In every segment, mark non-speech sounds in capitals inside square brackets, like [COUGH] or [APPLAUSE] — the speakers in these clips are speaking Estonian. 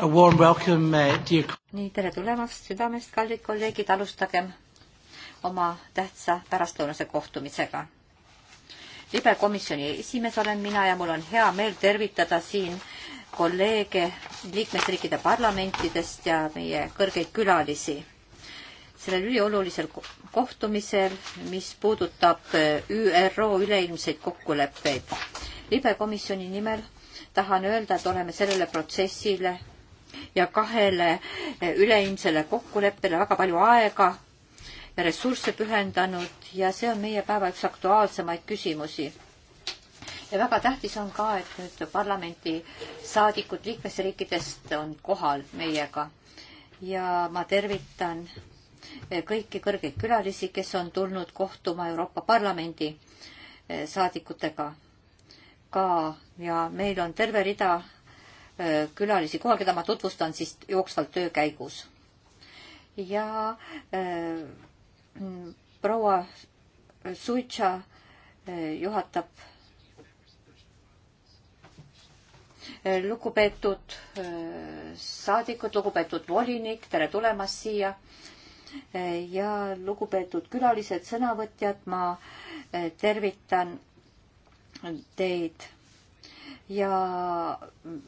Uh, nii, tere tulemast südamest, kallid kolleegid, alustagem oma tähtsa pärastlõunase kohtumisega. libekomisjoni esimees olen mina ja mul on hea meel tervitada siin kolleege liikmesriikide parlamentidest ja meie kõrgeid külalisi sellel üliolulisel kohtumisel, mis puudutab äh, ÜRO üleilmseid kokkuleppeid. libekomisjoni nimel tahan öelda, et oleme sellele protsessile ja kahele üleilmsele kokkuleppele väga palju aega ja ressursse pühendanud ja see on meie päeva üks aktuaalsemaid küsimusi. ja väga tähtis on ka, et nüüd parlamendi saadikud liikmesriikidest on kohal meiega ja ma tervitan kõiki kõrgeid külalisi, kes on tulnud kohtuma Euroopa Parlamendi saadikutega ka ja meil on terve rida külalisi kohal, keda ma tutvustan siis jooksvalt töö käigus. ja äh, proua Suitša juhatab lugupeetud saadikud, lugupeetud volinik, tere tulemast siia ja lugupeetud külalised, sõnavõtjad, ma tervitan teid ja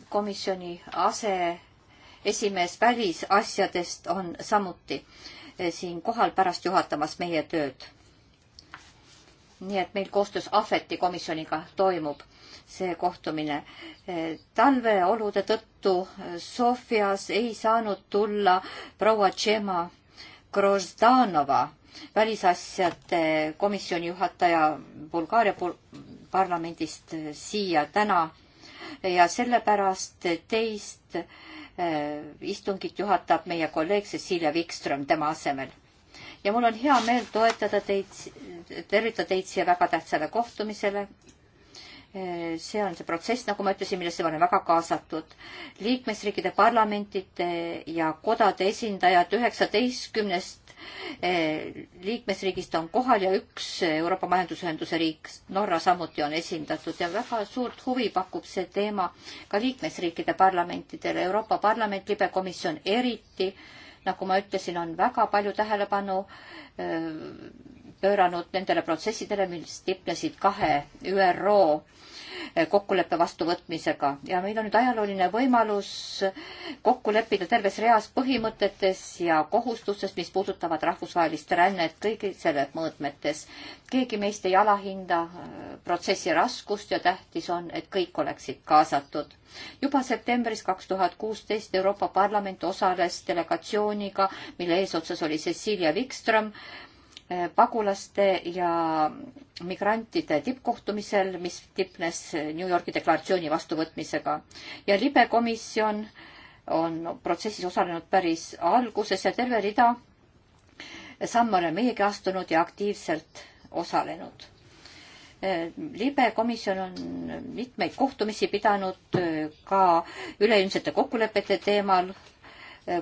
komisjoni aseesimees välisasjadest on samuti eh, siin kohal pärast juhatamas meie tööd. nii et meil koostöös Ahveti komisjoniga toimub see kohtumine. Eh, talveolude tõttu eh, Sofias ei saanud tulla proua Tšema Grozdanova, välisasjade komisjoni juhataja Bulgaaria parlamendist siia täna ja sellepärast teist eh, istungit juhatab meie kolleeg Cecilia Wikström tema asemel. ja mul on hea meel toetada teid, tervitada teid siia väga tähtsale kohtumisele see on see protsess, nagu ma ütlesin, millesse ma olen väga kaasatud. liikmesriikide parlamentide ja kodade esindajad üheksateistkümnest eh, liikmesriigist on kohal ja üks Euroopa Majandusühenduse riik, Norra samuti on esindatud ja väga suurt huvi pakub see teema ka liikmesriikide parlamentidele. Euroopa Parlament, libekomisjon eriti, nagu ma ütlesin, on väga palju tähelepanu öö, eh, pööranud nendele protsessidele, mis tipnesid kahe ÜRO eh, kokkuleppe vastuvõtmisega ja meil on nüüd ajalooline võimalus kokku leppida terves reas põhimõtetes ja kohustustes, mis puudutavad rahvusvahelist rännet kõigi selle mõõtmetes. keegi meist ei alahinda eh, protsessi raskust ja tähtis on, et kõik oleksid kaasatud. juba septembris kaks tuhat kuusteist Euroopa Parlament osales delegatsiooniga, mille eesotsas oli Cecilia Wikström pagulaste ja migrantide tippkohtumisel, mis tipnes New Yorgi deklaratsiooni vastuvõtmisega. ja libe komisjon on protsessis osalenud päris alguses ja terve rida samme oleme meiegi astunud ja aktiivselt osalenud libe komisjon on mitmeid kohtumisi pidanud ka üleilmsete kokkulepete teemal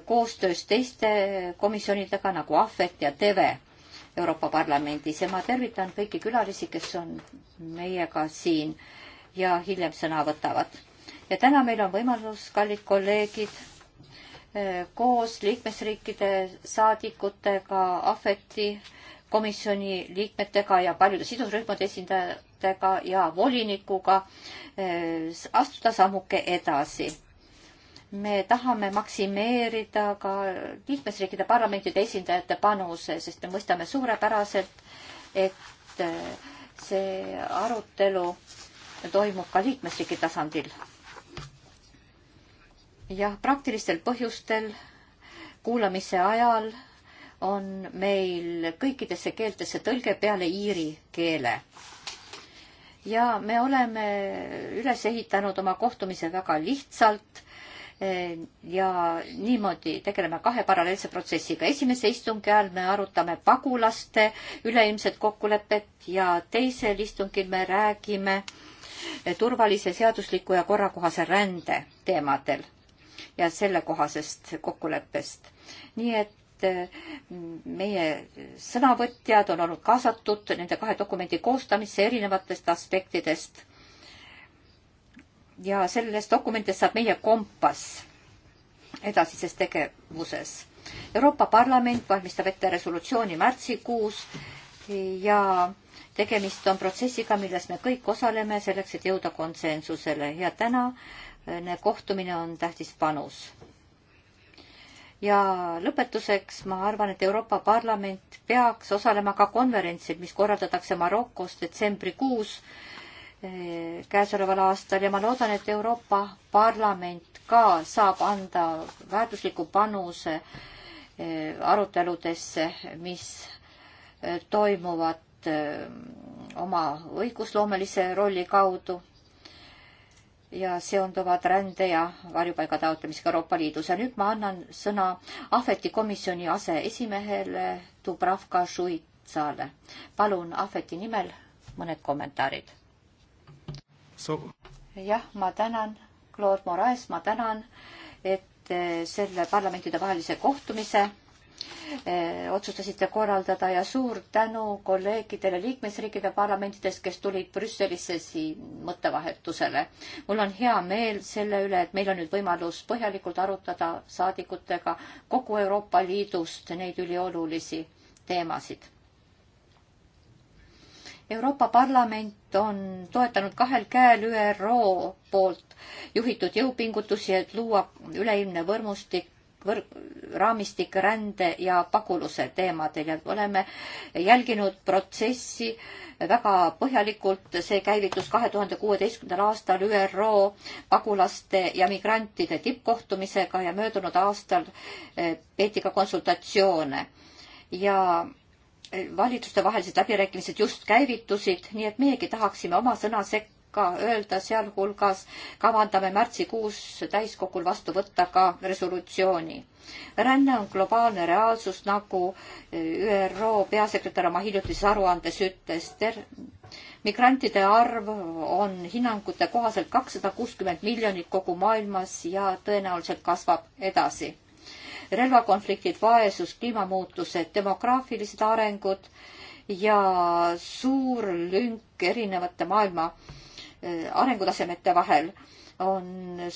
koostöös teiste komisjonidega nagu AFET ja TEVE Euroopa Parlamendis ja ma tervitan kõiki külalisi, kes on meiega siin ja hiljem sõna võtavad. ja täna meil on võimalus, kallid kolleegid, eh, koos liikmesriikide saadikutega, ahveti komisjoni liikmetega ja paljude sidusrühmade esindajatega ja volinikuga eh, astuda sammuke edasi me tahame maksimeerida ka liikmesriikide parlamentide esindajate panuse, sest me mõistame suurepäraselt, et äh, see arutelu toimub ka liikmesriigi tasandil. jah, praktilistel põhjustel kuulamise ajal on meil kõikidesse keeltesse tõlge peale iiri keele. ja me oleme üles ehitanud oma kohtumise väga lihtsalt Äh, ja niimoodi tegeleme kahe paralleelse protsessiga. esimese istungi ajal me arutame pagulaste üleilmset kokkulepet ja teisel istungil me räägime turvalise, seadusliku ja korrakohase rände teemadel ja sellekohasest kokkuleppest. nii et äh, meie sõnavõtjad on olnud kaasatud nende kahe dokumendi koostamisse erinevatest aspektidest ja sellest dokumendist saab meie kompass edasises tegevuses. Euroopa Parlament valmistab ette resolutsiooni märtsikuus ja tegemist on protsessiga, milles me kõik osaleme selleks, et jõuda konsensusele ja tänane äh, kohtumine on tähtis panus. ja lõpetuseks ma arvan, et Euroopa Parlament peaks osalema ka konverentsil, mis korraldatakse Marokos detsembrikuus Eh, käesoleval aastal ja ma loodan, et Euroopa Parlament ka saab anda väärtusliku panuse eh, aruteludesse, mis eh, toimuvad oma õigusloomelise rolli kaudu ja seonduvad rände ja varjupaiga taotlemisega Euroopa Liidus. ja nüüd ma annan sõna Ahveti komisjoni aseesimehele Dubravka Šuitsale. palun Ahveti nimel mõned kommentaarid jah, ma tänan, Claude Moraes, ma tänan, et eh, selle parlamentidevahelise kohtumise eh, otsustasite korraldada ja suur tänu kolleegidele liikmesriikide parlamentidest, kes tulid Brüsselisse siin mõttevahetusele. mul on hea meel selle üle, et meil on nüüd võimalus põhjalikult arutada saadikutega kogu Euroopa Liidust neid üliolulisi teemasid Euroopa Parlament on toetanud kahel käel ÜRO poolt juhitud jõupingutusi, et luua üleilmne võrmustik võr-, raamistik rände ja paguluse teemadel ja oleme jälginud protsessi väga põhjalikult. see käivitus kahe tuhande kuueteistkümnendal aastal ÜRO pagulaste ja migrantide tippkohtumisega ja möödunud aastal eh, peeti ka konsultatsioone ja valitsustevahelised läbirääkimised just käivitusid, nii et meiegi tahaksime oma sõna sekka öelda, sealhulgas kavandame märtsikuus täiskogul vastu võtta ka resolutsiooni. ränne on globaalne reaalsus, nagu ÜRO peasekretär oma hiljutises aruandes ütles. migrantide arv on hinnangute kohaselt kakssada kuuskümmend miljonit kogu maailmas ja tõenäoliselt kasvab edasi relvakonfliktid, vaesus, kliimamuutused, demograafilised arengud ja suur lünk erinevate maailma eh, arengutasemete vahel on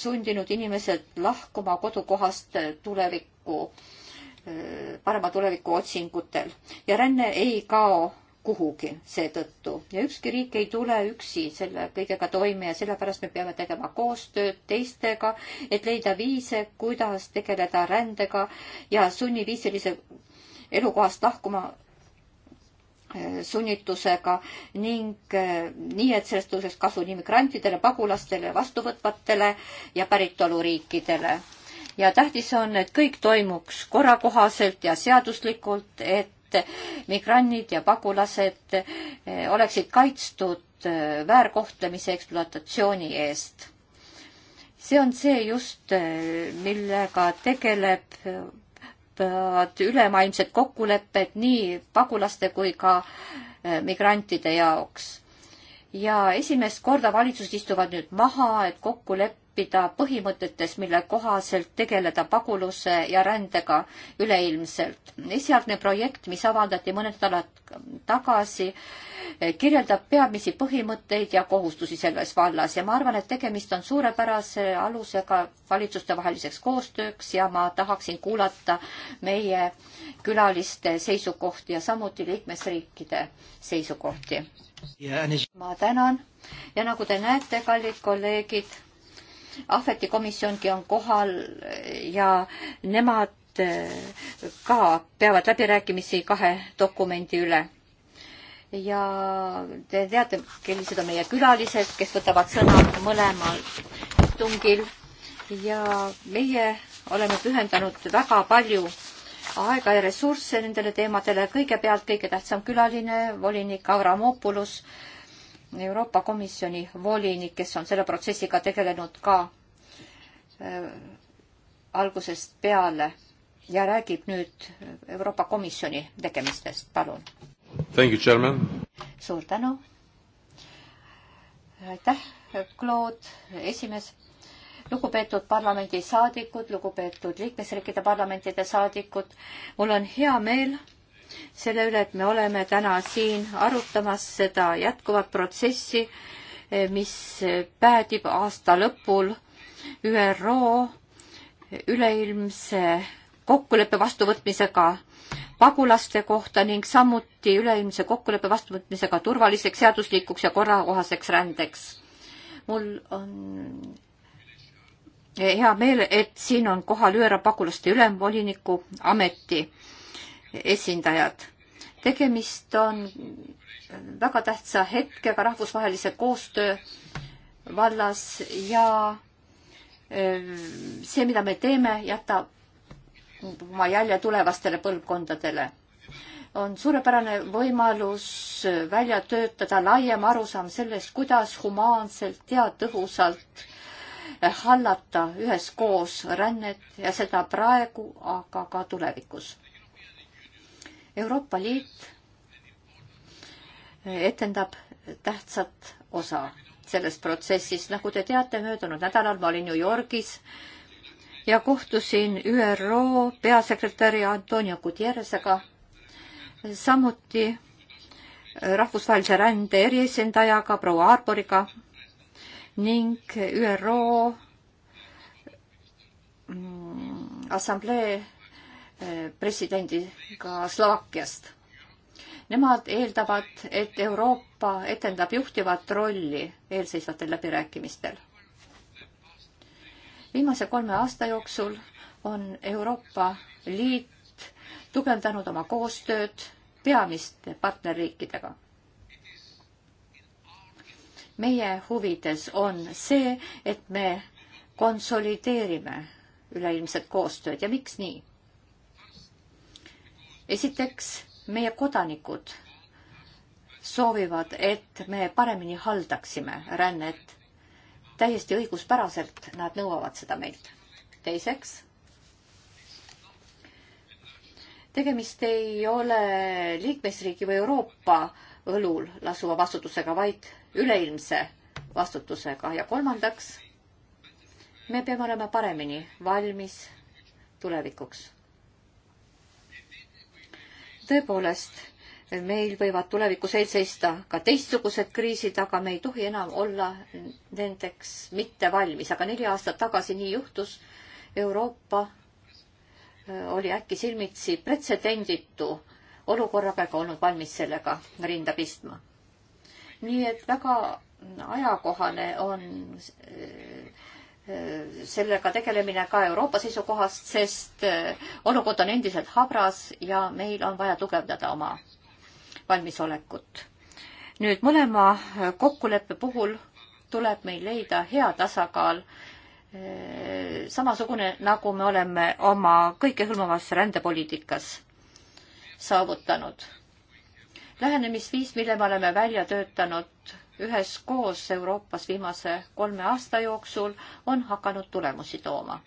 sundinud inimesed lahkuma kodukohast tulevikku, eh, parema tuleviku otsingutel ja ränne ei kao kuhugi seetõttu ja ükski riik ei tule üksi selle kõigega toime ja sellepärast me peame tegema koostööd teistega, et leida viise, kuidas tegeleda rändega ja sunniviisilise elukohast lahkuma äh, sunnitusega ning äh, nii, et sellest tõuseks kasu nii migrantidele, pagulastele, vastuvõtvatele ja päritoluriikidele. ja tähtis on, et kõik toimuks korrakohaselt ja seaduslikult, et et migrandid ja pagulased eh, oleksid kaitstud eh, väärkohtlemise ekspluatatsiooni eest. see on see just, eh, millega tegeleb ülemaailmsed kokkulepped nii pagulaste kui ka migrantide jaoks ja esimest korda valitsused istuvad nüüd maha, et kokku leppida leppida põhimõtetes, mille kohaselt tegeleda paguluse ja rändega üleilmselt. esialgne projekt, mis avaldati mõned nädalad tagasi, kirjeldab peamisi põhimõtteid ja kohustusi selles vallas ja ma arvan, et tegemist on suurepärase alusega valitsustevaheliseks koostööks ja ma tahaksin kuulata meie külaliste seisukohti ja samuti liikmesriikide seisukohti. ma tänan ja nagu te näete, kallid kolleegid, Ahveti komisjongi on kohal ja nemad eh, ka peavad läbirääkimisi kahe dokumendi üle. ja te teate, millised on meie külalised, kes võtavad sõna mõlemal istungil ja meie oleme pühendanud väga palju aega ja ressursse nendele teemadele. kõigepealt kõige tähtsam külaline, volinik Avramopoulos Euroopa Komisjoni volinik, kes on selle protsessiga tegelenud ka äh, algusest peale ja räägib nüüd Euroopa Komisjoni tegemistest, palun. suur tänu. aitäh, Claude, esimees lugupeetud parlamendi saadikud, lugupeetud liikmesriikide parlamentide saadikud, mul on hea meel selle üle, et me oleme täna siin arutamas seda jätkuvat protsessi, mis päädib aasta lõpul ÜRO üleilmse kokkuleppe vastuvõtmisega pagulaste kohta ning samuti üleilmse kokkuleppe vastuvõtmisega turvaliseks, seaduslikuks ja korrakohaseks rändeks. mul on hea meel, et siin on kohal ÜRO pagulaste ülemvoliniku ameti esindajad. tegemist on väga tähtsa hetkega rahvusvahelise koostöö vallas ja e, see, mida me teeme, jätab oma jälje tulevastele põlvkondadele. on suurepärane võimalus välja töötada laiem arusaam sellest, kuidas humaanselt ja tõhusalt hallata üheskoos rännet ja seda praegu, aga ka tulevikus Euroopa Liit etendab tähtsat osa selles protsessis. nagu te teate, möödunud nädalal ma olin New Yorgis ja kohtusin ÜRO peasekretäri Antonio Gutierrezega, samuti rahvusvahelise rände eriesindajaga proua Arboriga ning ÜRO mm, Assamblee Eh, presidendiga Slovakkiast. Nemad eeldavad, et Euroopa etendab juhtivat rolli eelseisvatel läbirääkimistel. viimase kolme aasta jooksul on Euroopa Liit tugevdanud oma koostööd peamiste partnerriikidega. meie huvides on see, et me konsolideerime üleilmset koostööd ja miks nii? esiteks, meie kodanikud soovivad, et me paremini haldaksime rännet. täiesti õiguspäraselt nad nõuavad seda meilt. teiseks, tegemist ei ole liikmesriigi või Euroopa õlul lasuva vastutusega, vaid üleilmse vastutusega ja kolmandaks, me peame olema paremini valmis tulevikuks tõepoolest, meil võivad tulevikus ees seista ka teistsugused kriisid, aga me ei tohi enam olla nendeks mitte valmis, aga neli aastat tagasi nii juhtus. Euroopa oli äkki silmitsi pretsedenditu olukorraga ega olnud valmis sellega rinda pistma. nii et väga ajakohane on sellega tegelemine ka Euroopa seisukohast, sest äh, olukord on endiselt habras ja meil on vaja tugevdada oma valmisolekut. nüüd mõlema kokkuleppe puhul tuleb meil leida hea tasakaal, äh, samasugune, nagu me oleme oma kõikehõlmavas rändepoliitikas saavutanud. lähenemisviis, mille me oleme välja töötanud üheskoos Euroopas viimase kolme aasta jooksul on hakanud tulemusi tooma.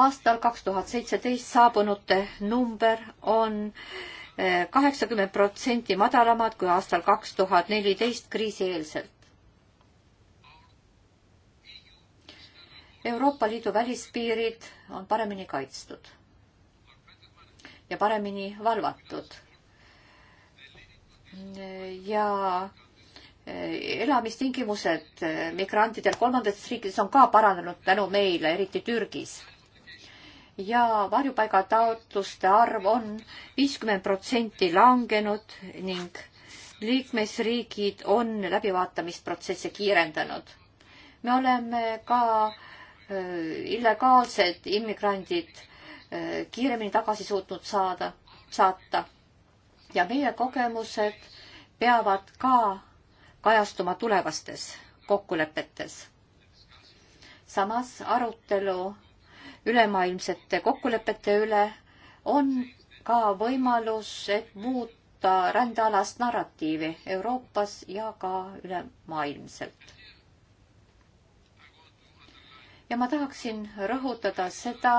aastal kaks tuhat seitseteist saabunute number on eh, kaheksakümmend protsenti madalamad kui aastal kaks tuhat neliteist kriisieelselt. Euroopa Liidu välispiirid on paremini kaitstud ja paremini valvatud ja e, elamistingimused e, migrantidel kolmandates riikides on ka paranenud tänu meile, eriti Türgis. ja varjupaigataotluste arv on viiskümmend protsenti langenud ning liikmesriigid on läbivaatamisprotsesse kiirendanud. me oleme ka e, illegaalsed immigrandid kiiremini tagasi suutnud saada, saata ja meie kogemused peavad ka kajastuma tulevastes kokkulepetes. samas arutelu ülemaailmsete kokkulepete üle on ka võimalus, et muuta rändealast narratiivi Euroopas ja ka ülemaailmselt. ja ma tahaksin rõhutada seda,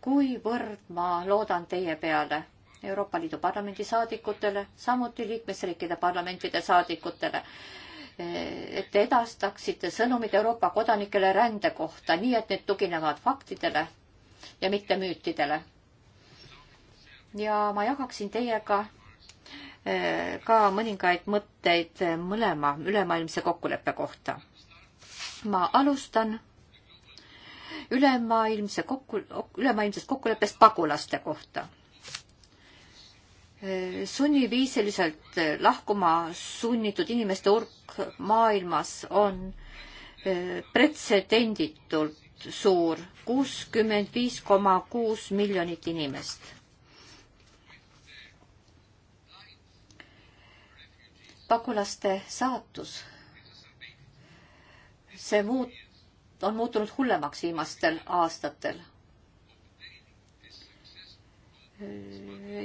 kuivõrd ma loodan teie peale Euroopa Liidu Parlamendi saadikutele, samuti liikmesriikide parlamentide saadikutele, eh, et te edastaksite sõnumid Euroopa kodanikele rände kohta, nii et need tuginevad faktidele ja mitte müütidele. ja ma jagaksin teiega eh, ka mõningaid mõtteid mõlema ülemaailmse kokkuleppe kohta. ma alustan ülemaailmse kokku, ülemaailmsest kokkuleppest pagulaste kohta sunniviisiliselt eh, lahkuma sunnitud inimeste hulk maailmas on eh, pretsedenditult suur, kuuskümmend viis koma kuus miljonit inimest. pagulaste saatus, see muut-, on muutunud hullemaks viimastel aastatel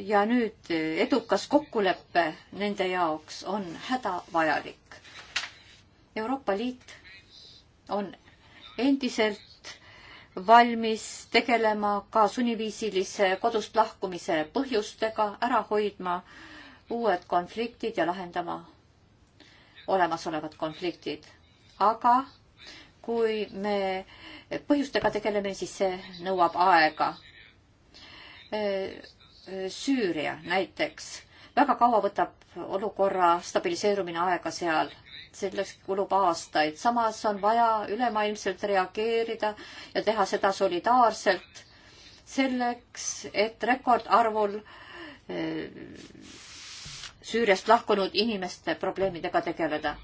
ja nüüd edukas kokkulepe nende jaoks on hädavajalik. Euroopa Liit on endiselt valmis tegelema ka sunniviisilise kodust lahkumise põhjustega, ära hoidma uued konfliktid ja lahendama olemasolevad konfliktid. aga kui me põhjustega tegeleme, siis see nõuab aega Äh, äh, Süüria näiteks. väga kaua võtab olukorra stabiliseerumine aega seal selleks kulub aastaid. samas on vaja ülemaailmselt reageerida ja teha seda solidaarselt selleks, et rekordarvul äh, Süüriast lahkunud inimeste probleemidega tegeleda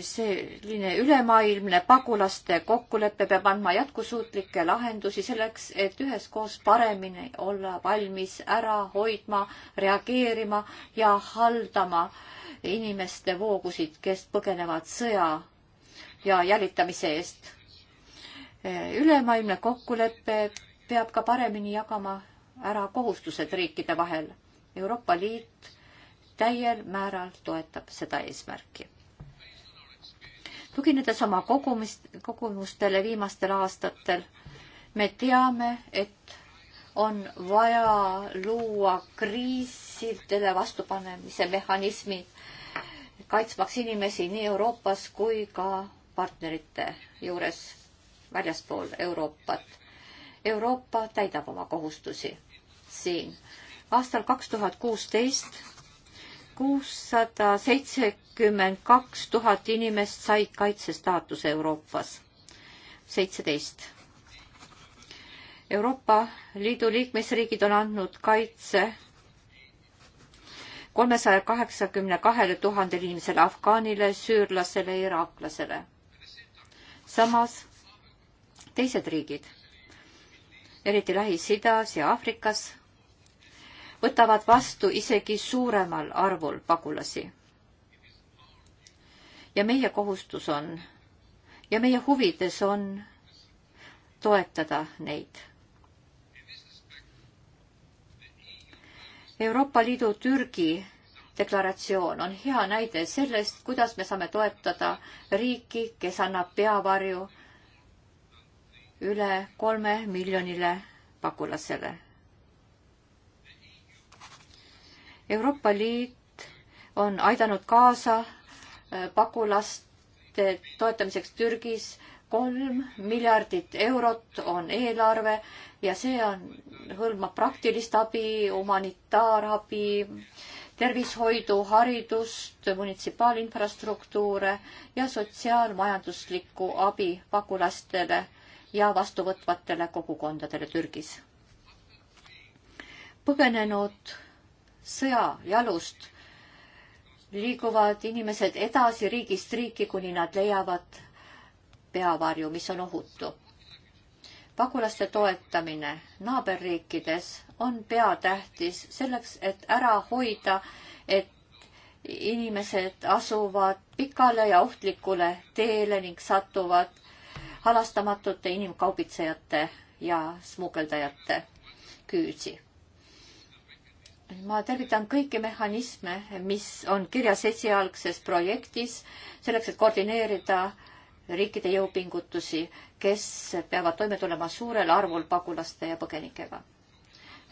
selline ülemaailmne pagulaste kokkulepe peab andma jätkusuutlikke lahendusi selleks, et üheskoos paremini olla valmis ära hoidma, reageerima ja haldama inimeste voogusid, kes põgenevad sõja ja jälitamise eest. ülemaailmne kokkulepe peab ka paremini jagama ära kohustused riikide vahel. Euroopa Liit täiel määral toetab seda eesmärki tuginedes oma kogumist, kogumustele viimastel aastatel, me teame, et on vaja luua kriisidele vastupanemise mehhanismid, kaitsmaks inimesi nii Euroopas kui ka partnerite juures väljaspool Euroopat. Euroopa täidab oma kohustusi siin. aastal kaks tuhat kuusteist kuussada seitsekümmend kaks tuhat inimest said kaitsestaatuse Euroopas. seitseteist. Euroopa Liidu liikmesriigid on andnud kaitse kolmesaja kaheksakümne kahele tuhandele inimesele, afgaanile, süürlasele, iraaklasele. samas teised riigid, eriti Lähis-Idas ja Aafrikas võtavad vastu isegi suuremal arvul pagulasi. ja meie kohustus on ja meie huvides on toetada neid. Euroopa Liidu Türgi deklaratsioon on hea näide sellest, kuidas me saame toetada riiki, kes annab peavarju üle kolme miljonile pagulasele. Euroopa Liit on aidanud kaasa äh, pagulaste toetamiseks Türgis. kolm miljardit eurot on eelarve ja see on, hõlmab praktilist abi, humanitaarabi, tervishoidu, haridust, munitsipaalinfrastruktuure ja sotsiaalmajanduslikku abi pagulastele ja vastuvõtvatele kogukondadele Türgis. põgenenud sõja jalust liiguvad inimesed edasi riigist riiki, kuni nad leiavad peavarju, mis on ohutu. pagulaste toetamine naaberriikides on peatähtis selleks, et ära hoida, et inimesed asuvad pikale ja ohtlikule teele ning satuvad halastamatute inimkaubitsejate ja smugeldajate küüsi ma tervitan kõiki mehhanisme, mis on kirjas esialgses projektis selleks, et koordineerida riikide jõupingutusi, kes peavad toime tulema suurel arvul pagulaste ja põgenikega.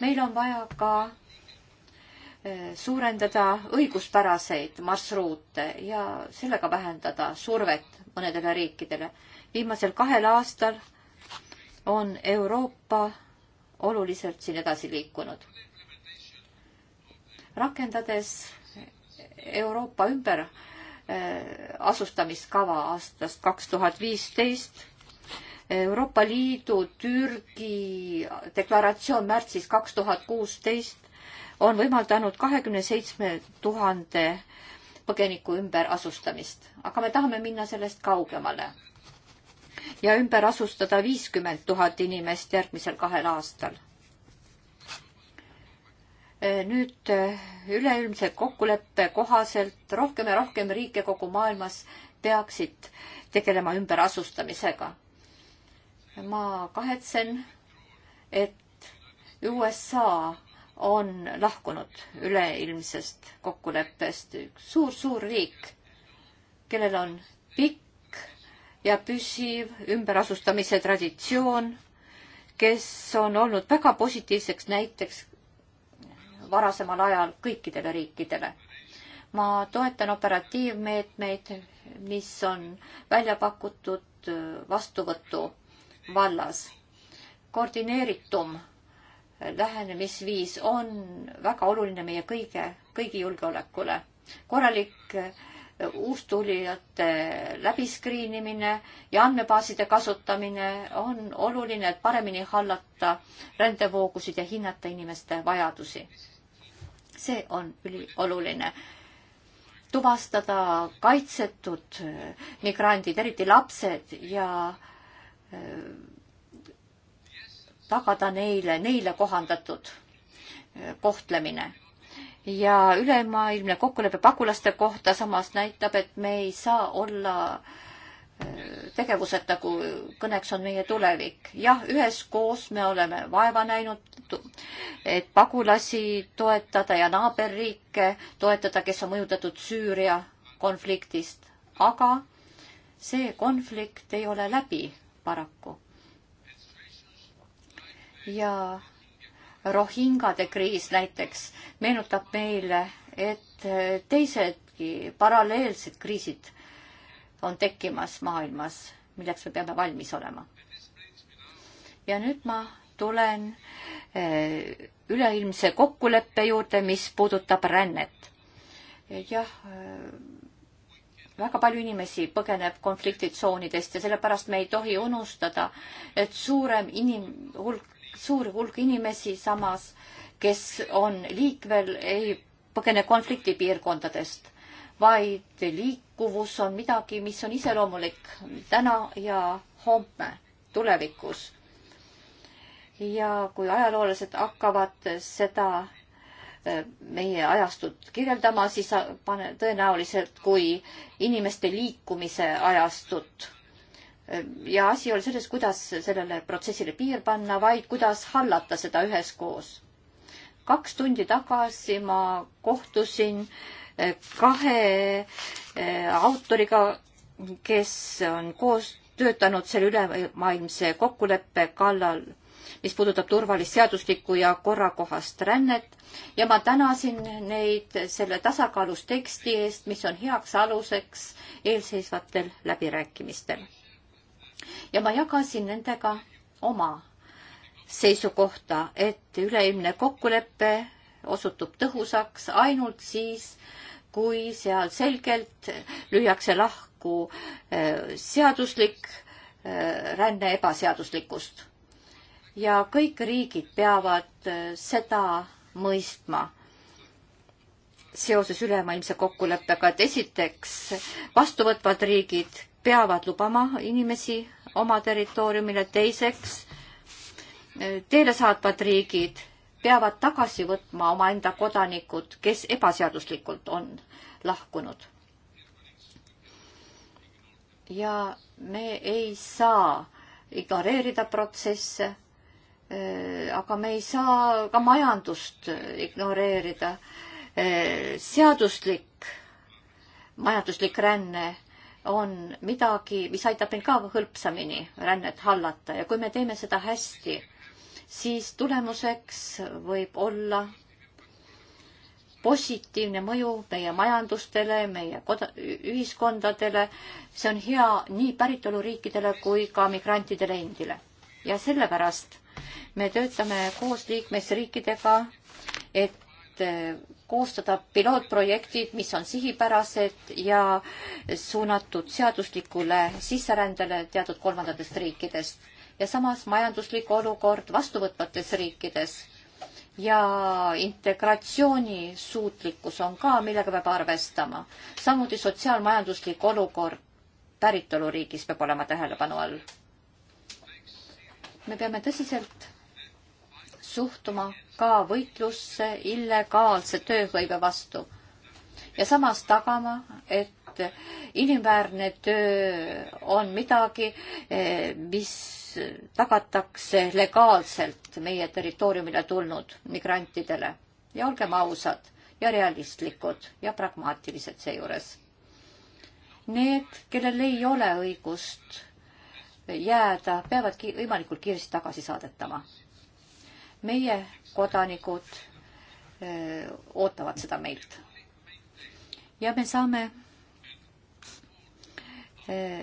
meil on vaja ka eh, suurendada õiguspäraseid marsruute ja sellega vähendada survet mõnedele riikidele. viimasel kahel aastal on Euroopa oluliselt siin edasi liikunud rakendades Euroopa ümber äh, asustamiskava aastast kaks tuhat viisteist Euroopa Liidu Türgi deklaratsioon märtsis kaks tuhat kuusteist on võimaldanud kahekümne seitsme tuhande põgeniku ümberasustamist, aga me tahame minna sellest kaugemale ja ümber asustada viiskümmend tuhat inimest järgmisel kahel aastal nüüd äh, üleilmse kokkuleppe kohaselt rohkem ja rohkem riike kogu maailmas peaksid tegelema ümberasustamisega. ma kahetsen, et USA on lahkunud üleilmsest kokkuleppest üks suur-suur riik, kellel on pikk ja püsiv ümberasustamise traditsioon, kes on olnud väga positiivseks näiteks varasemal ajal kõikidele riikidele. ma toetan operatiivmeetmeid, mis on välja pakutud äh, vastuvõtu vallas. koordineeritum lähenemisviis on väga oluline meie kõige, kõigi julgeolekule. korralik äh, uustulijate läbiskriinimine ja andmebaaside kasutamine on oluline, et paremini hallata rändevoogusid ja hinnata inimeste vajadusi see on ülioluline. tuvastada kaitsetud äh, migrandid, eriti lapsed ja äh, tagada neile, neile kohandatud äh, kohtlemine ja ülemaailmne kokkulepe pagulaste kohta samas näitab, et me ei saa olla äh, tegevuseta, kui kõneks on meie tulevik. jah, üheskoos me oleme vaeva näinud, et pagulasi toetada ja naaberriike toetada, kes on mõjutatud Süüria konfliktist, aga see konflikt ei ole läbi paraku. ja rohingade kriis näiteks meenutab meile, et teisedki paralleelsed kriisid on tekkimas maailmas, milleks me peame valmis olema. ja nüüd ma tulen eh, üleilmse kokkuleppe juurde, mis puudutab rännet. jah, eh, väga palju inimesi põgeneb konfliktitsoonidest ja sellepärast me ei tohi unustada, et suurem inim-, hulk, suur hulk inimesi samas, kes on liikvel, ei põgene konfliktipiirkondadest vaid liikuvus on midagi, mis on iseloomulik täna ja homme, tulevikus. ja kui ajaloolased hakkavad seda eh, meie ajastut kirjeldama, siis pane tõenäoliselt kui inimeste liikumise ajastut. Eh, ja asi ei ole selles, kuidas sellele protsessile piir panna, vaid kuidas hallata seda üheskoos. kaks tundi tagasi ma kohtusin äh, kahe eh, autoriga, kes on koos töötanud selle ülemaailmse kokkuleppe kallal, mis puudutab turvalist seaduslikku ja korrakohast rännet ja ma tänasin neid selle tasakaalus teksti eest, mis on heaks aluseks eelseisvatel läbirääkimistel. ja ma jagasin nendega oma seisukohta, et üleilmne kokkulepe osutub tõhusaks ainult siis, kui seal selgelt lüüakse lahku eh, seaduslik eh, ränne ebaseaduslikust. ja kõik riigid peavad eh, seda mõistma seoses ülemaailmse kokkuleppega, et esiteks vastuvõtvad riigid peavad lubama inimesi oma territooriumile, teiseks teele saatvad riigid peavad tagasi võtma omaenda kodanikud, kes ebaseaduslikult on lahkunud. ja me ei saa ignoreerida protsesse, eh, aga me ei saa ka majandust ignoreerida. Eh, seaduslik majanduslik ränne on midagi, mis aitab meil ka hõlpsamini rännet hallata ja kui me teeme seda hästi, siis tulemuseks võib olla positiivne mõju meie majandustele, meie koda-, ühiskondadele. see on hea nii päritoluriikidele kui ka migrantidele endile. ja sellepärast me töötame koos liikmesriikidega, et eh, koostada pilootprojektid, mis on sihipärased ja suunatud seaduslikule sisserändele teatud kolmandatest riikidest ja samas majanduslik olukord vastuvõtvates riikides ja integratsiooni suutlikkus on ka, millega peab arvestama. samuti sotsiaalmajanduslik olukord päritoluriigis peab olema tähelepanu all. me peame tõsiselt suhtuma ka võitlusse illegaalse tööhõive vastu ja samas tagama, et et inimväärne töö on midagi, eh, mis tagatakse legaalselt meie territooriumile tulnud migrantidele ja olgem ausad ja realistlikud ja pragmaatilised seejuures. Need, kellel ei ole õigust jääda, peavadki võimalikult kiiresti tagasi saadetama. meie kodanikud öö, eh, ootavad seda meilt. ja me saame Äh,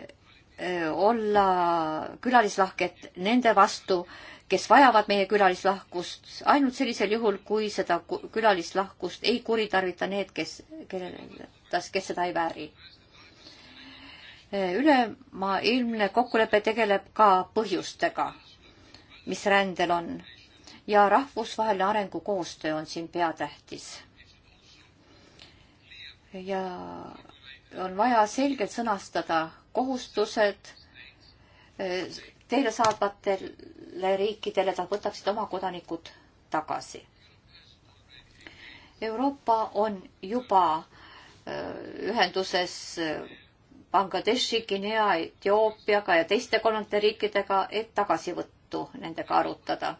äh, olla külalislahked nende vastu, kes vajavad meie külalislahkust, ainult sellisel juhul, kui seda külalislahkust ei kuritarvita need, kes, kellel, kes seda ei vääri. Äh, ülemaailmne kokkulepe tegeleb ka põhjustega, mis rändel on ja rahvusvaheline arengukoostöö on siin peatähtis. ja on vaja selgelt sõnastada kohustused eh, teile saatvatele riikidele, et nad võtaksid oma kodanikud tagasi. Euroopa on juba eh, ühenduses eh, Bangladeshi, Guinea, Etioopiaga ja teiste kolmandate riikidega, et tagasivõttu nendega arutada.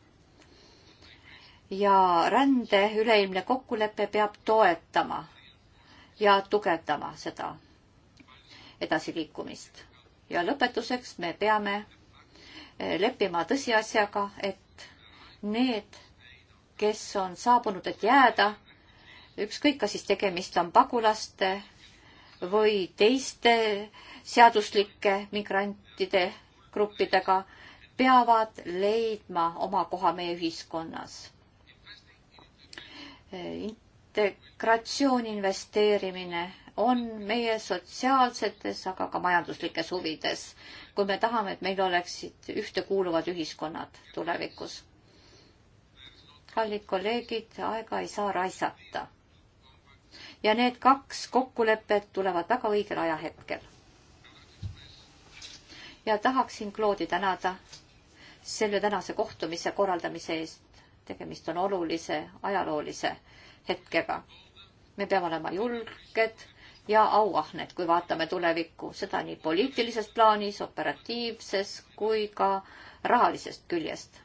ja rände üleilmne kokkulepe peab toetama ja tugevdama seda edasiliikumist. ja lõpetuseks me peame eh, leppima tõsiasjaga, et need, kes on saabunud, et jääda, ükskõik, kas siis tegemist on pagulaste või teiste seaduslike migrantide gruppidega, peavad leidma oma koha meie ühiskonnas eh, integratsiooni investeerimine on meie sotsiaalsetes, aga ka majanduslikes huvides, kui me tahame, et meil oleksid ühtekuuluvad ühiskonnad tulevikus. kallid kolleegid, aega ei saa raisata. ja need kaks kokkulepet tulevad väga õigel ajahetkel. ja tahaksin Claude'i tänada selle tänase kohtumise korraldamise eest. tegemist on olulise ajaloolise hetkega. me peame olema julged ja auahned, kui vaatame tulevikku, seda nii poliitilises plaanis, operatiivses kui ka rahalisest küljest.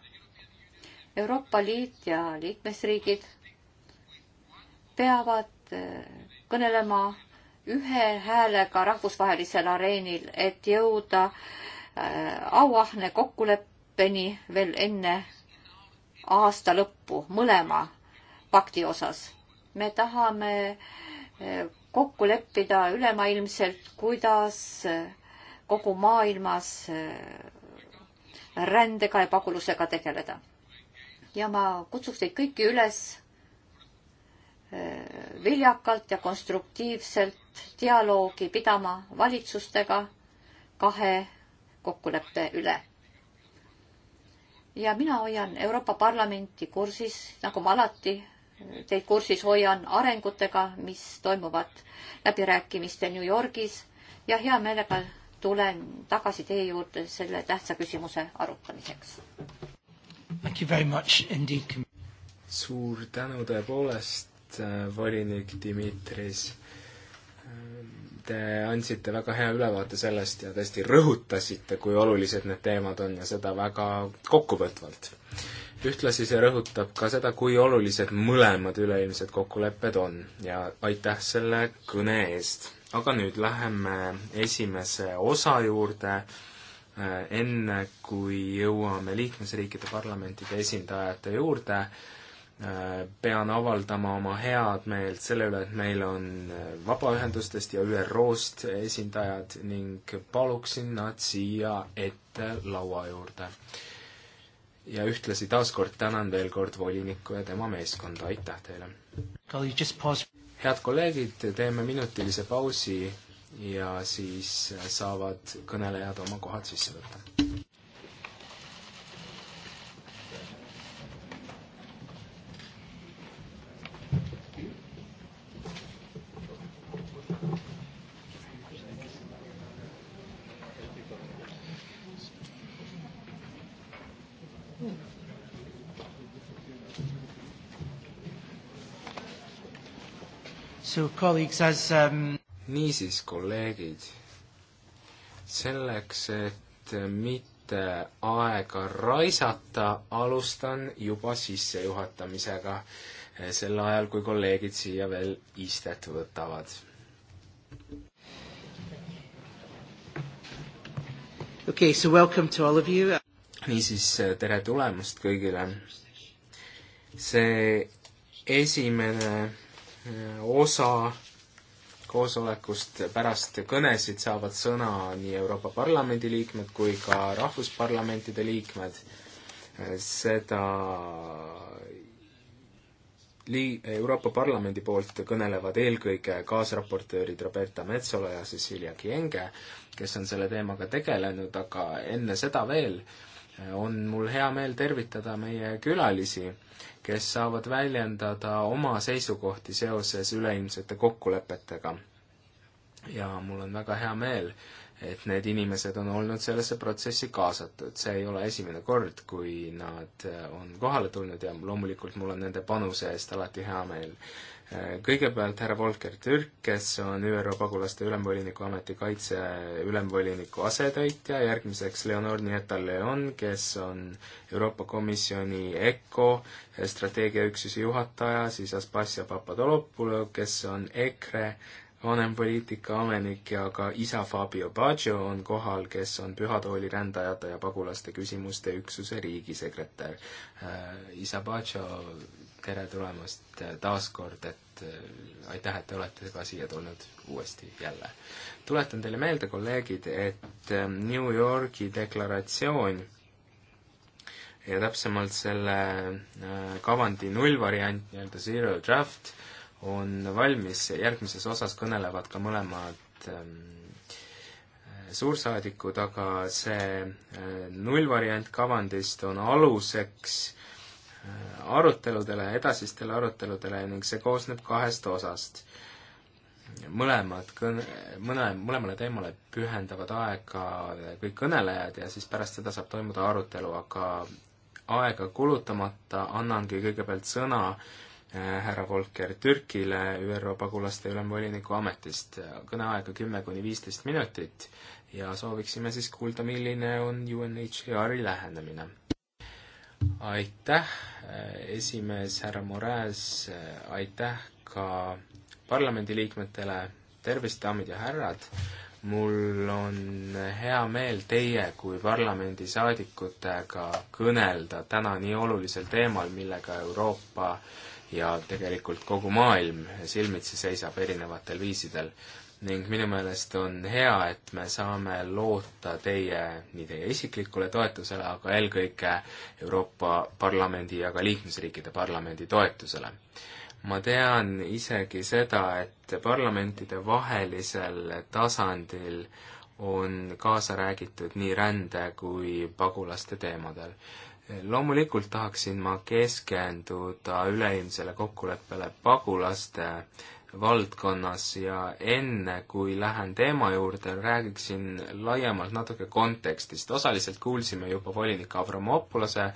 Euroopa Liit ja liikmesriigid peavad eh, kõnelema ühe häälega rahvusvahelisel areenil, et jõuda eh, auahne kokkuleppeni veel enne aasta lõppu mõlema pakti osas. me tahame eh, kokku leppida ülemaailmselt, kuidas eh, kogu maailmas eh, rändega ja pagulusega tegeleda. ja ma kutsuks teid kõiki üles viljakalt ja konstruktiivselt dialoogi pidama valitsustega kahe kokkuleppe üle. ja mina hoian Euroopa Parlamenti kursis, nagu ma alati teid kursis hoian arengutega, mis toimuvad läbirääkimistel New Yorgis ja hea meelega tulen tagasi teie juurde selle tähtsa küsimuse arutamiseks. suur tänu tõepoolest, äh, volinik Dimitris. Ähm, te andsite väga hea ülevaate sellest ja tõesti rõhutasite, kui olulised need teemad on ja seda väga kokkuvõtvalt ühtlasi see rõhutab ka seda, kui olulised mõlemad üleilmsed kokkulepped on ja aitäh selle kõne eest. aga nüüd läheme esimese osa juurde, äh, enne kui jõuame liikmesriikide parlamentide esindajate juurde, äh, pean avaldama oma head meelt selle üle, et meil on äh, vabaühendustest ja ÜRO-st esindajad ning paluksin nad siia ette laua juurde ja ühtlasi taaskord tänan veel kord volinikku ja tema meeskonda, aitäh teile! head kolleegid, teeme minutilise pausi ja siis saavad kõnelejad oma kohad sisse võtta. So colleagues as um... niisiis, kolleegid, selleks, et mitte aega raisata, alustan juba sissejuhatamisega eh, sel ajal, kui kolleegid siia veel istet võtavad. Okay, so welcome to all of you. niisiis, eh, tere tulemast kõigile. see esimene osa koosolekust pärast kõnesid saavad sõna nii Euroopa Parlamendi liikmed kui ka rahvusparlamentide liikmed. seda lii-, Euroopa Parlamendi poolt kõnelevad eelkõige kaasraportöörid Roberta Metsola ja Cecilia Kienge, kes on selle teemaga tegelenud, aga enne seda veel äh, on mul hea meel tervitada meie külalisi, kes saavad väljendada oma seisukohti seoses üleilmsete kokkulepetega. ja mul on väga hea meel, et need inimesed on olnud sellesse protsessi kaasatud, see ei ole esimene kord, kui nad on kohale tulnud ja loomulikult mul on nende panuse eest alati hea meel kõigepealt härra Volker Türk, kes on ÜRO pagulaste ülemvoliniku ametikaitse ülemvoliniku asetäitja, järgmiseks Leonor Nieta Leon, kes on Euroopa Komisjoni ECO strateegiaüksuse juhataja, siis Aspasia Papadolopulo, kes on EKRE vanempoliitika ametnik ja ka isa Fabio Baggio on kohal, kes on Pühatooli rändajate ja pagulaste küsimuste üksuse riigisekretär. Äh, isa Baggio, tere tulemast äh, taas kord, et et äh, aitäh, et te olete ka siia tulnud uuesti jälle. tuletan teile meelde, kolleegid, et äh, New Yorgi deklaratsioon ja täpsemalt selle äh, kavandi nullvariant, nii-öelda zero draft, on valmis, järgmises osas kõnelevad ka mõlemad ähm, suursaadikud, aga see nullvariant kavandist on aluseks äh, aruteludele, edasistele aruteludele ning see koosneb kahest osast. mõlemad kõn-, mõne, mõlemale teemale pühendavad aega kõik kõnelejad ja siis pärast seda saab toimuda arutelu, aga aega kulutamata annangi kõigepealt sõna äh, härra Volker Türkile, ÜRO pagulaste ülemvoliniku ametist. kõneaega kümme kuni viisteist minutit ja sooviksime siis kuulda, milline on UNHCR-i lähenemine aitäh, eh, esimees härra Moraes, eh, aitäh ka parlamendiliikmetele, tervist, daamid ja härrad, mul on hea meel teie kui parlamendisaadikutega kõnelda täna nii olulisel teemal, millega Euroopa ja tegelikult kogu maailm silmitsi seisab erinevatel viisidel ning minu meelest on hea, et me saame loota teie, nii teie isiklikule toetusele, aga eelkõige Euroopa Parlamendi ja ka liikmesriikide parlamendi toetusele. ma tean isegi seda, et parlamentide vahelisel tasandil on kaasa räägitud nii rände kui pagulaste teemadel loomulikult tahaksin ma keskenduda üleilmsele kokkuleppele pagulaste valdkonnas ja enne, kui lähen teema juurde, räägiksin laiemalt natuke kontekstist. osaliselt kuulsime juba volinik Avramopolose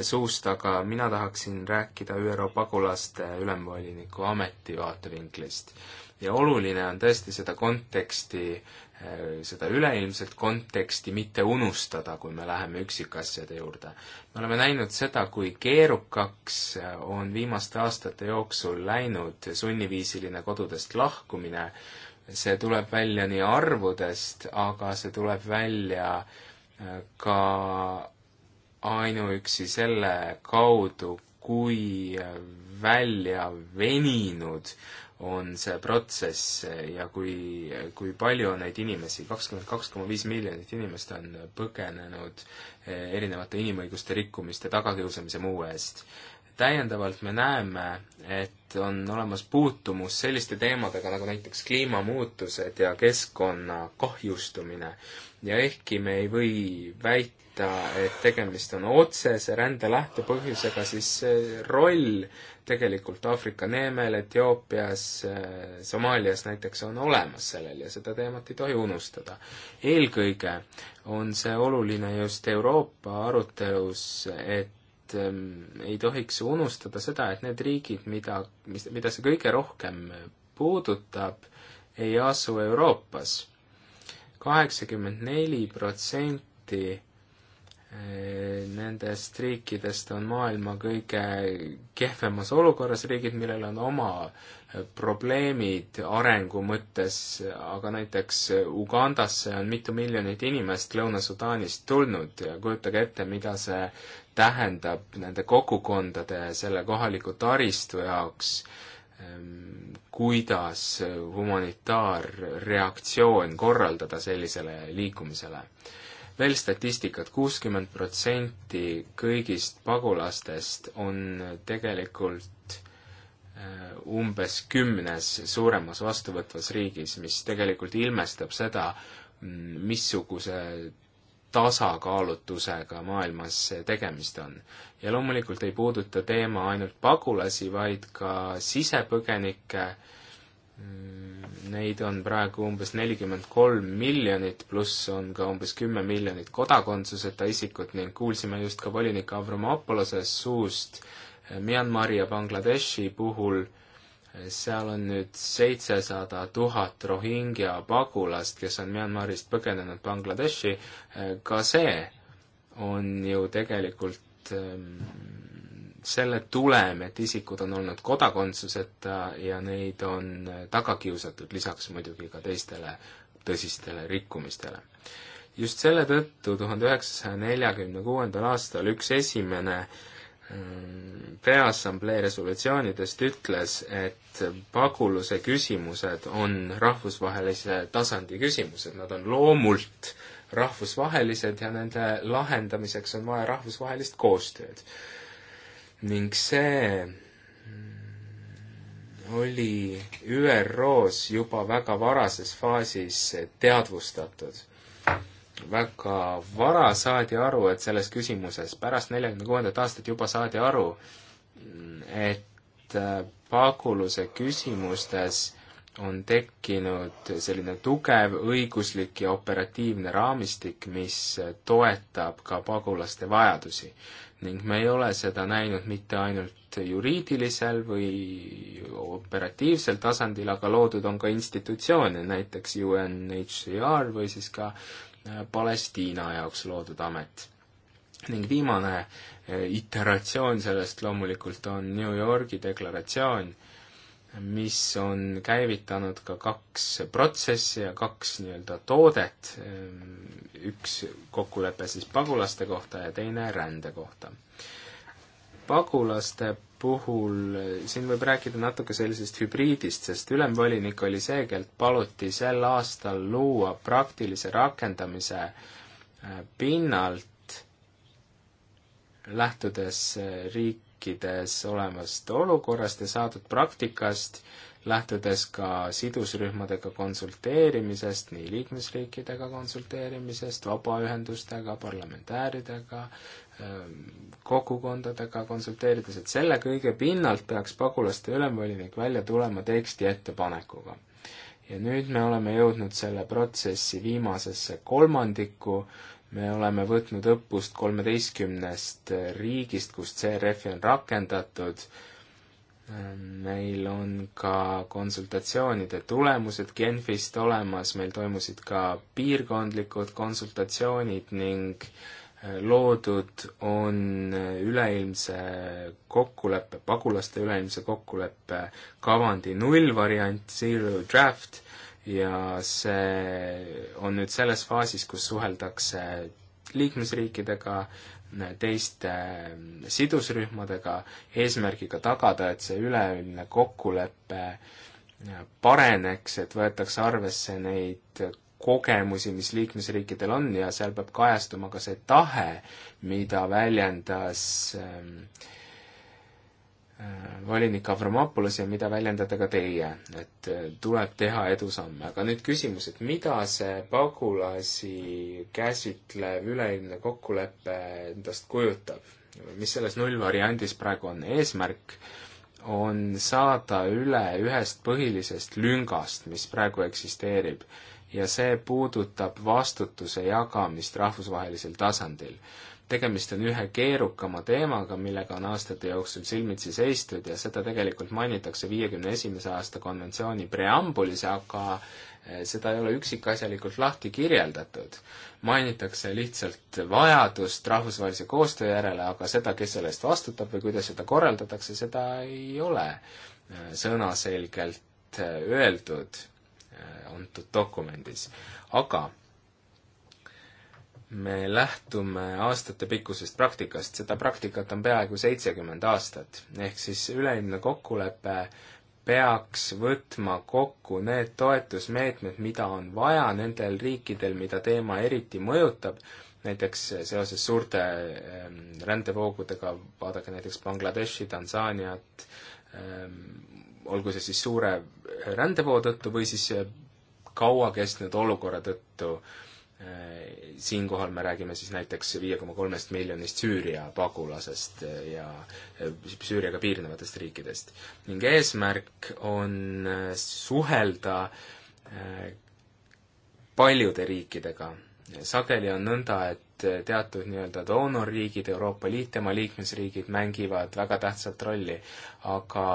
suust, aga mina tahaksin rääkida ÜRO pagulaste ülemvoliniku ameti vaatevinklist ja oluline on tõesti seda konteksti, eh, seda üleilmset konteksti mitte unustada, kui me läheme üksikasjade juurde. me oleme näinud seda, kui keerukaks eh, on viimaste aastate jooksul läinud sunniviisiline kodudest lahkumine, see tuleb välja nii arvudest, aga see tuleb välja eh, ka ainuüksi selle kaudu, kui välja veninud äh, on see protsess ja kui, kui palju on neid inimesi, kakskümmend kaks koma viis miljonit inimest on põgenenud eh, erinevate inimõiguste rikkumiste, tagakiusamise muu eest. täiendavalt me näeme, et on olemas puutumus selliste teemadega nagu näiteks kliimamuutused ja keskkonna kahjustumine. ja ehkki me ei või väita, et tegemist on otsese rände lähtepõhjusega, siis roll tegelikult Aafrika neemel, Etioopias, äh, Somaalias näiteks on olemas sellel ja seda teemat ei tohi unustada. eelkõige on see oluline just Euroopa arutelus, et ähm, ei tohiks unustada seda, et need riigid, mida, mis, mida see kõige rohkem puudutab, ei asu Euroopas. kaheksakümmend neli protsenti nendest riikidest on maailma kõige kehvemas olukorras riigid, millel on oma probleemid arengu mõttes, aga näiteks Ugandasse on mitu miljonit inimest Lõuna-Sudaanist tulnud ja kujutage ette, mida see tähendab nende kogukondade, selle kohaliku taristu jaoks, ehm, kuidas humanitaarreaktsioon korraldada sellisele liikumisele veel statistikat, kuuskümmend protsenti kõigist pagulastest on tegelikult äh, umbes kümnes suuremas vastuvõtvas riigis, mis tegelikult ilmestab seda, mm, missuguse tasakaalutusega maailmas tegemist on. ja loomulikult ei puuduta teema ainult pagulasi, vaid ka sisepõgenikke, mm, neid on praegu umbes nelikümmend kolm miljonit, pluss on ka umbes kümme miljonit kodakondsuseta isikut ning kuulsime just ka volinik Avramopolose suust eh, Myanmari ja Bangladeshi puhul, eh, seal on nüüd seitsesada tuhat rohingja pagulast, kes on Myanmarist põgenenud Bangladeshi, eh, ka see on ju tegelikult ähm, selle tulem, et isikud on olnud kodakondsuseta ja neid on taga kiusatud, lisaks muidugi ka teistele tõsistele rikkumistele. just selle tõttu tuhande üheksasaja neljakümne kuuendal aastal üks esimene ähm, Peaassamblee resolutsioonidest ütles, et paguluse küsimused on rahvusvahelise tasandi küsimused, nad on loomult rahvusvahelised ja nende lahendamiseks on vaja rahvusvahelist koostööd ning see mm, oli ÜRO-s juba väga varases faasis teadvustatud. väga vara saadi aru, et selles küsimuses, pärast neljakümne kuuendat aastat juba saadi aru, et äh, paguluse küsimustes on tekkinud selline tugev õiguslik ja operatiivne raamistik, mis toetab ka pagulaste vajadusi ning me ei ole seda näinud mitte ainult juriidilisel või operatiivsel tasandil, aga loodud on ka institutsioone, näiteks UNHCR või siis ka äh, Palestiina jaoks loodud amet. ning viimane äh, iteratsioon sellest loomulikult on New Yorgi deklaratsioon, mis on käivitanud ka kaks protsessi ja kaks nii-öelda toodet, üks kokkulepe siis pagulaste kohta ja teine rände kohta. pagulaste puhul siin võib rääkida natuke sellisest hübriidist, sest ülemvolinik oli see, kelt paluti sel aastal luua praktilise rakendamise äh, pinnalt, lähtudes äh, riik, rääkides olevast olukorrast ja saadud praktikast, lähtudes ka sidusrühmadega konsulteerimisest, nii liikmesriikidega konsulteerimisest, vabaühendustega, parlamentääridega, ähm, kogukondadega konsulteerides, et selle kõige pinnalt peaks pagulaste ülemvolinik välja tulema teksti ettepanekuga. ja nüüd me oleme jõudnud selle protsessi viimasesse kolmandikku, me oleme võtnud õppust kolmeteistkümnest riigist, kus CRF-i on rakendatud, meil on ka konsultatsioonide tulemused Genfist olemas, meil toimusid ka piirkondlikud konsultatsioonid ning eh, loodud on üleilmse kokkuleppe, pagulaste üleilmse kokkuleppe kavandi nullvariant, zero draft, ja see on nüüd selles faasis, kus suheldakse liikmesriikidega, teiste mm, sidusrühmadega, eesmärgiga tagada, et see üleüldine kokkulepe mm, pareneks, et võetakse arvesse neid kogemusi, mis liikmesriikidel on ja seal peab kajastuma ka see tahe, mida väljendas äh, Äh, volinik Avramopoulos ja mida väljendate ka teie, et äh, tuleb teha edusamme, aga nüüd küsimus, et mida see pagulasi käsitlev üleilmne kokkulepe endast kujutab? mis selles nullvariandis praegu on eesmärk, on saada üle ühest põhilisest lüngast, mis praegu eksisteerib ja see puudutab vastutuse jagamist rahvusvahelisel tasandil tegemist on ühe keerukama teemaga, millega on aastate jooksul silmitsi seistud ja seda tegelikult mainitakse viiekümne esimese aasta konventsiooni preambulis, aga eh, seda ei ole üksikasjalikult lahti kirjeldatud. mainitakse lihtsalt vajadust rahvusvahelise koostöö järele, aga seda, kes selle eest vastutab või kuidas seda korraldatakse, seda ei ole eh, sõnaselgelt eh, öeldud antud dokumendis. aga me lähtume aastatepikkusest praktikast, seda praktikat on peaaegu seitsekümmend aastat, ehk siis üleilmne kokkulepe peaks võtma kokku need toetusmeetmed, mida on vaja nendel riikidel, mida teema eriti mõjutab, näiteks seoses suurte ähm, rändevoogudega, vaadake näiteks Bangladeshi, Tansaaniat, ähm, olgu see siis suure rändevoo tõttu või siis kauakestnud olukorra tõttu äh, siinkohal me räägime siis näiteks viie koma kolmest miljonist Süüria pagulasest ja Süüriaga piirnevatest riikidest. ning eesmärk on äh, suhelda äh, paljude riikidega. sageli on nõnda, et äh, teatud nii-öelda doonorriigid, Euroopa Liit, tema liikmesriigid mängivad väga tähtsat rolli, aga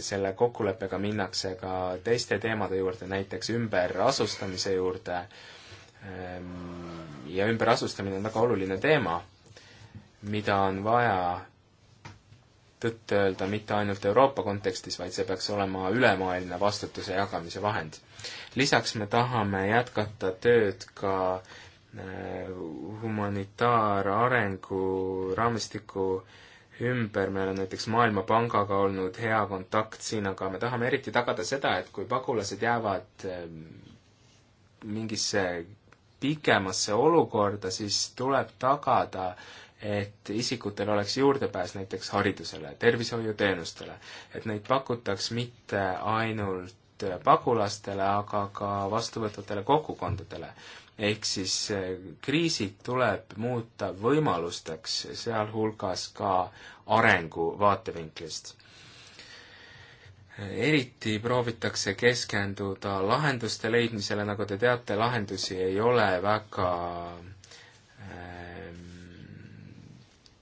selle kokkuleppega minnakse ka teiste teemade juurde, näiteks ümberasustamise juurde äh,, Ehm, ja ümberasustamine on väga oluline teema, mida on vaja tõtt-öelda mitte ainult Euroopa kontekstis, vaid see peaks olema ülemaailmne vastutuse jagamise vahend. lisaks me tahame jätkata tööd ka äh, humanitaararengu raamistiku ümber, meil on näiteks Maailmapangaga olnud hea kontakt siin, aga me tahame eriti tagada seda, et kui pagulased jäävad ehm, mingisse pikemasse olukorda, siis tuleb tagada, et isikutel oleks juurdepääs näiteks haridusele, tervishoiuteenustele. et neid pakutaks mitte ainult pagulastele, aga ka vastuvõtvatele kogukondadele. ehk siis eh, kriisid tuleb muuta võimalusteks, sealhulgas ka arengu vaatevinklist eriti proovitakse keskenduda lahenduste leidmisele, nagu te teate, lahendusi ei ole väga ähm,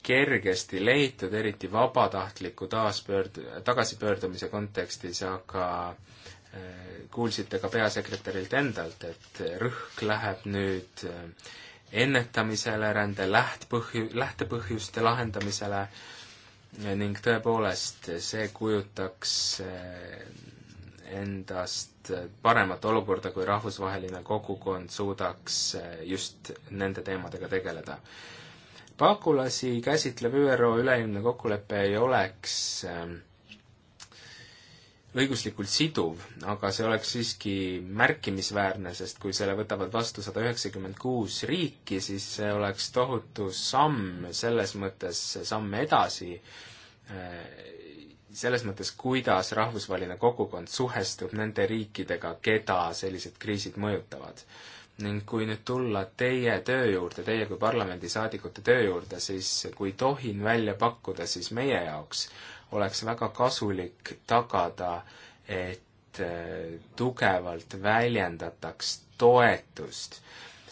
kergesti leitud, eriti vabatahtliku taaspöörd-, tagasipöördumise kontekstis, aga äh, kuulsite ka peasekretärilt endalt, et rõhk läheb nüüd äh, ennetamisele, rände lähtpõhju, lähtepõhjuste lahendamisele äh,, ning tõepoolest, see kujutaks eh, endast paremat olukorda, kui rahvusvaheline kogukond suudaks eh, just nende teemadega tegeleda. pagulasi käsitlev ÜRO üleilmne kokkulepe ei oleks äh, õiguslikult siduv, aga see oleks siiski märkimisväärne, sest kui selle võtavad vastu sada üheksakümmend kuus riiki, siis see oleks tohutu samm selles mõttes, samm edasi, äh, selles mõttes, kuidas rahvusvaheline kogukond suhestub nende riikidega, keda sellised kriisid mõjutavad. ning kui nüüd tulla teie töö juurde, teie kui parlamendisaadikute töö juurde, siis kui tohin välja pakkuda, siis meie jaoks oleks väga kasulik tagada, et äh, tugevalt väljendataks toetust.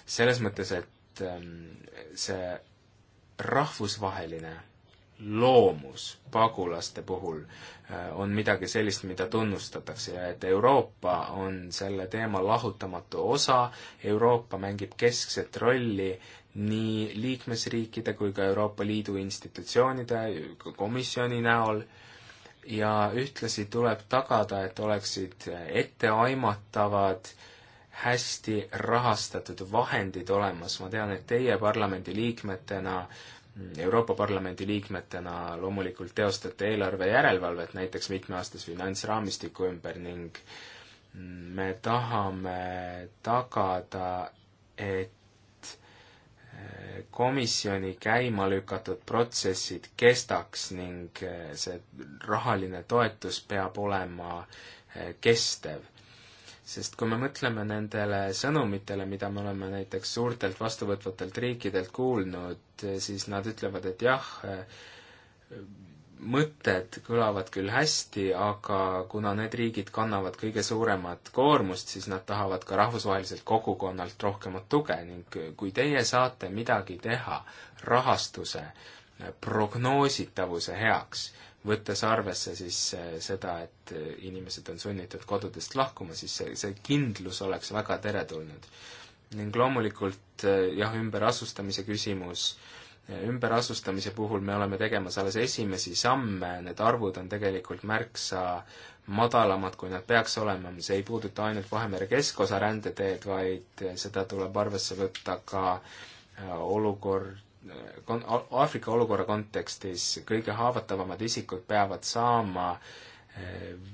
selles mõttes, et ähm, see rahvusvaheline loomus pagulaste puhul äh, on midagi sellist, mida tunnustatakse ja et Euroopa on selle teema lahutamatu osa, Euroopa mängib keskset rolli nii liikmesriikide kui ka Euroopa Liidu institutsioonide, komisjoni näol ja ühtlasi tuleb tagada, et oleksid etteaimatavad hästi rahastatud vahendid olemas, ma tean, et teie parlamendi liikmetena Euroopa Parlamendi liikmetena loomulikult teostate eelarve järelevalvet näiteks mitmeaastase finantsraamistiku ümber ning me tahame tagada, et komisjoni käima lükatud protsessid kestaks ning eh, see rahaline toetus peab olema eh, kestev. sest kui me mõtleme nendele sõnumitele, mida me oleme näiteks suurtelt vastuvõtvatelt riikidelt kuulnud, eh, siis nad ütlevad, et jah, mõtted kõlavad küll hästi, aga kuna need riigid kannavad kõige suuremat koormust, siis nad tahavad ka rahvusvaheliselt kogukonnalt rohkemat tuge ning kui teie saate midagi teha rahastuse eh, prognoositavuse heaks, võttes arvesse siis eh, seda, et eh, inimesed on sunnitud kodudest lahkuma, siis see, see kindlus oleks väga teretulnud. ning loomulikult jah, ümberasustamise küsimus äh, ümberasustamise puhul me oleme tegemas alles esimesi samme, need arvud on tegelikult märksa madalamad, kui nad peaks olema, see ei puuduta ainult Vahemere keskosa rändeteed, vaid seda tuleb arvesse võtta ka äh, olukord, kon-, Aafrika olukorra kontekstis kõige haavatavamad isikud peavad saama äh,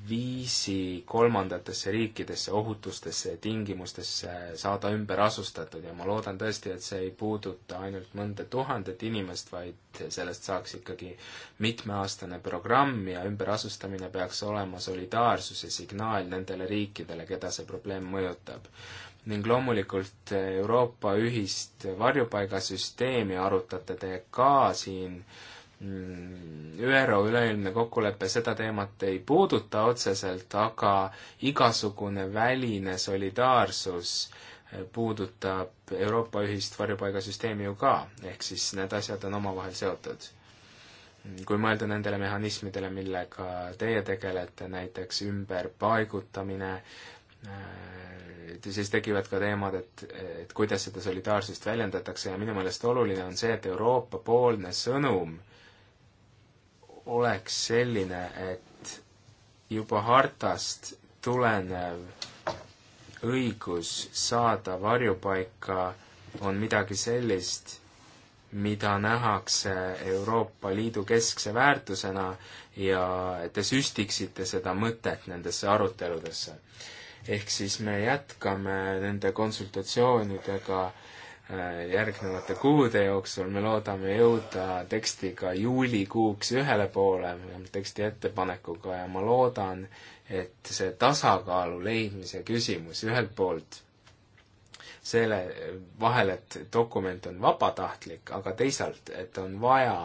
viisi kolmandatesse riikidesse, ohutustesse tingimustesse saada ümber asustatud ja ma loodan tõesti, et see ei puuduta ainult mõnda tuhandet inimest, vaid sellest saaks ikkagi mitmeaastane programm ja ümberasustamine peaks olema solidaarsuse signaal nendele riikidele, keda see probleem mõjutab ning loomulikult Euroopa ühist varjupaigasüsteemi arutate te ka siin äh, Mm, ÜRO üleilmne kokkulepe seda teemat ei puuduta otseselt, aga igasugune väline solidaarsus eh, puudutab Euroopa ühist varjupaigasüsteemi ju ka, ehk siis need asjad on omavahel seotud. Mm, kui mõelda nendele mehhanismidele, millega teie tegelete, näiteks ümberpaigutamine, eh, siis tekivad ka teemad, et, et kuidas seda solidaarsust väljendatakse ja minu meelest oluline on see, et Euroopa-poolne sõnum oleks selline, et juba hartast tulenev õigus saada varjupaika on midagi sellist, mida nähakse Euroopa Liidu keskse väärtusena ja te süstiksite seda mõtet nendesse aruteludesse. ehk siis me jätkame nende konsultatsioonidega äh, järgnevate kuude jooksul me loodame jõuda tekstiga juulikuuks ühele poole, teksti ettepanekuga ja ma loodan, et see tasakaalu leidmise küsimus ühelt poolt selle vahel, et dokument on vabatahtlik, aga teisalt, et on vaja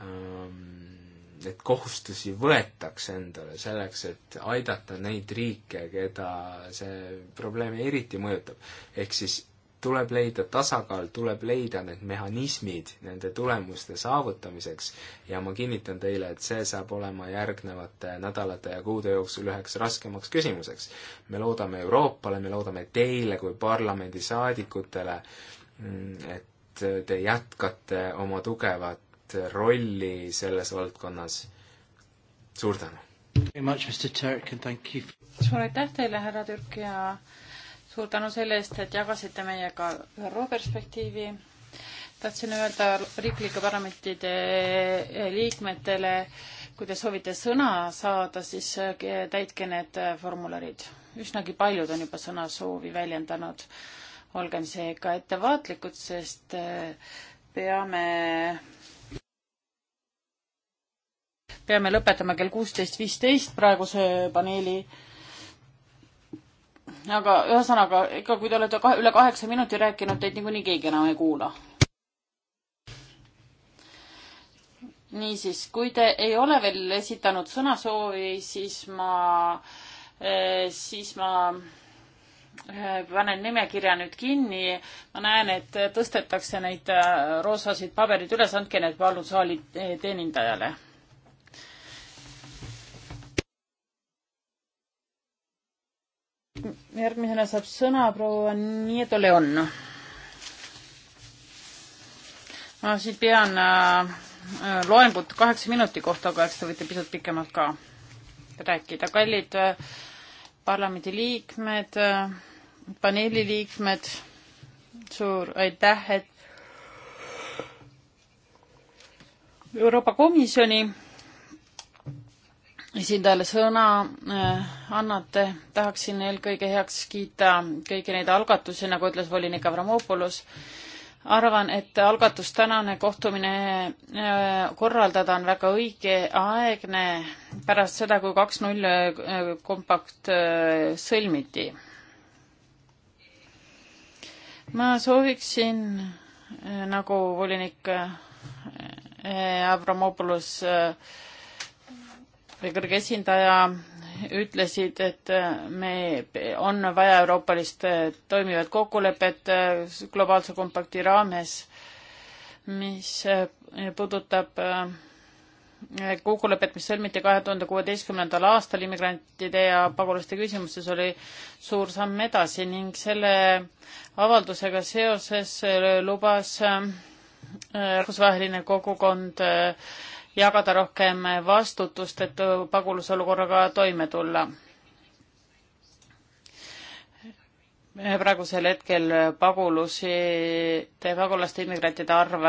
ähm, et kohustusi võetakse endale selleks, et aidata neid riike, keda see probleem eriti mõjutab. ehk siis tuleb leida tasakaal, tuleb leida need mehhanismid nende tulemuste saavutamiseks ja ma kinnitan teile, et see saab olema järgnevate nädalate ja kuude jooksul üheks raskemaks küsimuseks. me loodame Euroopale, me loodame teile kui parlamendisaadikutele, mm, et te jätkate oma tugevat rolli selles valdkonnas. suur tänu! suur aitäh teile, härra Türk ja suur tänu selle eest, et jagasite meiega ÜRO perspektiivi. tahtsin öelda riiklike parlamentide liikmetele, kui te soovite sõna saada, siis täitke need formularid. üsnagi paljud on juba sõnasoovi väljendanud. olgem seega ettevaatlikud, sest eh, peame peame lõpetama kell kuusteist viisteist praeguse paneeli aga ühesõnaga ikka, kui te olete kahe, üle kaheksa minuti rääkinud, teid niikuinii keegi enam ei kuula. niisiis, kui te ei ole veel esitanud sõnasoovi, siis ma, eh, siis ma eh, panen nimekirja nüüd kinni. ma näen, et tõstetakse neid eh, roosasid paberid üles, andke need palun saali teenindajale järgmisena saab sõna proua Nieto Leon. ma siin pean äh, loengut kaheksa minuti kohta, aga eks te võite pisut pikemalt ka rääkida. kallid äh, parlamendiliikmed, äh, paneeli liikmed, suur aitäh, et Euroopa Komisjoni esindajale sõna äh, annate, tahaksin eelkõige heaks kiita kõiki neid algatusi, nagu ütles volinik Avramopoulos. arvan, et algatus tänane kohtumine äh, korraldada on väga õigeaegne pärast seda, kui kaks null äh, kompakt sõlmiti. ma sooviksin nagu volinik Avramopoulos äh, kõrge esindaja ütlesid, et äh, me, on vaja euroopalist äh, toimivat kokkulepet äh, globaalse kompakti raames, mis puudutab kokkulepet, mis sõlmiti kahe tuhande kuueteistkümnendal aastal immigrantide ja pagulaste küsimustes, oli suur samm edasi ning selle avaldusega seoses lubas rahvusvaheline kogukond jagada rohkem vastutust, et pagulasolukorraga toime tulla. praegusel hetkel pagulusi, pagulaste immigrantide arv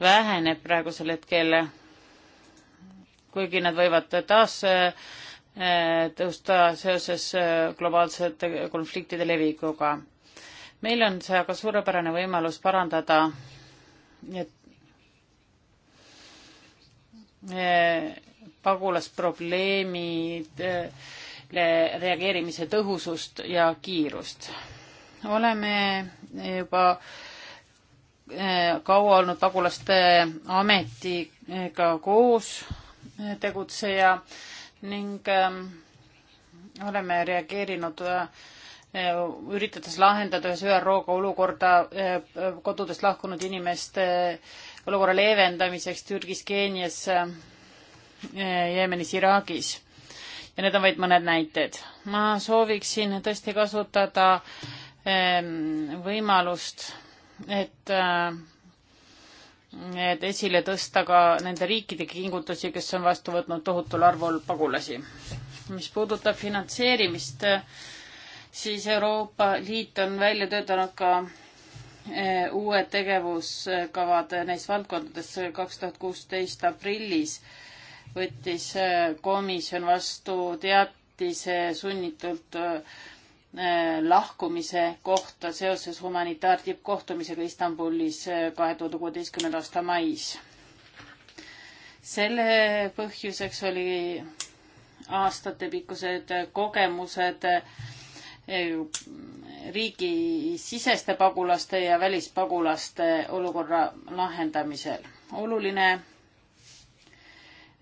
väheneb praegusel hetkel, kuigi nad võivad taas eh, tõusta seoses eh, globaalsete konfliktide levikuga. meil on see aga suurepärane võimalus parandada et Eh, pagulasprobleemidele reageerimise tõhusust ja kiirust. oleme juba eh, kaua olnud pagulaste ametiga koos eh, tegutseja ning oleme reageerinud üritades lahendada ühes ÜRO-ga olukorda kodudest lahkunud inimeste olukorra leevendamiseks Türgis, Keenias, äh, Jeemenis, Iraagis. ja need on vaid mõned näited. ma sooviksin tõesti kasutada ähm, võimalust, et äh, et esile tõsta ka nende riikide kingutusi, kes on vastu võtnud tohutul arvul pagulasi. mis puudutab finantseerimist, äh, siis Euroopa Liit on välja töötanud ka Eh, uued tegevuskavad neis valdkondades kaks tuhat kuusteist aprillis võttis eh, komisjon vastu teatise sunnitult eh, lahkumise kohta seoses humanitaartippkohtumisega Istanbulis kahe tuhande kuueteistkümnenda aasta mais. selle põhjuseks oli aastatepikkused kogemused riigisiseste pagulaste ja välispagulaste olukorra lahendamisel. oluline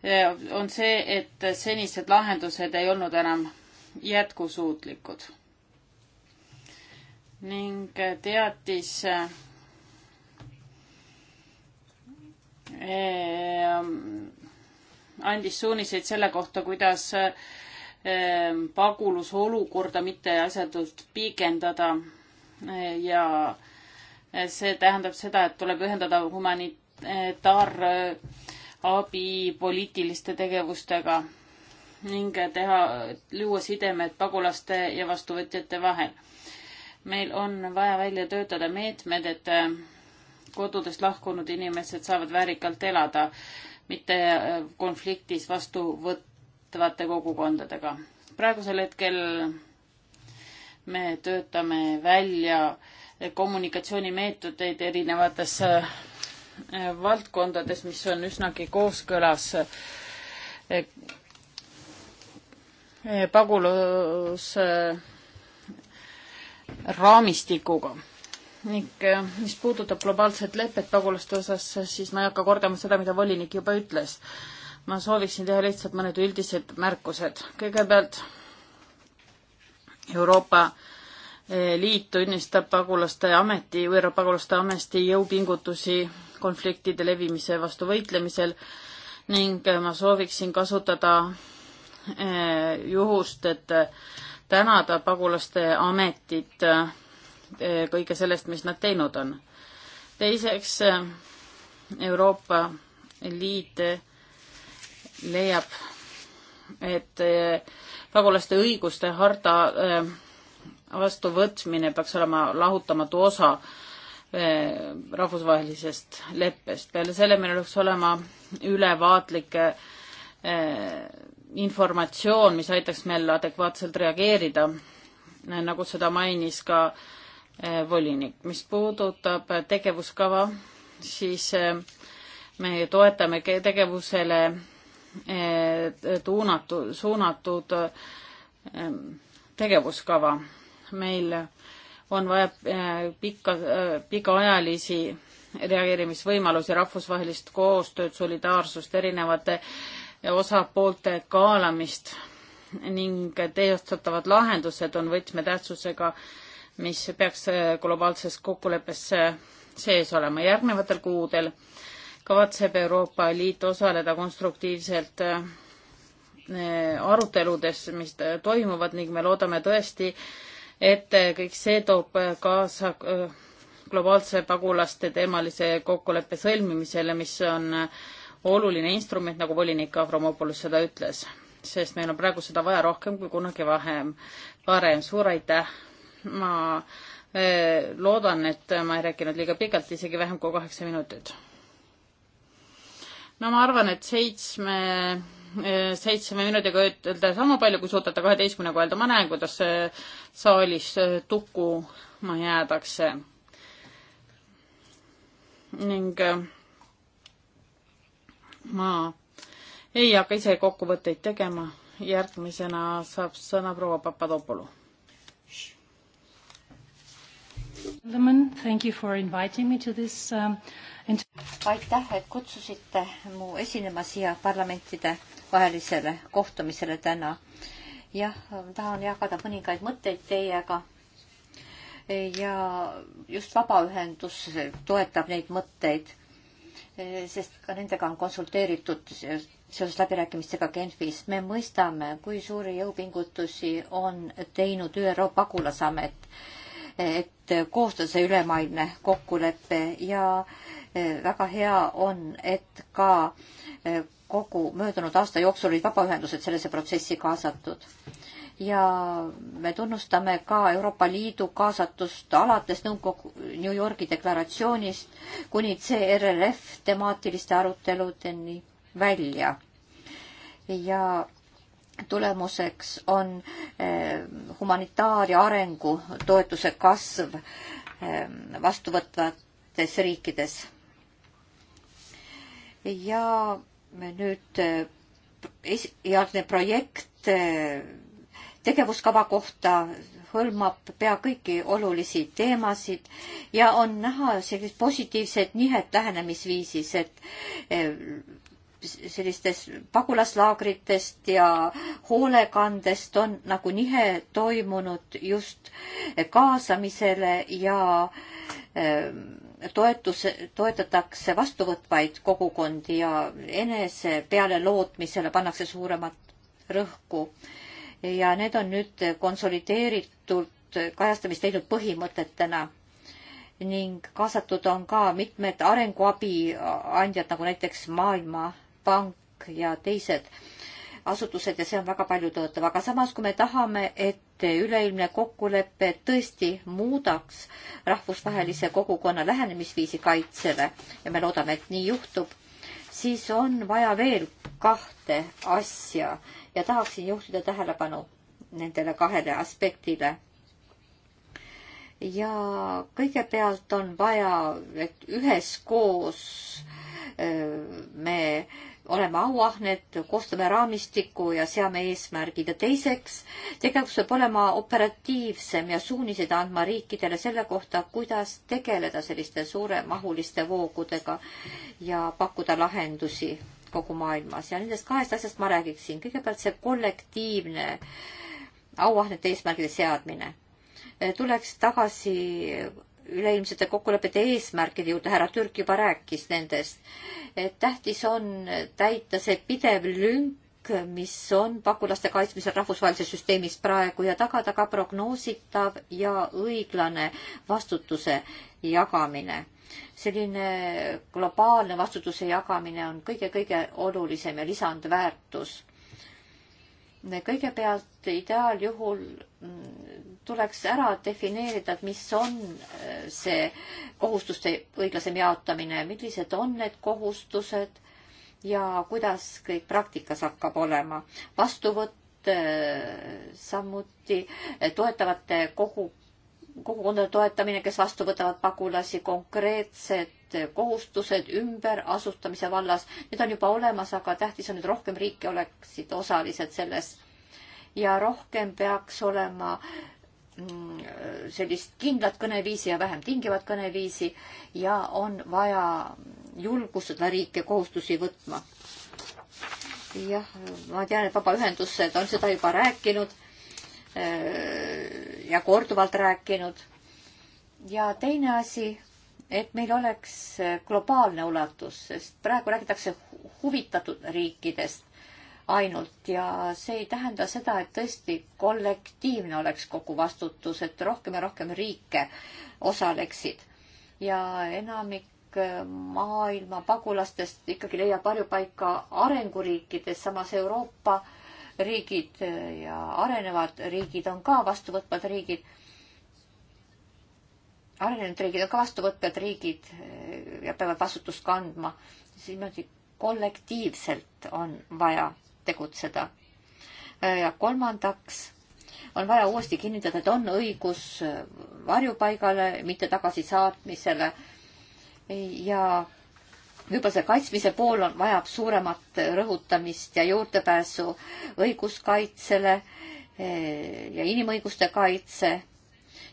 eh, on see, et senised lahendused ei olnud enam jätkusuutlikud. ning teatis eh, andis suuniseid selle kohta, kuidas Ähm, pagulusolukorda mitte asjatult pikendada ja see tähendab seda, et tuleb ühendada humanitaarabi poliitiliste tegevustega ning teha, luua sidemed pagulaste ja vastuvõtjate vahel. meil on vaja välja töötada meetmed, et äh, kodudest lahkunud inimesed saavad väärikalt elada, mitte äh, konfliktis vastuvõtt-, haavatavate kogukondadega. praegusel hetkel me töötame välja kommunikatsioonimeetodeid erinevates äh, valdkondades, mis on üsnagi kooskõlas äh, pagulasraamistikuga äh, ning mis puudutab globaalset lepet pagulaste osas, siis ma ei hakka kordama seda, mida volinik juba ütles ma sooviksin teha lihtsalt mõned üldised märkused. kõigepealt Euroopa eh, Liit tunnistab pagulaste ameti, ÜRO pagulaste ameti jõupingutusi konfliktide levimise vastu võitlemisel ning eh, ma sooviksin kasutada eh, juhust, et tänada pagulaste ametit kõige sellest, mis nad teinud on. teiseks, Euroopa Liit leiab, et eh, pagulaste õiguste harta eh, vastuvõtmine peaks olema lahutamatu osa eh, rahvusvahelisest leppest. peale selle meil oleks olema ülevaatlik informatsioon, mis aitaks meil adekvaatselt reageerida, nagu seda mainis ka volinik. mis puudutab tegevuskava, siis me toetame tegevusele tuunatud, suunatud ähm, tegevuskava. meil on vaja äh, pikka, äh, pikaajalisi reageerimisvõimalusi, rahvusvahelist koostööd, solidaarsust, erinevate osapoolte kaalamist ning teostatavad lahendused on võtmetähtsusega, mis peaks äh, globaalses kokkuleppes sees olema järgnevatel kuudel kavatseb Euroopa Liit osaleda konstruktiivselt eh, aruteludes, mis toimuvad ning me loodame tõesti, et kõik see toob kaasa eh, globaalse pagulaste teemalise kokkuleppe sõlmimisele, mis on oluline instrument, nagu volinik Avramopoulos seda ütles. sest meil on praegu seda vaja rohkem kui kunagi vahem, varem. suur aitäh! ma eh, loodan, et ma ei rääkinud liiga pikalt, isegi vähem kui kaheksa minutit no ma arvan, et seitsme, eh, seitsme minutiga ütelda sama palju, kui suudate kaheteistkümnega nagu öelda, ma näen, kuidas saalis eh, tukkuma jäädakse. ning eh, ma ei hakka ise kokkuvõtteid tegema, järgmisena saab sõna proua Papadopolu. Gentlemen, thank you for inviting me to this um, aitäh, et kutsusite mu esinema siia parlamentide vahelisele kohtumisele täna. jah, tahan jagada mõningaid mõtteid teiega. ja just vabaühendus toetab neid mõtteid, sest ka nendega on konsulteeritud seoses läbirääkimistega Genfis. me mõistame, kui suuri jõupingutusi on teinud ÜRO pagulasamet, et koostada see ülemaailmne kokkulepe ja äh, Eh, väga hea on, et ka eh, kogu möödunud aasta jooksul olid vabaühendused sellesse protsessi kaasatud. ja me tunnustame ka Euroopa Liidu kaasatust alates nõukogu New Yorgi deklaratsioonist kuni CRRF temaatiliste aruteludeni välja. ja tulemuseks on eh, humanitaar- ja arengutoetuse kasv vastuvõtvates riikides ja nüüd äh, es-, järgne projekt äh, tegevuskava kohta hõlmab pea kõiki olulisi teemasid ja on näha sellist positiivset nihet lähenemisviisis, et äh, sellistest pagulaslaagritest ja hoolekandest on nagu nihe toimunud just kaasamisele ja ähm, toetus, toetatakse vastuvõtvaid kogukondi ja enese pealelootmisele pannakse suuremat rõhku. ja need on nüüd konsolideeritult kajastamist leidnud põhimõtetena ning kaasatud on ka mitmed arenguabi andjad, nagu näiteks Maailmapank ja teised asutused ja see on väga palju tõotav, aga samas, kui me tahame, et üleilmne kokkulepe tõesti muudaks rahvusvahelise kogukonna lähenemisviisi kaitsele ja me loodame, et nii juhtub, siis on vaja veel kahte asja ja tahaksin juhtida tähelepanu nendele kahele aspektile ja kõigepealt on vaja, et üheskoos äh, me oleme auahned, koostame raamistiku ja seame eesmärgid ja teiseks, tegevus peab olema operatiivsem ja suuniseid andma riikidele selle kohta, kuidas tegeleda selliste suuremahuliste voogudega ja pakkuda lahendusi kogu maailmas ja nendest kahest asjast ma räägiksin. kõigepealt see kollektiivne auahnete eesmärgide seadmine. tuleks tagasi üleilmsete kokkulepete eesmärkide juurde, härra Türk juba rääkis nendest, et tähtis on täita see pidev lünk, mis on pagulaste kaitsmisel rahvusvahelises süsteemis praegu ja tagada ka prognoositav ja õiglane vastutuse jagamine. selline globaalne vastutuse jagamine on kõige-kõige olulisem ja lisandväärtus kõigepealt ideaaljuhul mm, tuleks ära defineerida, et mis on äh, see kohustuste õiglasem jaotamine, millised on need kohustused ja kuidas kõik praktikas hakkab olema. vastuvõtt äh, samuti äh, toetavate kogu kogukondade toetamine, kes vastu võtavad pagulasi, konkreetsed kohustused ümberasustamise vallas, need on juba olemas, aga tähtis on, et rohkem riike oleksid osalised selles. ja rohkem peaks olema mm, sellist kindlat kõneviisi ja vähem tingivat kõneviisi ja on vaja julgustada riike kohustusi võtma. jah, ma tean, et vabaühendused on seda juba rääkinud Äh, ja korduvalt rääkinud. ja teine asi, et meil oleks globaalne ulatus, sest praegu räägitakse huvitatud riikidest ainult ja see ei tähenda seda, et tõesti kollektiivne oleks kogu vastutus, et rohkem ja rohkem riike osaleksid. ja enamik äh, maailma pagulastest ikkagi leiab varjupaika arenguriikides, samas Euroopa äh, riigid äh, ja arenevad riigid on ka vastuvõtvad riigid. arenenud riigid on ka vastuvõtvad riigid äh, ja peavad vastutust kandma. siis niimoodi kollektiivselt on vaja tegutseda. Äh, ja kolmandaks on vaja uuesti kinnitada, et on õigus varjupaigale, mitte tagasisaatmisele ja hüppese kaitsmise pool on, vajab suuremat rõhutamist ja juurdepääsu õiguskaitsele eh, ja inimõiguste kaitse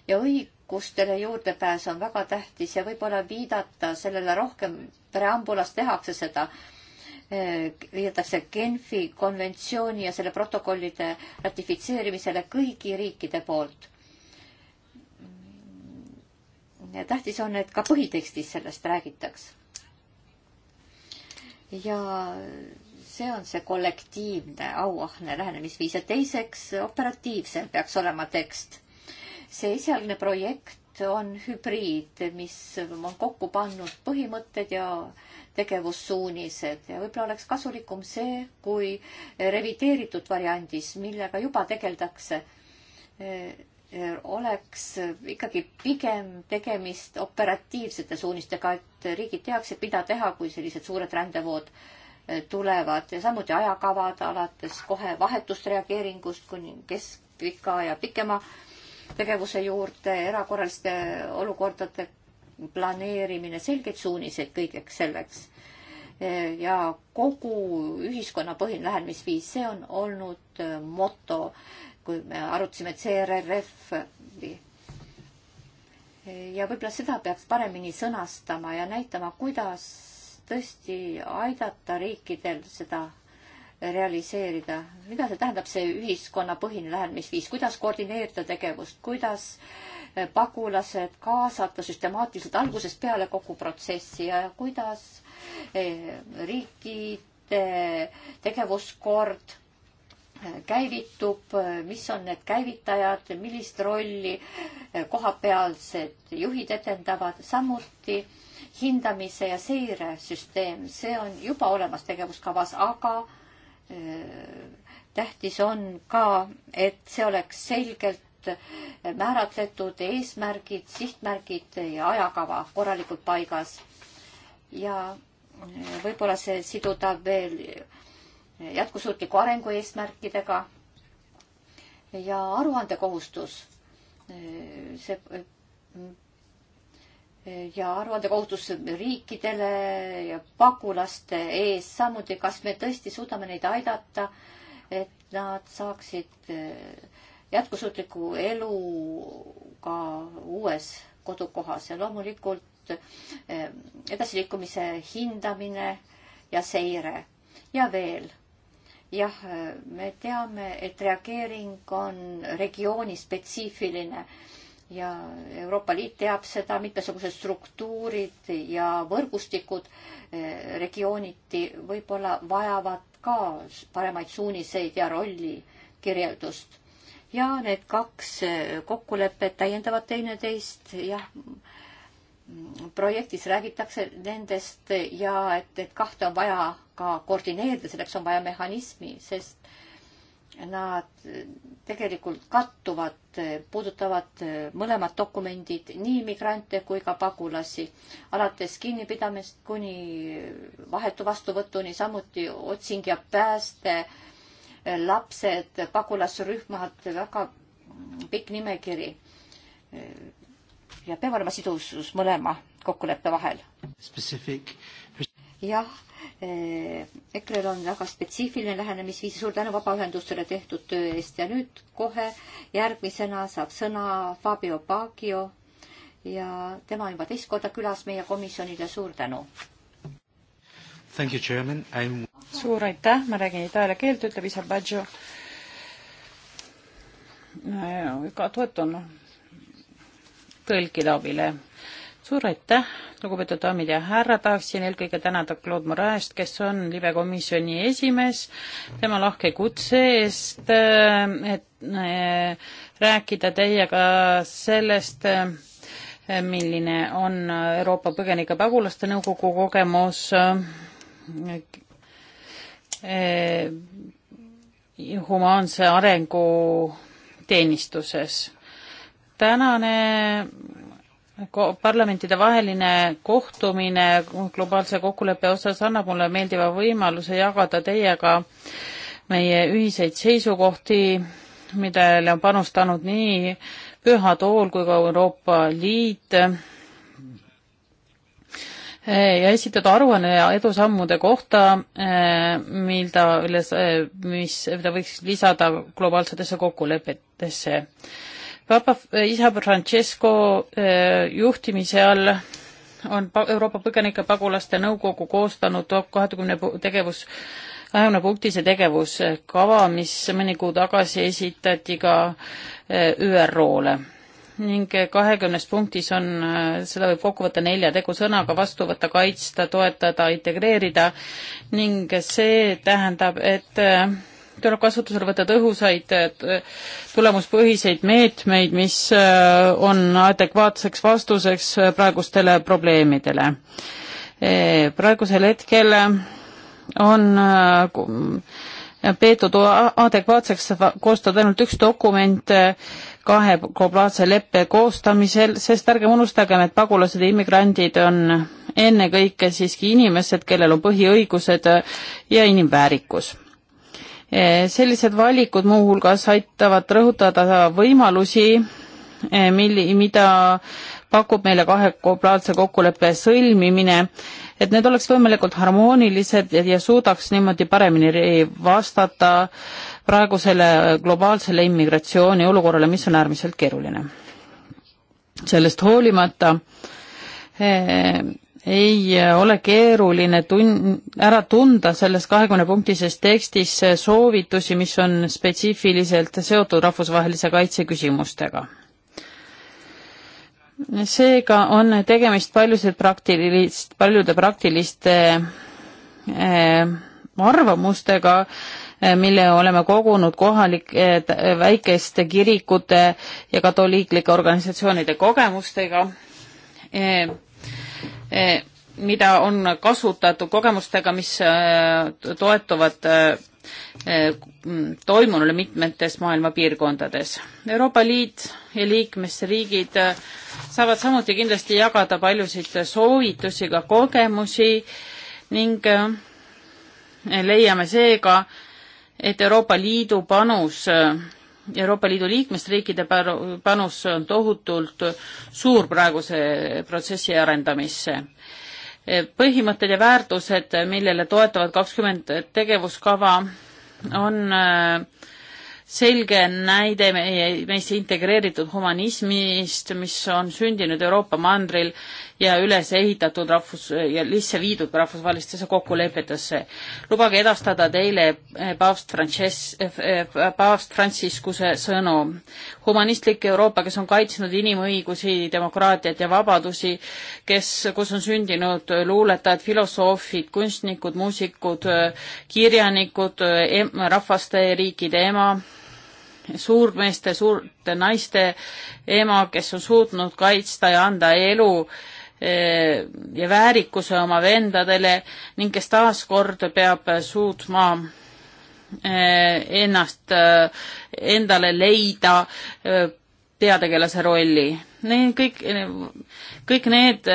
ja õigustele juurdepääs on väga tähtis ja võib-olla viidata sellele rohkem, preambulas tehakse seda, eh, viidatakse Genfi konventsiooni ja selle protokollide ratifitseerimisele kõigi riikide poolt. tähtis on, et ka põhitekstis sellest räägitaks ja see on see kollektiivne auahne lähenemisviis ja teiseks operatiivsem peaks olema tekst. see esialgne projekt on hübriid, mis on kokku pannud põhimõtted ja tegevussuunised ja võib-olla oleks kasulikum see, kui revideeritud variandis, millega juba tegeldakse, oleks ikkagi pigem tegemist operatiivsete suunistega, et riigid teaksid, mida teha, kui sellised suured rändevood eh, tulevad ja samuti ajakavad alates kohe vahetust reageeringust kuni keskpika ja pikema tegevuse juurde, erakorraliste olukordade planeerimine, selgeid suuniseid kõigeks selleks. Eh, ja kogu ühiskonnapõhine lähenemisviis, see on olnud eh, moto kui me arutasime CRRF-i. ja võib-olla seda peaks paremini sõnastama ja näitama, kuidas tõesti aidata riikidel seda realiseerida, mida see tähendab, see ühiskonnapõhine lähenemisviis, kuidas koordineerida tegevust, kuidas eh, pagulased kaasata süstemaatiliselt algusest peale kogu protsessi ja kuidas eh, riikide tegevuskord käivitub, mis on need käivitajad, millist rolli kohapealsed juhid etendavad, samuti hindamise ja seiresüsteem, see on juba olemas tegevuskavas, aga äh, tähtis on ka, et see oleks selgelt määratletud eesmärgid, sihtmärgid ja ajakava korralikult paigas. ja äh, võib-olla see siduda veel jätkusuutliku arengu eesmärkidega ja aruandekohustus, see ja aruandekohustus riikidele ja pagulaste ees samuti, kas me tõesti suudame neid aidata, et nad saaksid eh, jätkusuutliku eluga uues kodukohas ja loomulikult eh, edasiliikumise hindamine ja seire ja veel jah, me teame, et reageering on regiooni spetsiifiline ja Euroopa Liit teab seda, mitmesugused struktuurid ja võrgustikud eh, regiooniti võib-olla vajavad ka paremaid suuniseid ja rolli kirjeldust. ja need kaks eh, kokkulepet täiendavad teineteist, jah projektis räägitakse nendest ja et, et kahte on vaja ka koordineerida, selleks on vaja mehhanismi, sest nad tegelikult kattuvad, puudutavad mõlemad dokumendid, nii migrante kui ka pagulasi, alates kinnipidamist kuni vahetu vastuvõtuni, samuti otsing ja pääste, lapsed, pagulasrühmad, väga pikk nimekiri ja peab olema sidusus mõlema kokkuleppe vahel. jah, eh, EKRE-l on väga spetsiifiline lähenemisviis ja suur tänu vabaühendustele tehtud töö eest ja nüüd kohe järgmisena saab sõna Fabio Pagio ja tema juba teist korda külas meie komisjonile, suur tänu! suur aitäh, ma räägin itaalia keelt, ütleb isa Baggio. ka toetan tõlkide abile. suur aitäh, lugupeetud daamid ja härrad, tahaksin eelkõige tänada Claude Moraest, kes on libekomisjoni esimees, tema lahke kutse eest, äh, et äh, rääkida teiega sellest, äh, milline on Euroopa Põgenike Pagulaste Nõukogu kogemus humaanse arengu teenistuses tänane parlamentide vaheline kohtumine globaalse kokkuleppe osas annab mulle meeldiva võimaluse jagada teiega meie ühiseid seisukohti, millele on panustanud nii Püha Tool kui ka Euroopa Liit ja esitada aruanne edusammude kohta, mida üles, mis, mida võiks lisada globaalsetesse kokkulepetesse Papa äh, isa Francesco äh, juhtimise all on Euroopa Põgenike Pagulaste Nõukogu koostanud kahekümne tegevus, kahekümne punktise tegevuskava, mis mõni kuu tagasi esitati ka äh, ÜRO-le. ning kahekümnes punktis on, seda võib kokku võtta nelja tegusõnaga, vastu võtta, kaitsta, toetada, integreerida ning see tähendab, et tuleb kasutusele võtta tõhusaid tulemuspõhiseid meetmeid, mis äh, on adekvaatseks vastuseks äh, praegustele probleemidele. Äh, praegusel hetkel on peetud adekvaatseks koostada ainult üks dokument kahe globaalse leppe koostamisel, sest ärgem unustagem, et pagulased ja immigrandid on ennekõike siiski inimesed, kellel on põhiõigused ja inimväärikus Eh, sellised valikud muuhulgas aitavad rõhutada võimalusi, eh, milli, mida pakub meile kahepoolse kokkuleppe sõlmimine, et need oleks võimalikult harmoonilised ja suudaks niimoodi paremini vastata praegusele globaalsele immigratsiooni olukorrale, mis on äärmiselt keeruline. sellest hoolimata eh, ei äh, ole keeruline tun-, ära tunda selles kahekümnepunktises tekstis äh, soovitusi, mis on spetsiifiliselt seotud rahvusvahelise kaitse küsimustega seega on tegemist paljusid praktilist, paljude praktiliste äh, arvamustega, mille oleme kogunud kohalike väikeste kirikute ja katoliiklike organisatsioonide kogemustega. Eh, mida on kasutatud kogemustega, mis eh, toetuvad eh, mm, toimunule mitmetes maailma piirkondades. Euroopa Liit ja liikmesriigid saavad samuti kindlasti jagada paljusid soovitusi, ka kogemusi ning leiame seega, et Euroopa Liidu panus Euroopa Liidu liikmesriikide panus on tohutult suur praeguse protsessi arendamisse. põhimõtted ja väärtused, millele toetavad kakskümmend tegevuskava, on äh, selge näide meie, meisse integreeritud humanismist, mis on sündinud Euroopa mandril ja üles ehitatud rahvus ja sisse viidud rahvusvahelistesse kokkulepetesse. lubage edastada teile eh, paavst Frances-, eh, eh, paavst Franciscuse sõnu. humanistlik Euroopa, kes on kaitsnud inimõigusi, demokraatiat ja vabadusi, kes, kus on sündinud luuletajad, filosoofid, kunstnikud, muusikud, kirjanikud, rahvaste ja riikide ema, suurmeeste, suurte naiste ema, kes on suutnud kaitsta ja anda elu ja väärikuse oma vendadele ning kes taaskord peab suutma eh, ennast, eh, endale leida eh, peategelase rolli. Need kõik, kõik need,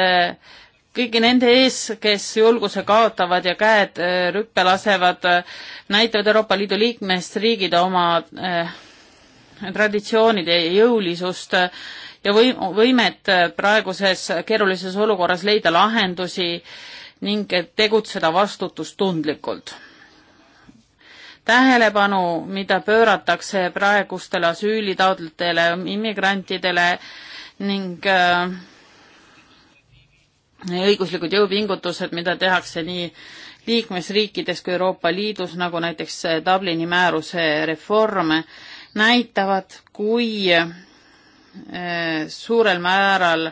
kõigi nende ees, kes julguse kaotavad ja käed rüppe lasevad, näitavad Euroopa Liidu liikmesriigid oma traditsioonide jõulisust ja või-, võimet äh, praeguses keerulises olukorras leida lahendusi ning tegutseda vastutustundlikult. tähelepanu, mida pööratakse praegustele asüülitaotlejatele, immigrantidele ning äh, õiguslikud jõupingutused, mida tehakse nii liikmesriikides kui Euroopa Liidus, nagu näiteks äh, Dublini määruse reform, näitavad, kui Eh, suurel määral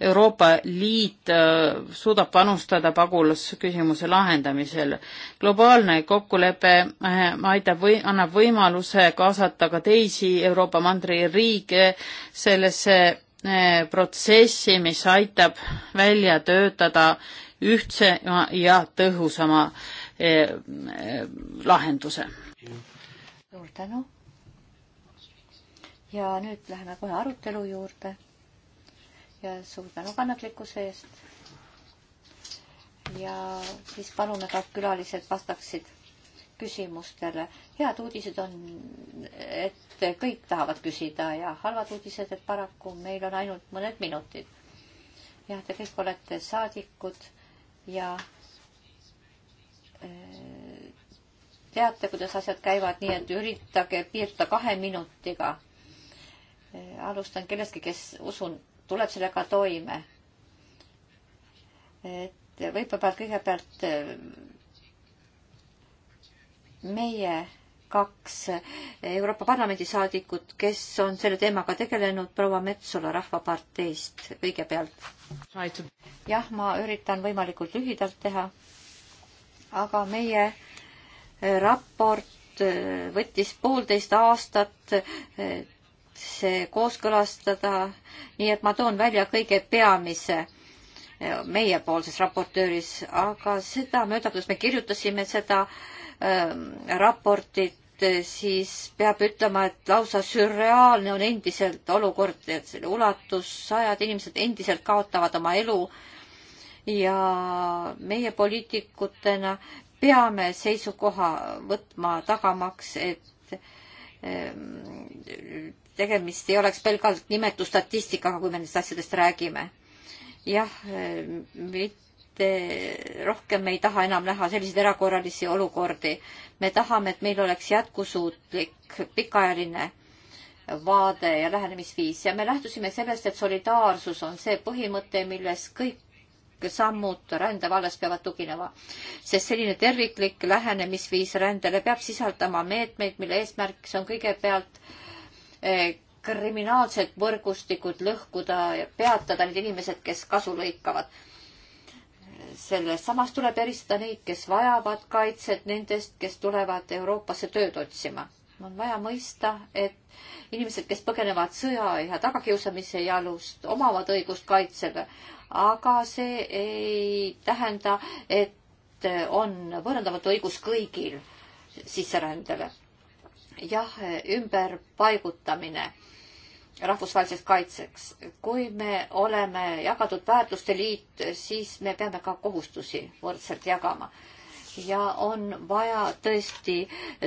Euroopa Liit eh, suudab panustada pagulasküsimuse lahendamisel. globaalne kokkulepe eh, aitab või annab võimaluse kaasata ka teisi Euroopa mandri riike sellesse protsessi, mis aitab välja töötada ühtse ja tõhusama lahenduse. suur tänu ja nüüd läheme kohe arutelu juurde. ja suur tänu kannatlikkuse eest. ja siis palume ka külalised vastaksid küsimustele. head uudised on, et kõik tahavad küsida ja halvad uudised, et paraku meil on ainult mõned minutid. jah, te kõik olete saadikud ja äh, teate, kuidas asjad käivad, nii et üritage piirduda kahe minutiga Eh, alustan kellestki, kes usun, tuleb sellega toime. et võib-olla kõigepealt eh, meie kaks eh, Euroopa Parlamendi saadikut, kes on selle teemaga tegelenud, proua Metsola Rahvaparteist kõigepealt. jah, ma üritan võimalikult lühidalt teha, aga meie raport võttis poolteist aastat see kooskõlastada, nii et ma toon välja kõige peamise eh, meiepoolses raportööris, aga seda mööda, kuidas me kirjutasime seda äh, raportit, eh, siis peab ütlema, et lausa sürreaalne on endiselt olukord, et selle ulatus, sajad inimesed endiselt kaotavad oma elu ja meie poliitikutena peame seisukoha võtma tagamaks, et Ehm, tegemist ei oleks pelgalt nimetusstatistikaga, kui me nendest asjadest räägime. jah, ehm, mitte rohkem me ei taha enam näha selliseid erakorralisi olukordi. me tahame, et meil oleks jätkusuutlik pikaajaline vaade ja lähenemisviis ja me lähtusime sellest, et solidaarsus on see põhimõte, milles kõik kõik sammud rändevallas peavad tuginema, sest selline terviklik lähenemisviis rändele peab sisaldama meetmeid, mille eesmärgiks on kõigepealt eh, kriminaalsed võrgustikud lõhkuda ja peatada need inimesed, kes kasu lõikavad. sellest samas tuleb eristada neid, kes vajavad kaitset, nendest, kes tulevad Euroopasse tööd otsima on vaja mõista, et inimesed, kes põgenevad sõja ja tagakiusamise jalust, omavad õigust kaitsele, aga see ei tähenda, et on võõrandamatu õigus kõigil sisserändele. jah, ümberpaigutamine rahvusvaheliseks kaitseks. kui me oleme jagatud väärtuste liit, siis me peame ka kohustusi võrdselt jagama ja on vaja tõesti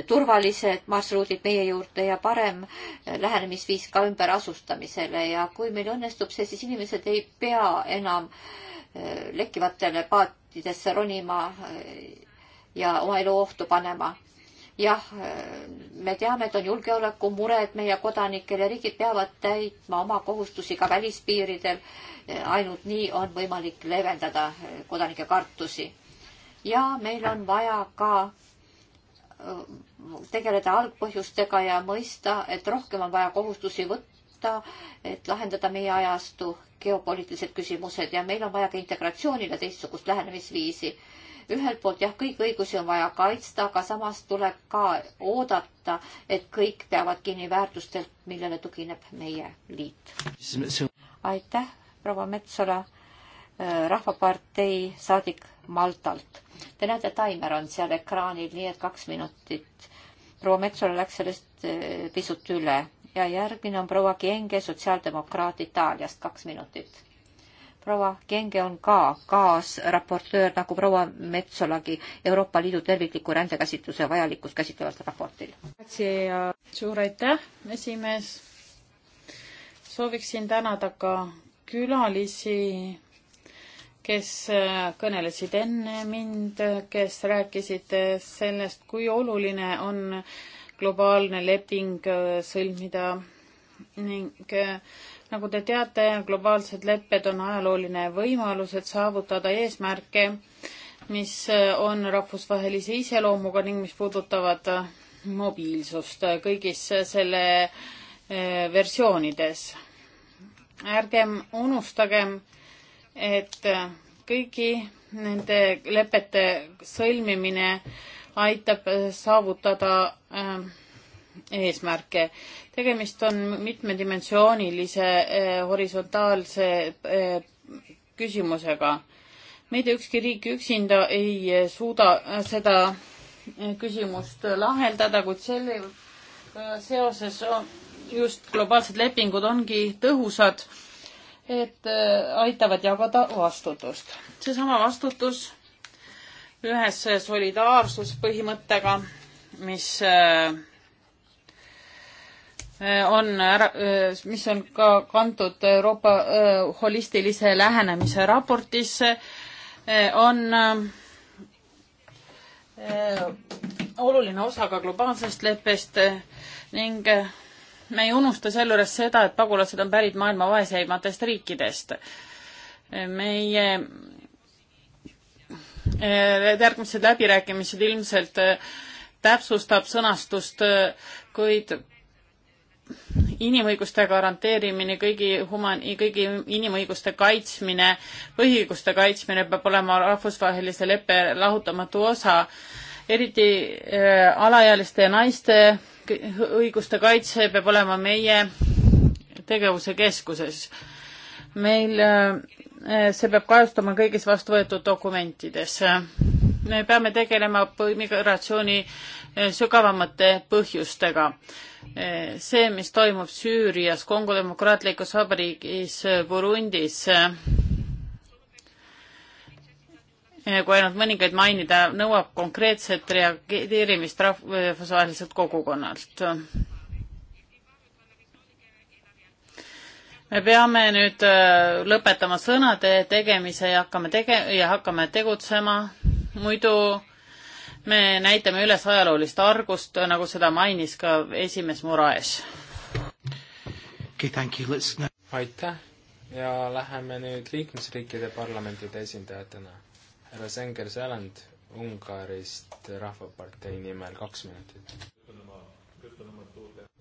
turvalised marsruudid meie juurde ja parem eh, lähenemisviis ka ümberasustamisele ja kui meil õnnestub see, siis inimesed ei pea enam eh, lekkivatele paatidesse ronima eh, ja oma elu ohtu panema. jah, me teame, et on julgeolekumured meie kodanikel ja riigid peavad täitma oma kohustusi ka välispiiridel. ainult nii on võimalik leevendada kodanike kartusi ja meil on vaja ka äh, tegeleda algpõhjustega ja mõista, et rohkem on vaja kohustusi võtta, et lahendada meie ajastu geopoliitilised küsimused ja meil on vaja ka integratsioonile teistsugust lähenemisviisi. ühelt poolt jah, kõik õigusi on vaja kaitsta, aga samas tuleb ka oodata, et kõik peavad kinni väärtustelt, millele tugineb meie liit. aitäh, proua Metsola, äh, Rahvapartei saadik Maltalt. Te näete, taimer on seal ekraanil, nii et kaks minutit. proua Metsole läks sellest eh, pisut üle ja järgmine on proua Kienge, sotsiaaldemokraat Itaaliast, kaks minutit. proua Kienge on ka kaasraportöör nagu proua Metsolagi Euroopa Liidu tervikliku rändekäsitluse vajalikkust käsitleval raportil. suur aitäh, esimees. sooviksin tänada ka külalisi kes äh, kõnelesid enne mind, kes rääkisid äh, sellest, kui oluline on globaalne leping äh, sõlmida ning nagu te teate, globaalsed lepped on ajalooline võimalus, et saavutada eesmärke, mis on rahvusvahelise iseloomuga ning mis puudutavad mobiilsust kõigis selle versioonides. ärgem unustagem, et äh, kõigi nende lepete sõlmimine aitab äh, saavutada äh, eesmärke. tegemist on mitmedimensioonilise horisontaalse küsimusega. mitte ükski riik üksinda ei suuda seda küsimust lahendada, kuid sellega seoses just globaalsed lepingud ongi tõhusad et äh, aitavad jagada vastutust. seesama vastutus ühes solidaarsuspõhimõttega, mis äh, on ära, äh, mis on ka kantud Euroopa holistilise lähenemise raportisse, on oluline osa ka globaalsest leppest ning me ei unusta sealjuures seda, et pagulased on pärit maailma vaeseimatest riikidest. meie eh, järgmised läbirääkimised ilmselt eh, täpsustab sõnastust, eh, kuid inimõiguste garanteerimine, kõigi human-, kõigi inimõiguste kaitsmine, põhiõiguste kaitsmine peab olema rahvusvahelise leppe lahutamatu osa, eriti äh, alaealiste ja naiste äh, õiguste kaitse peab olema meie tegevuse keskuses. meil, äh, see peab kajastuma kõigis vastu võetud dokumentides. me peame tegelema migratsiooni äh, sügavamate põhjustega. Äh, see, mis toimub Süürias, Kongo Demokraatlikus Vabariigis, Burundis, kui ainult mõningaid mainida, nõuab konkreetset reageerimist rahvusvaheliselt kogukonnalt. me peame nüüd äh, lõpetama sõnade tegemise ja hakkame tege- ja hakkame tegutsema, muidu me näitame üles ajaloolist argust, nagu seda mainis ka esimees Moraes okay,. aitäh ja läheme nüüd liikmesriikide parlamentide esindajatena härra Senger Säland Ungarist Rahvapartei nimel, kaks minutit.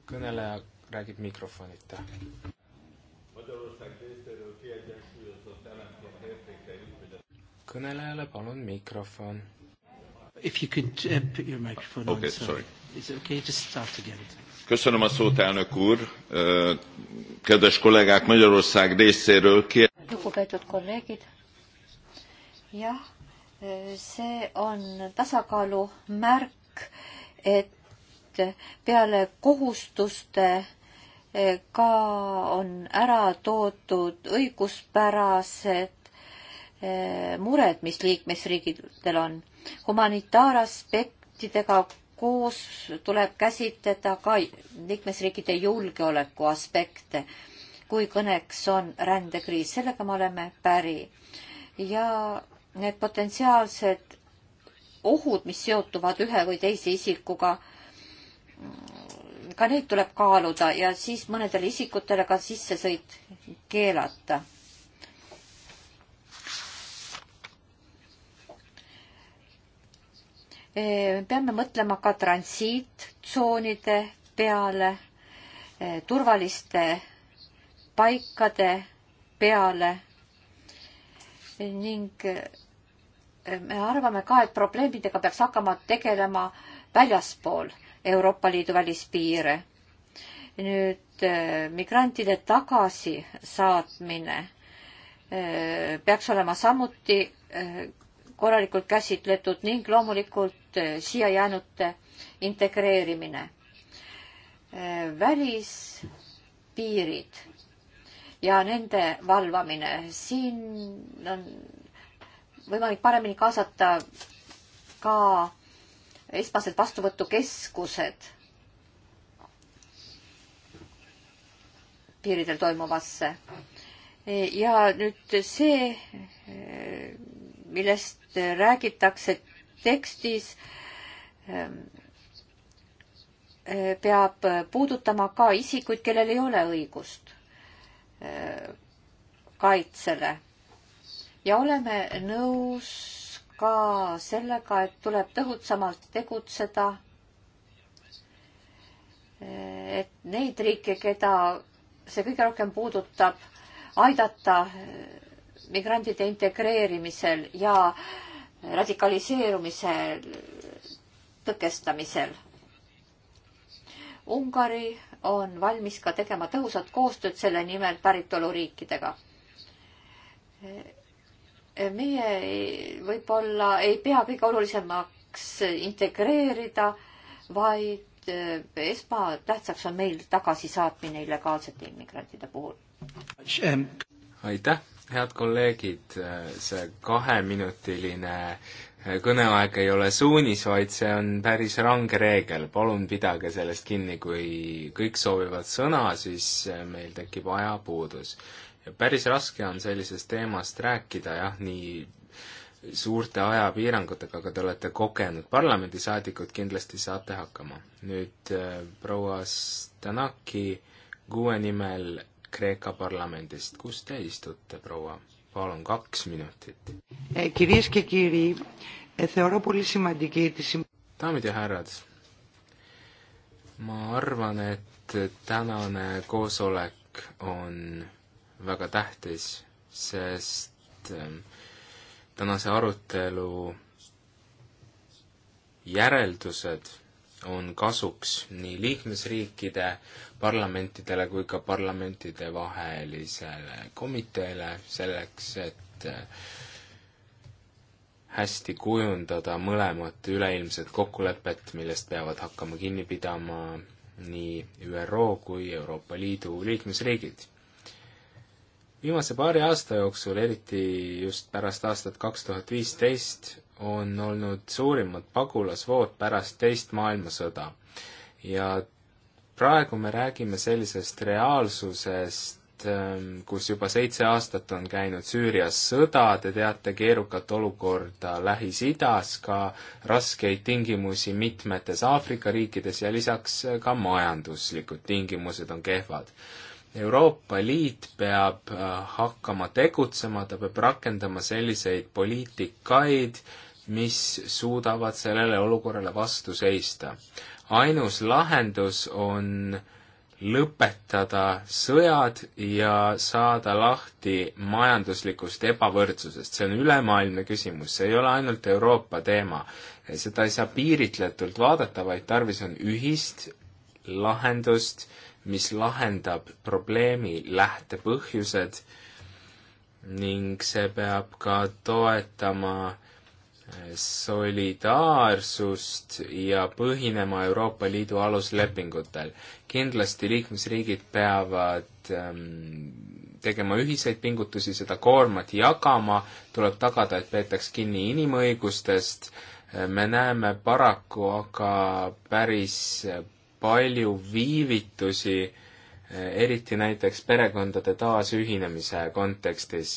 kõneleja räägib mikrofonita. kõnelejale palun mikrofon. If you could uh, put your microphone okay, on. Sorry. Is it okay? Just start again. Köszönöm a szót, elnök úr. Kedves kollégák, Magyarország részéről ki... Lugupeetud kolleegid, jah, see on tasakaalu märk, et peale kohustuste eh, ka on ära toodud õiguspärased eh, mured, mis liikmesriigidel on. humanitaaraspektidega koos tuleb käsitleda ka liikmesriikide julgeoleku aspekte, kui kõneks on rändekriis, sellega me oleme päri. ja need potentsiaalsed ohud, mis seotuvad ühe või teise isikuga, ka neid tuleb kaaluda ja siis mõnedele isikutele ka sissesõit keelata. peame mõtlema ka transiittsoonide peale, turvaliste paikade peale ning me arvame ka, et probleemidega peaks hakkama tegelema väljaspool Euroopa Liidu välispiire. nüüd äh, migrantide tagasisaatmine äh, peaks olema samuti äh, korralikult käsitletud ning loomulikult siia jäänute integreerimine. välispiirid ja nende valvamine, siin on võimalik paremini kaasata ka esmased vastuvõtukeskused piiridel toimuvasse. ja nüüd see, millest räägitakse tekstis, peab puudutama ka isikuid, kellel ei ole õigust kaitsele ja oleme nõus ka sellega, et tuleb tõhutsamalt tegutseda. et neid riike, keda see kõige rohkem puudutab, aidata migrantide integreerimisel ja radikaliseerumise tõkestamisel. Ungari on valmis ka tegema tõhusat koostööd selle nimel päritoluriikidega meie võib-olla ei pea kõige olulisemaks integreerida, vaid eh, esmatähtsaks on meil tagasisaatmine illegaalsete immigrantide puhul. aitäh, head kolleegid, see kaheminutiline eh, kõneaeg ei ole suunis, vaid see on päris range reegel, palun pidage sellest kinni, kui kõik soovivad sõna, siis eh, meil tekib ajapuudus päris raske on sellisest teemast rääkida jah, nii suurte ajapiirangutega, aga te olete kogenud parlamendisaadikud, kindlasti saate hakkama. nüüd äh, proua Stanaki kuue nimel Kreeka parlamendist, kus te istute, proua? palun, kaks minutit. Eh, daamid ja härrad, ma arvan, et tänane koosolek on väga tähtis, sest ähm, tänase arutelu järeldused on kasuks nii liikmesriikide parlamentidele kui ka parlamentide vahelisele komiteele selleks, et äh, hästi kujundada mõlemat üleilmset kokkulepet, millest peavad hakkama kinni pidama nii ÜRO kui Euroopa Liidu liikmesriigid viimase paari aasta jooksul, eriti just pärast aastat kaks tuhat viisteist, on olnud suurimad pagulasvood pärast teist maailmasõda. ja praegu me räägime sellisest reaalsusest, ähm, kus juba seitse aastat on käinud Süürias sõda, te teate keerukat olukorda Lähis-Idas, ka raskeid tingimusi mitmetes Aafrika riikides ja lisaks ka majanduslikud tingimused on kehvad Euroopa Liit peab äh, hakkama tegutsema, ta peab rakendama selliseid poliitikaid, mis suudavad sellele olukorrale vastu seista. ainus lahendus on lõpetada sõjad ja saada lahti majanduslikust ebavõrdsusest. see on ülemaailmne küsimus, see ei ole ainult Euroopa teema. seda ei saa piiritletult vaadata, vaid tarvis on ühist lahendust mis lahendab probleemi lähtepõhjused ning see peab ka toetama eh, solidaarsust ja põhinema Euroopa Liidu aluslepingutel. kindlasti liikmesriigid peavad ähm, tegema ühiseid pingutusi, seda koormat jagama, tuleb tagada, et peetaks kinni inimõigustest, eh, me näeme paraku aga päris palju viivitusi, eh, eriti näiteks perekondade taasühinemise kontekstis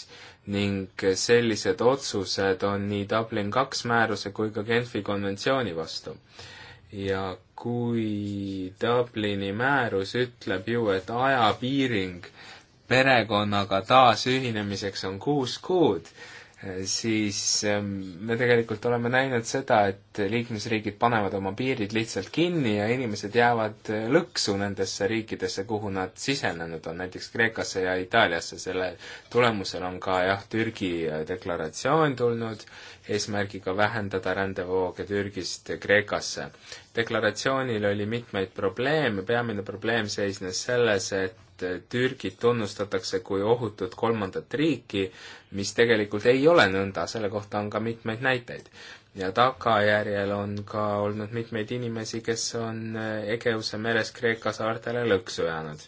ning sellised otsused on nii Dublin kaks määruse kui ka Genfi konventsiooni vastu. ja kui Dublini määrus ütleb ju, et ajapiiring perekonnaga taasühinemiseks on kuus kuud, Äh, siis ähm, me tegelikult oleme näinud seda, et liikmesriigid panevad oma piirid lihtsalt kinni ja inimesed jäävad äh, lõksu nendesse riikidesse, kuhu nad sisenenud on, näiteks Kreekasse ja Itaaliasse. selle tulemusel on ka jah, Türgi äh, deklaratsioon tulnud eesmärgiga vähendada rändevooge Türgist Kreekasse. deklaratsioonil oli mitmeid probleeme, peamine probleem seisnes selles, et Türgit tunnustatakse kui ohutut kolmandat riiki, mis tegelikult ei ole nõnda, selle kohta on ka mitmeid näiteid. ja tagajärjel on ka olnud mitmeid inimesi, kes on Egeuse meres Kreeka saartele lõksu jäänud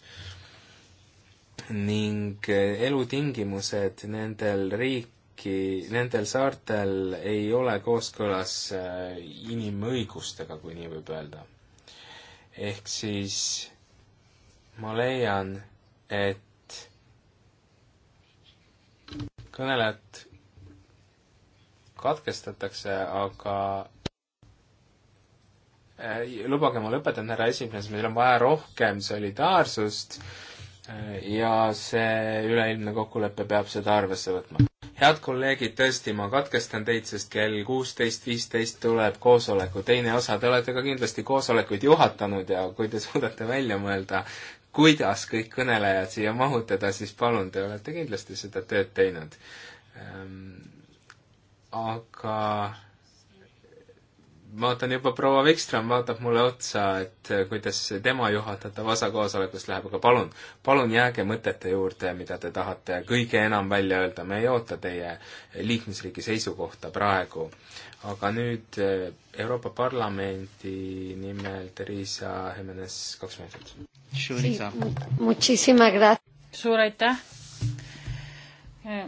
ning elutingimused nendel riik-, äkki nendel saartel ei ole kooskõlas äh, inimõigustega, kui nii võib öelda. ehk siis ma leian, et kõnelejad katkestatakse, aga äh, lubage, ma lõpetan, härra esimees, meil on vaja rohkem solidaarsust äh, ja see üleilmne kokkulepe peab seda arvesse võtma head kolleegid, tõesti, ma katkestan teid, sest kell kuusteist viisteist tuleb koosoleku teine osa, te olete ka kindlasti koosolekuid juhatanud ja kui te [LAUGHS] suudate välja mõelda, kuidas kõik kõnelejad siia mahutada, siis palun, te olete kindlasti seda tööd teinud ähm,. aga vaatan juba proua Vikström vaatab mulle otsa, et eh, kuidas tema juhatatav osa koosolekust läheb, aga palun, palun jääge mõtete juurde, mida te tahate kõige enam välja öelda, me ei oota teie liikmesriigi seisukohta praegu. aga nüüd eh, Euroopa Parlamendi nimel Theresa Jimenez, kaks minutit. suur aitäh! Eh,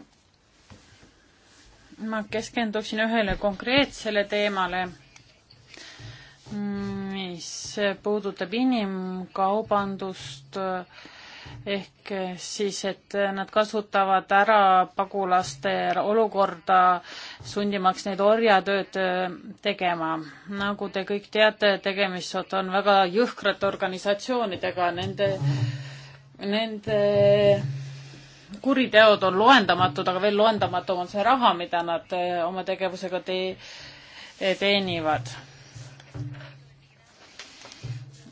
ma keskenduksin ühele konkreetsele teemale mis puudutab inimkaubandust ehk siis, et nad kasutavad ära pagulaste olukorda, sundimaks neid orjatööd äh, tegema. nagu te kõik teate, tegemist on väga jõhkrate organisatsioonidega, nende, nende kuriteod on loendamatud, aga veel loendamatum on see raha, mida nad äh, oma tegevusega te, teenivad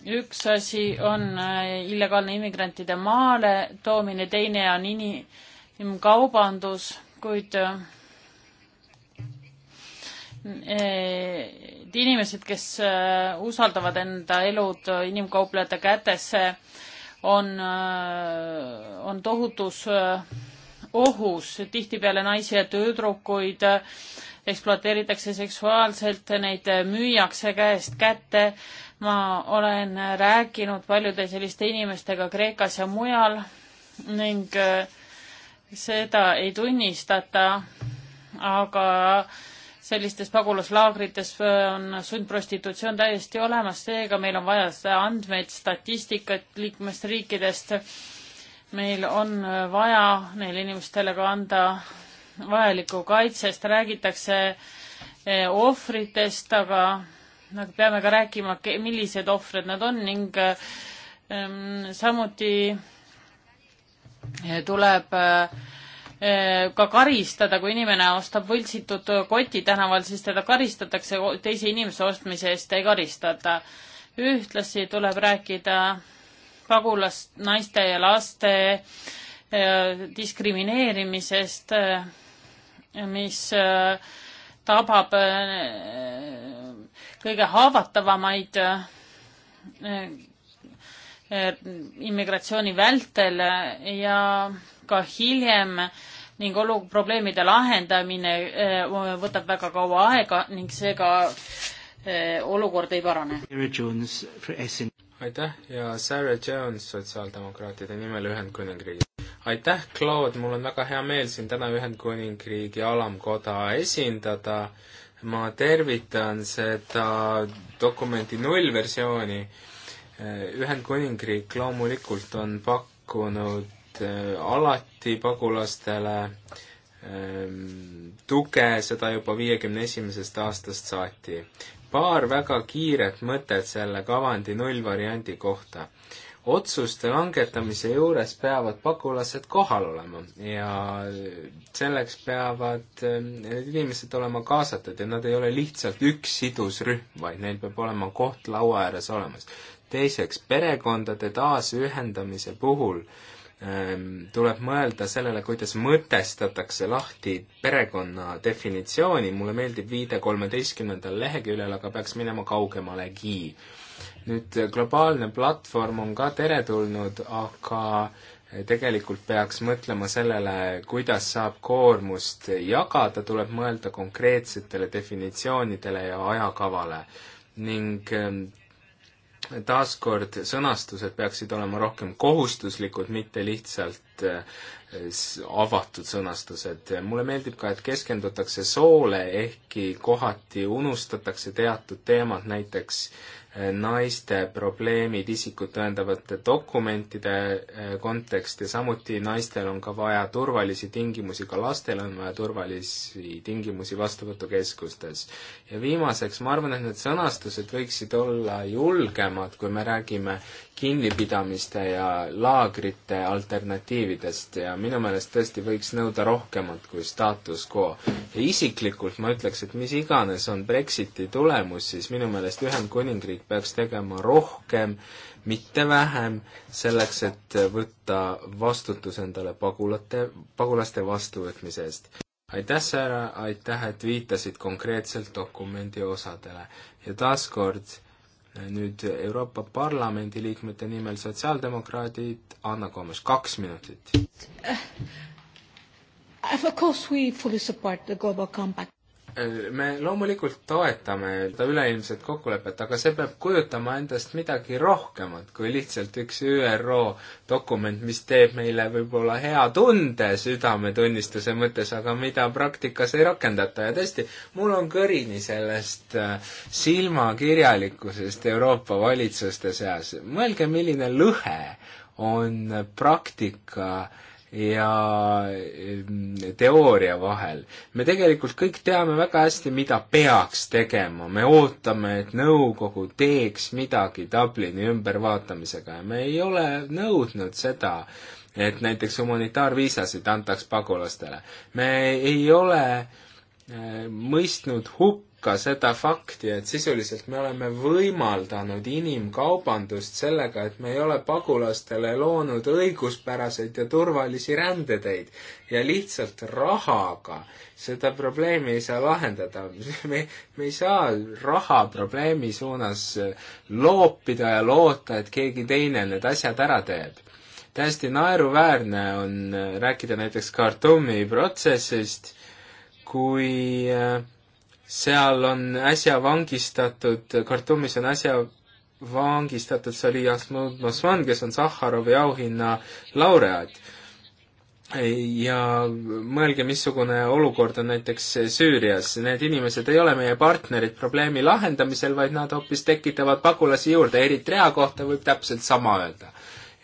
üks asi on äh, illegaalne immigrantide maale toomine, teine on inimkaubandus, kuid äh, et inimesed, kes äh, usaldavad enda elud inimkauplejate kätesse, on, on tohutus ohus, tihtipeale naisi ja tüdrukuid ekspluateeritakse seksuaalselt, neid müüakse käest kätte ma olen rääkinud paljude selliste inimestega Kreekas ja mujal ning äh, seda ei tunnistata, aga sellistes pagulaslaagrites äh, on sundprostitutsioon täiesti olemas, seega meil on vaja andmeid, statistikat liikmesriikidest. meil on äh, vaja neile inimestele ka anda vajalikku kaitsest, räägitakse ohvritest, aga nagu peame ka rääkima, millised ohvrid nad on ning ähm, samuti äh, tuleb äh, ka karistada, kui inimene ostab võltsitud koti tänaval, siis teda karistatakse teise inimese ostmise eest, ei karistata. ühtlasi tuleb rääkida pagulast, naiste ja laste äh, diskrimineerimisest äh,, mis äh, tabab äh, kõige haavatavamaid äh, äh, immigratsiooni vältel ja ka hiljem ning olu-, probleemide lahendamine võtab väga kaua aega ning seega olukord ei parane. aitäh ja Sarah Jones sotsiaaldemokraatide nimel Ühendkuningriigist aitäh, Claude, mul on väga hea meel siin täna Ühendkuningriigi alamkoda esindada. ma tervitan seda dokumendi nullversiooni. Ühendkuningriik loomulikult on pakkunud äh, alati pagulastele ähm, tuge, seda juba viiekümne esimesest aastast saati. paar väga kiiret mõtet selle kavandi nullvariandi kohta otsuste langetamise juures peavad pagulased kohal olema ja selleks peavad ähm, need inimesed olema kaasatud ja nad ei ole lihtsalt üks sidusrühm, vaid neil peab olema koht laua ääres olemas. teiseks, perekondade taasühendamise puhul ähm, tuleb mõelda sellele, kuidas mõtestatakse lahti perekonna definitsiooni, mulle meeldib viide kolmeteistkümnendal leheküljel, aga peaks minema kaugemalegi äh, nüüd äh, globaalne platvorm on ka teretulnud, aga äh, tegelikult peaks mõtlema sellele, kuidas saab koormust jagada, tuleb mõelda konkreetsetele definitsioonidele ja ajakavale. ning ähm, taaskord sõnastused peaksid olema rohkem kohustuslikud, mitte lihtsalt äh, avatud sõnastused. mulle meeldib ka, et keskendutakse soole, ehkki kohati unustatakse teatud teemad, näiteks naiste probleemid isikut tõendavate dokumentide eh, konteksti, samuti naistel on ka vaja turvalisi tingimusi, ka lastel on vaja turvalisi tingimusi vastuvõtukeskustes. ja viimaseks, ma arvan, et need sõnastused võiksid olla julgemad, kui me räägime kinnipidamiste ja laagrite alternatiividest ja minu meelest tõesti võiks nõuda rohkemat kui status quo. ja isiklikult ma ütleks, et mis iganes on Brexiti tulemus, siis minu meelest Ühendkuningriik peaks tegema rohkem, mitte vähem, selleks et võtta vastutus endale pagulate, pagulaste vastuvõtmise eest. aitäh, Sarah, aitäh, et viitasid konkreetselt dokumendi osadele ja taaskord nüüd Euroopa Parlamendi liikmete nimel sotsiaaldemokraadid, Anna Koomes, kaks minutit. Of course we fully support the global compact me loomulikult toetame seda üleilmset kokkulepet, aga see peab kujutama endast midagi rohkemat kui lihtsalt üks ÜRO dokument, mis teeb meile võib-olla hea tunde südametunnistuse mõttes, aga mida praktikas ei rakendata ja tõesti, mul on kõrini sellest äh, silmakirjalikkusest Euroopa valitsuste seas. mõelge, milline lõhe on praktika äh, ja mm, teooria vahel. me tegelikult kõik teame väga hästi, mida peaks tegema, me ootame, et nõukogu teeks midagi Dublini ümbervaatamisega ja me ei ole nõudnud seda, et näiteks humanitaarviisasid antaks pagulastele. me ei ole äh, mõistnud hukka hukka seda fakti, et sisuliselt me oleme võimaldanud inimkaubandust sellega, et me ei ole pagulastele loonud õiguspäraseid ja turvalisi rändeteid ja lihtsalt rahaga seda probleemi ei saa lahendada. [LAUGHS] me, me ei saa raha probleemi suunas loopida ja loota, et keegi teine need asjad ära teeb täiesti naeruväärne on rääkida näiteks Khartoumi protsessist, kui äh, seal on äsja vangistatud, Khartoumis on äsja vangistatud Sali Asmud Masvan, kes on Sahharovi auhinna laureaat. ja mõelge, missugune olukord on näiteks Süürias, need inimesed ei ole meie partnerid probleemi lahendamisel, vaid nad hoopis tekitavad pagulasi juurde, Eritrea kohta võib täpselt sama öelda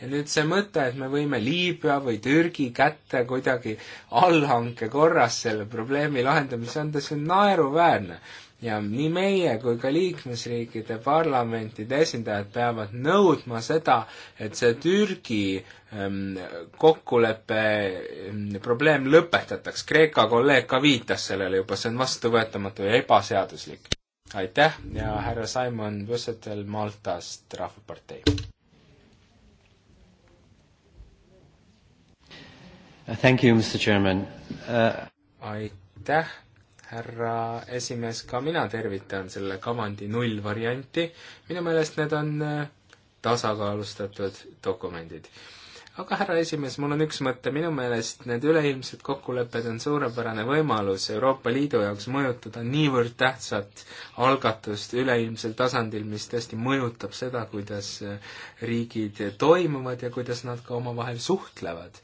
ja nüüd see mõte, et me võime Liibüa või Türgi kätte kuidagi allhanke korras selle probleemi lahendamise anda, see on naeruväärne. ja nii meie kui ka liikmesriikide parlamentide esindajad peavad nõudma seda, et see Türgi ähm, kokkuleppe ähm, probleem lõpetataks. Kreeka kolleeg ka viitas sellele juba, see on vastuvõetamatu ja ebaseaduslik. aitäh ja härra Simon Võssetel Maltast, Rahvapartei. Uh, thank you, Mr Chairman uh.... aitäh, härra esimees, ka mina tervitan selle kavandi nullvarianti. minu meelest need on uh, tasakaalustatud dokumendid. aga härra esimees, mul on üks mõte, minu meelest need üleilmsed kokkulepped on suurepärane võimalus Euroopa Liidu jaoks mõjutada niivõrd tähtsat algatust üleilmsel tasandil, mis tõesti mõjutab seda, kuidas uh, riigid toimuvad ja kuidas nad ka omavahel suhtlevad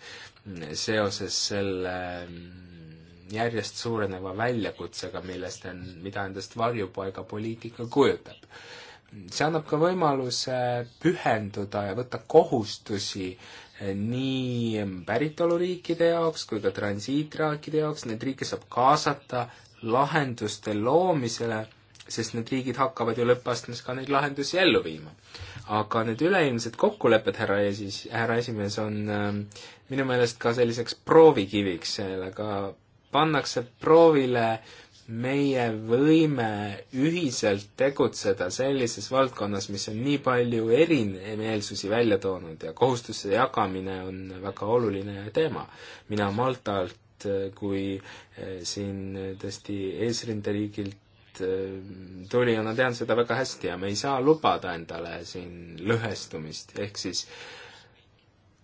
seoses selle mm, järjest suureneva väljakutsega, millest on, mida endast varjupaigapoliitika kujutab. see annab ka võimaluse pühenduda ja võtta kohustusi eh, nii päritoluriikide jaoks kui ka transiitriikide jaoks, neid riike saab kaasata lahenduste loomisele sest need riigid hakkavad ju lõppastmes ka neid lahendusi ellu viima. aga need üleilmsed kokkulepped, härra esis-, härra esimees, on äh, minu meelest ka selliseks proovikiviks, sellega pannakse proovile meie võime ühiselt tegutseda sellises valdkonnas, mis on nii palju erimeelsusi välja toonud ja kohustuste jagamine on väga oluline teema. mina Maltalt äh, kui äh, siin tõesti eesrinderiigilt tuli äh, ja ma tean seda väga hästi ja me ei saa lubada endale siin lõhestumist, ehk siis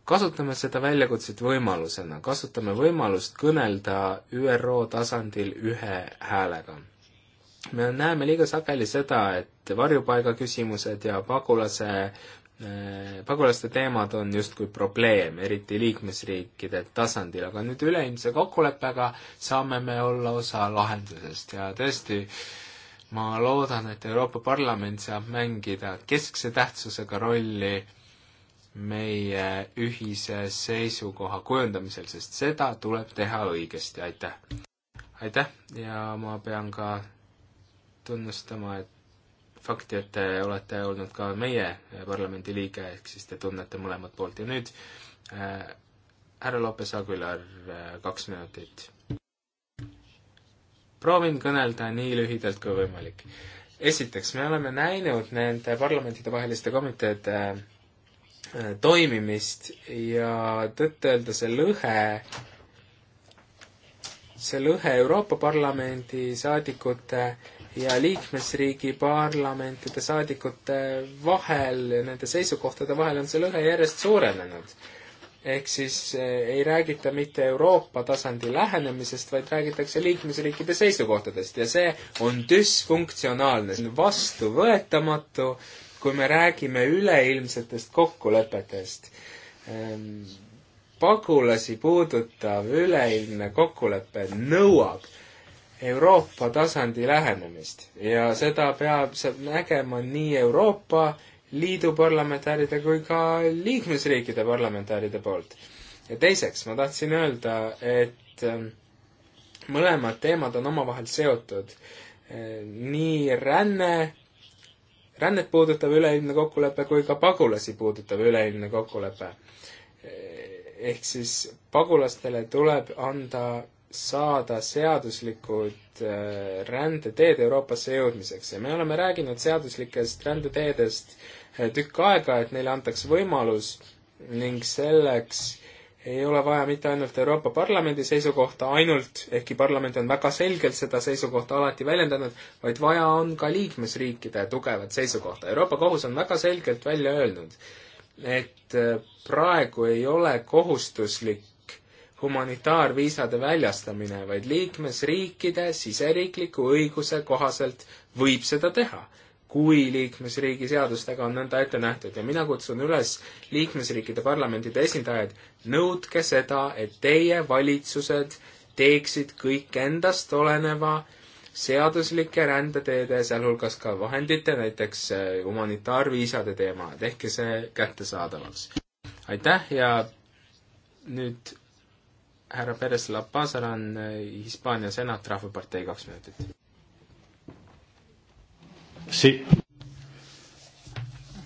kasutame seda väljakutset võimalusena, kasutame võimalust kõnelda ÜRO tasandil ühe häälega. me näeme liiga sageli seda, et varjupaiga küsimused ja pagulase Äh, pagulaste teemad on justkui probleem, eriti liikmesriikide tasandil, aga nüüd üleilmse kokkuleppega saame me olla osa lahendusest ja tõesti, ma loodan, et Euroopa Parlament saab mängida keskse tähtsusega rolli meie ühise seisukoha kujundamisel, sest seda tuleb teha õigesti, aitäh! aitäh ja ma pean ka tunnustama, et fakti, et te olete olnud ka meie parlamendi liige, ehk siis te tunnete mõlemat poolt ja nüüd äh, härra Lopes Aguilar, äh, kaks minutit. proovin kõnelda nii lühidalt kui võimalik. esiteks, me oleme näinud nende parlamentidevaheliste komiteede äh, toimimist ja tõtt-öelda see lõhe, see lõhe Euroopa Parlamendi saadikute äh, ja liikmesriigi parlamentide saadikute vahel, nende seisukohtade vahel on see lõhe järjest suurenenud. ehk siis eh, ei räägita mitte Euroopa tasandi lähenemisest, vaid räägitakse liikmesriikide seisukohtadest ja see on düsfunktsionaalne, see on vastuvõetamatu, kui me räägime üleilmsetest kokkulepetest ehm, pagulasi puudutav üleilmne kokkulepe nõuab, Euroopa tasandi lähenemist ja seda peab, saab nägema nii Euroopa Liidu parlamentääride kui ka liikmesriikide parlamentääride poolt. ja teiseks, ma tahtsin öelda, et ähm, mõlemad teemad on omavahel seotud. Äh, nii ränne, rännet puudutav üleilmne kokkulepe kui ka pagulasi puudutav üleilmne kokkulepe äh, ehk siis pagulastele tuleb anda saada seaduslikud äh, rändeteed Euroopasse jõudmiseks ja me oleme rääkinud seaduslikest rändeteedest äh, tükk aega, et neile antaks võimalus ning selleks ei ole vaja mitte ainult Euroopa Parlamendi seisukohta ainult, ehkki parlament on väga selgelt seda seisukohta alati väljendanud, vaid vaja on ka liikmesriikide tugevat seisukohta. Euroopa Kohus on väga selgelt välja öelnud, et äh, praegu ei ole kohustuslik humanitaarviisade väljastamine, vaid liikmesriikide siseriikliku õiguse kohaselt võib seda teha, kui liikmesriigi seadustega on nõnda ette nähtud ja mina kutsun üles liikmesriikide parlamendide esindajaid, nõudke seda, et teie valitsused teeksid kõik endast oleneva seaduslike rändeteede, sealhulgas ka vahendite, näiteks eh, humanitaarviisade teema, tehke see kättesaadavaks. aitäh ja nüüd härra Perez La Pazar on eh, Hispaania senat, Rahvapartei, kaks minutit si..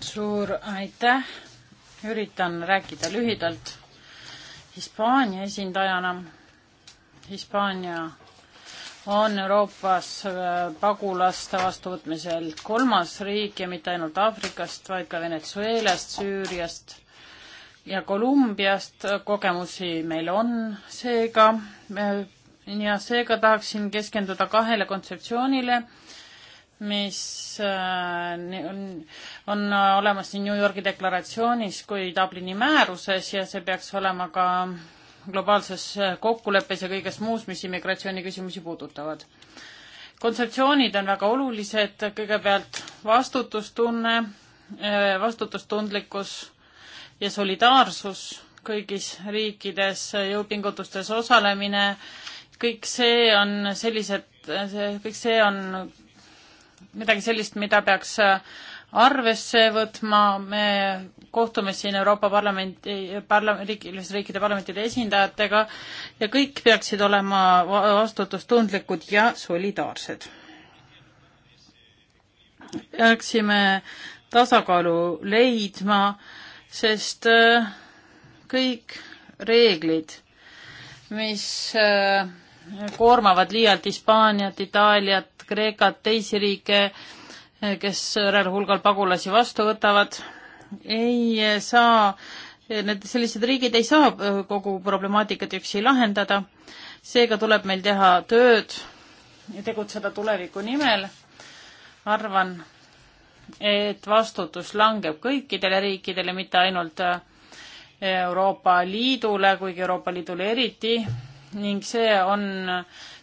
suur aitäh, üritan rääkida lühidalt. Hispaania esindajana, Hispaania on Euroopas eh, pagulaste vastuvõtmisel kolmas riik ja mitte ainult Aafrikast, vaid ka Venezuelast, Süüriast ja Kolumbiast kogemusi meil on, seega ja seega tahaksin keskenduda kahele kontseptsioonile, mis äh, on, on olemas nii New Yorgi deklaratsioonis kui Dublini määruses ja see peaks olema ka globaalses kokkuleppes ja kõiges muus, mis immigratsiooniküsimusi puudutavad. kontseptsioonid on väga olulised, kõigepealt vastutustunne, äh, vastutustundlikkus ja solidaarsus kõigis riikides, jõupingutustes osalemine, kõik see on sellised, see, kõik see on midagi sellist, mida peaks arvesse võtma, me kohtume siin Euroopa Parlamendi, parlamendi, liikmesriikide parlamentide esindajatega ja kõik peaksid olema vastutustundlikud ja solidaarsed. peaksime tasakaalu leidma äh, sest äh, kõik reeglid, mis äh, koormavad liialt Hispaaniat, Itaaliat, Kreekat, teisi riike, äh, kes sõõral hulgal pagulasi vastu võtavad, ei saa, need sellised riigid ei saa kogu problemaatikat üksi lahendada. seega tuleb meil teha tööd ja tegutseda tuleviku nimel. arvan, et vastutus langeb kõikidele riikidele, mitte ainult äh, Euroopa Liidule, kuigi Euroopa Liidule eriti, ning see on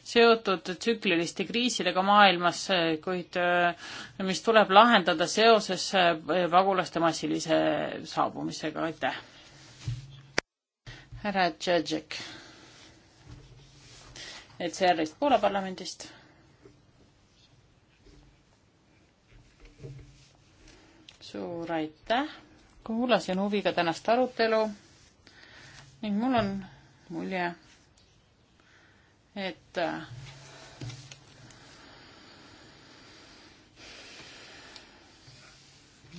seotud tsükliliste kriisidega maailmas, kuid äh, mis tuleb lahendada seoses äh, pagulaste massilise saabumisega, aitäh. härra Tšetšek, ECR-ist Poola parlamendist suur aitäh, kuulasin huviga tänast arutelu ning mul on mulje, et äh,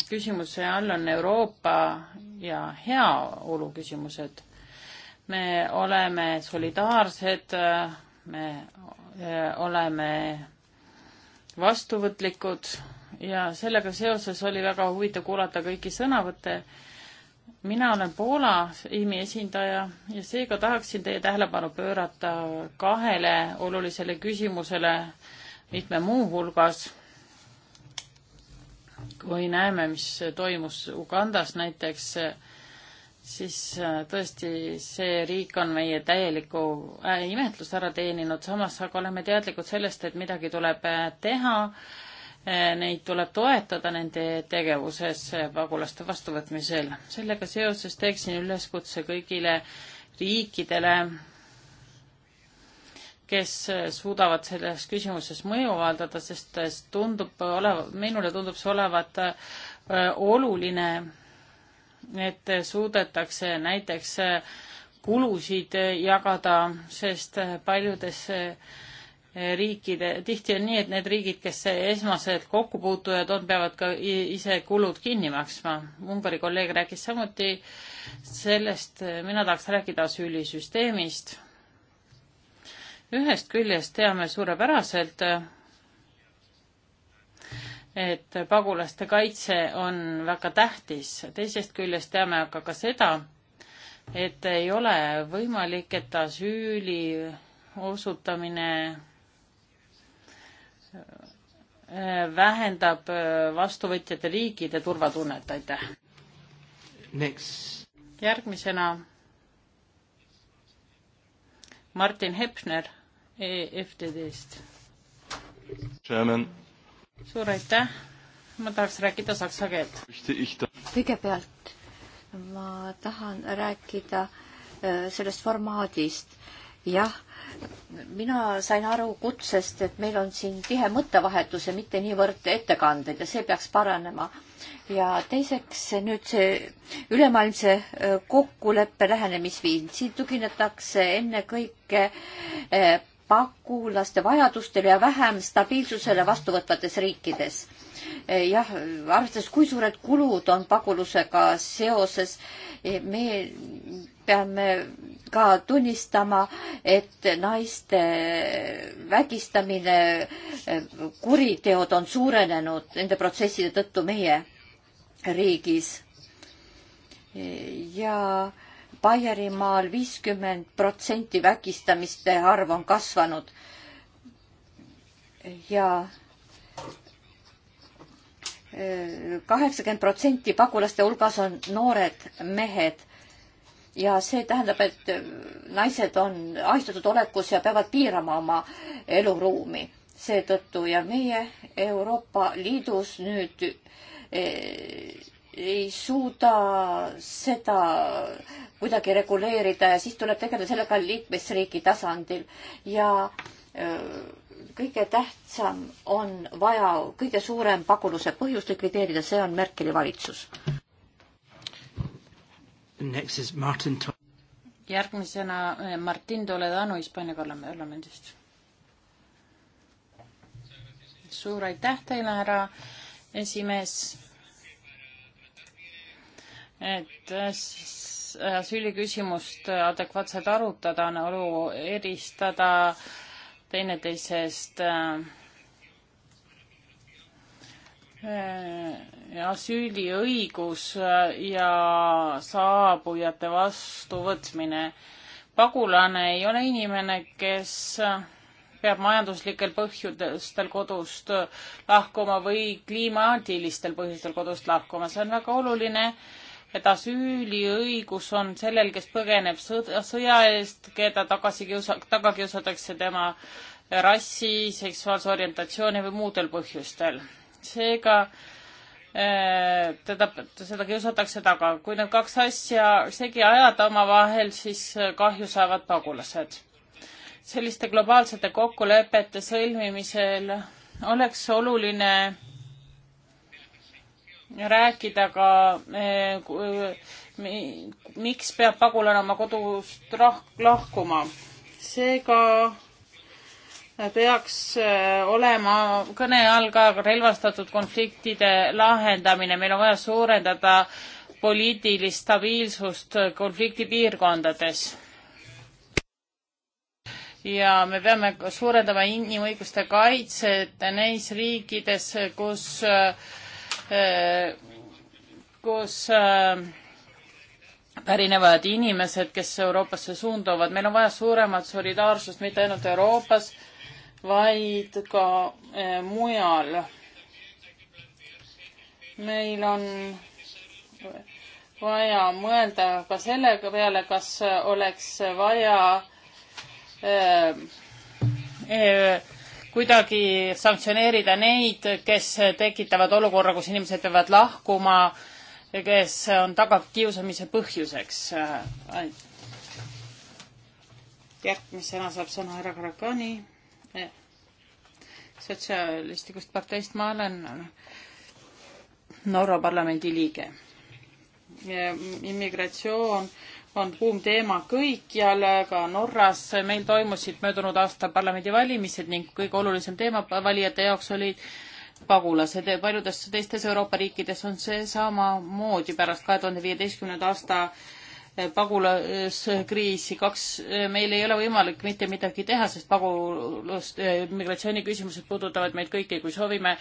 küsimuse all on Euroopa ja heaolu küsimused. me oleme solidaarsed, me äh, oleme vastuvõtlikud ja sellega seoses oli väga huvitav kuulata kõiki sõnavõtte. mina olen Poola IMI esindaja ja seega tahaksin teie tähelepanu pöörata kahele olulisele küsimusele mitme muu hulgas. kui näeme, mis toimus Ugandas näiteks, siis äh, tõesti see riik on meie täieliku äh, imetlust ära teeninud, samas aga oleme teadlikud sellest, et midagi tuleb äh, teha äh, Eh, neid tuleb toetada nende tegevuses eh, pagulaste vastuvõtmisel. sellega seoses teeksin üleskutse kõigile riikidele, kes eh, suudavad selles küsimuses mõju avaldada, sest tundub olev, minule tundub see olevat oluline, et suudetakse näiteks kulusid jagada, sest paljudes riikide, tihti on nii, et need riigid, kes esmased kokkupuutujad on, peavad ka ise kulud kinni maksma. Ungari kolleeg rääkis samuti sellest, mina tahaks rääkida asüülisüsteemist. ühest küljest teame suurepäraselt, et pagulaste kaitse on väga tähtis, teisest küljest teame aga ka seda, et ei ole võimalik, et asüüli osutamine vähendab äh, vastuvõtjate riikide turvatunnet, aitäh. järgmisena Martin Hepner EFTD-st. suur aitäh, ma tahaks rääkida saksa keelt. kõigepealt ma tahan rääkida äh, sellest formaadist, jah mina sain aru kutsest, et meil on siin tihe mõttevahetus ja mitte niivõrd ettekanded ja see peaks paranema. ja teiseks nüüd see ülemaailmse äh, kokkuleppe lähenemisviis, siin tuginetakse ennekõike äh, pagulaste vajadustele ja vähem stabiilsusele vastuvõtvates riikides. Äh, jah, arvestades, kui suured kulud on pagulusega seoses, eh, me peame ka tunnistama, et naiste vägistamine, kuriteod on suurenenud nende protsesside tõttu meie riigis. ja Baierimaal viiskümmend protsenti vägistamiste arv on kasvanud. ja kaheksakümmend protsenti pagulaste hulgas on noored mehed ja see tähendab, et äh, naised on ahistatud olekus ja peavad piirama oma eluruumi seetõttu ja meie Euroopa Liidus nüüd äh, ei suuda seda kuidagi reguleerida ja siis tuleb tegeleda sellega liikmesriigi tasandil ja äh, kõige tähtsam on vaja kõige suurem paguluse põhjus likvideerida, see on Merkeli valitsus. Next is Martin Toledano. järgmisena eh, Martin Toledano Hispaania parlamendist. suur aitäh teile, härra esimees. et eh, eh, asüüliküsimust adekvaatselt arutada, on olu eristada teineteisest äh, Äh, asüüliõigus äh, ja saabujate vastuvõtmine. pagulane ei ole inimene, kes äh, peab majanduslikel põhjustel kodust lahkuma või klimaatilistel põhjustel kodust lahkuma, see on väga oluline, et asüüliõigus on sellel, kes põgeneb sõda, sõja eest, keda tagasi kiusa-, taga kiusatakse tema rassi, seksuaalse orientatsiooni või muudel põhjustel seega eh, teda, seda kiusatakse taga. kui need kaks asja segi ajada omavahel, siis eh, kahju saavad pagulased. selliste globaalsete kokkulepete sõlmimisel oleks oluline rääkida ka, eh, miks peab pagulane oma kodust lahkuma. seega peaks äh, olema kõne all ka relvastatud konfliktide lahendamine, meil on vaja suurendada poliitilist stabiilsust konfliktipiirkondades. ja me peame suurendama inimõiguste kaitset neis riikides, kus, äh, kus äh, pärinevad inimesed, kes Euroopasse suunduvad, meil on vaja suuremat solidaarsust mitte ainult Euroopas, vaid ka eh, mujal. meil on vaja mõelda ka selle peale, kas oleks vaja eh, eh, kuidagi sanktsioneerida neid, kes tekitavad olukorra, kus inimesed peavad lahkuma, kes on tagakiusamise põhjuseks. järgmisena saab sõna härra Karakani sotsialistlikust parteist, ma olen Norra parlamendi liige. immigratsioon on buumteema kõikjal, ka Norras. meil toimusid möödunud aasta parlamendivalimised ning kõige olulisem teema valijate jaoks oli pagulased. paljudes teistes Euroopa riikides on see samamoodi pärast kahe tuhande viieteistkümnenda aasta pagulaskriisi, kaks, meil ei ole võimalik mitte midagi teha, sest pagulust, migratsiooniküsimused puudutavad meid kõiki, kui soovime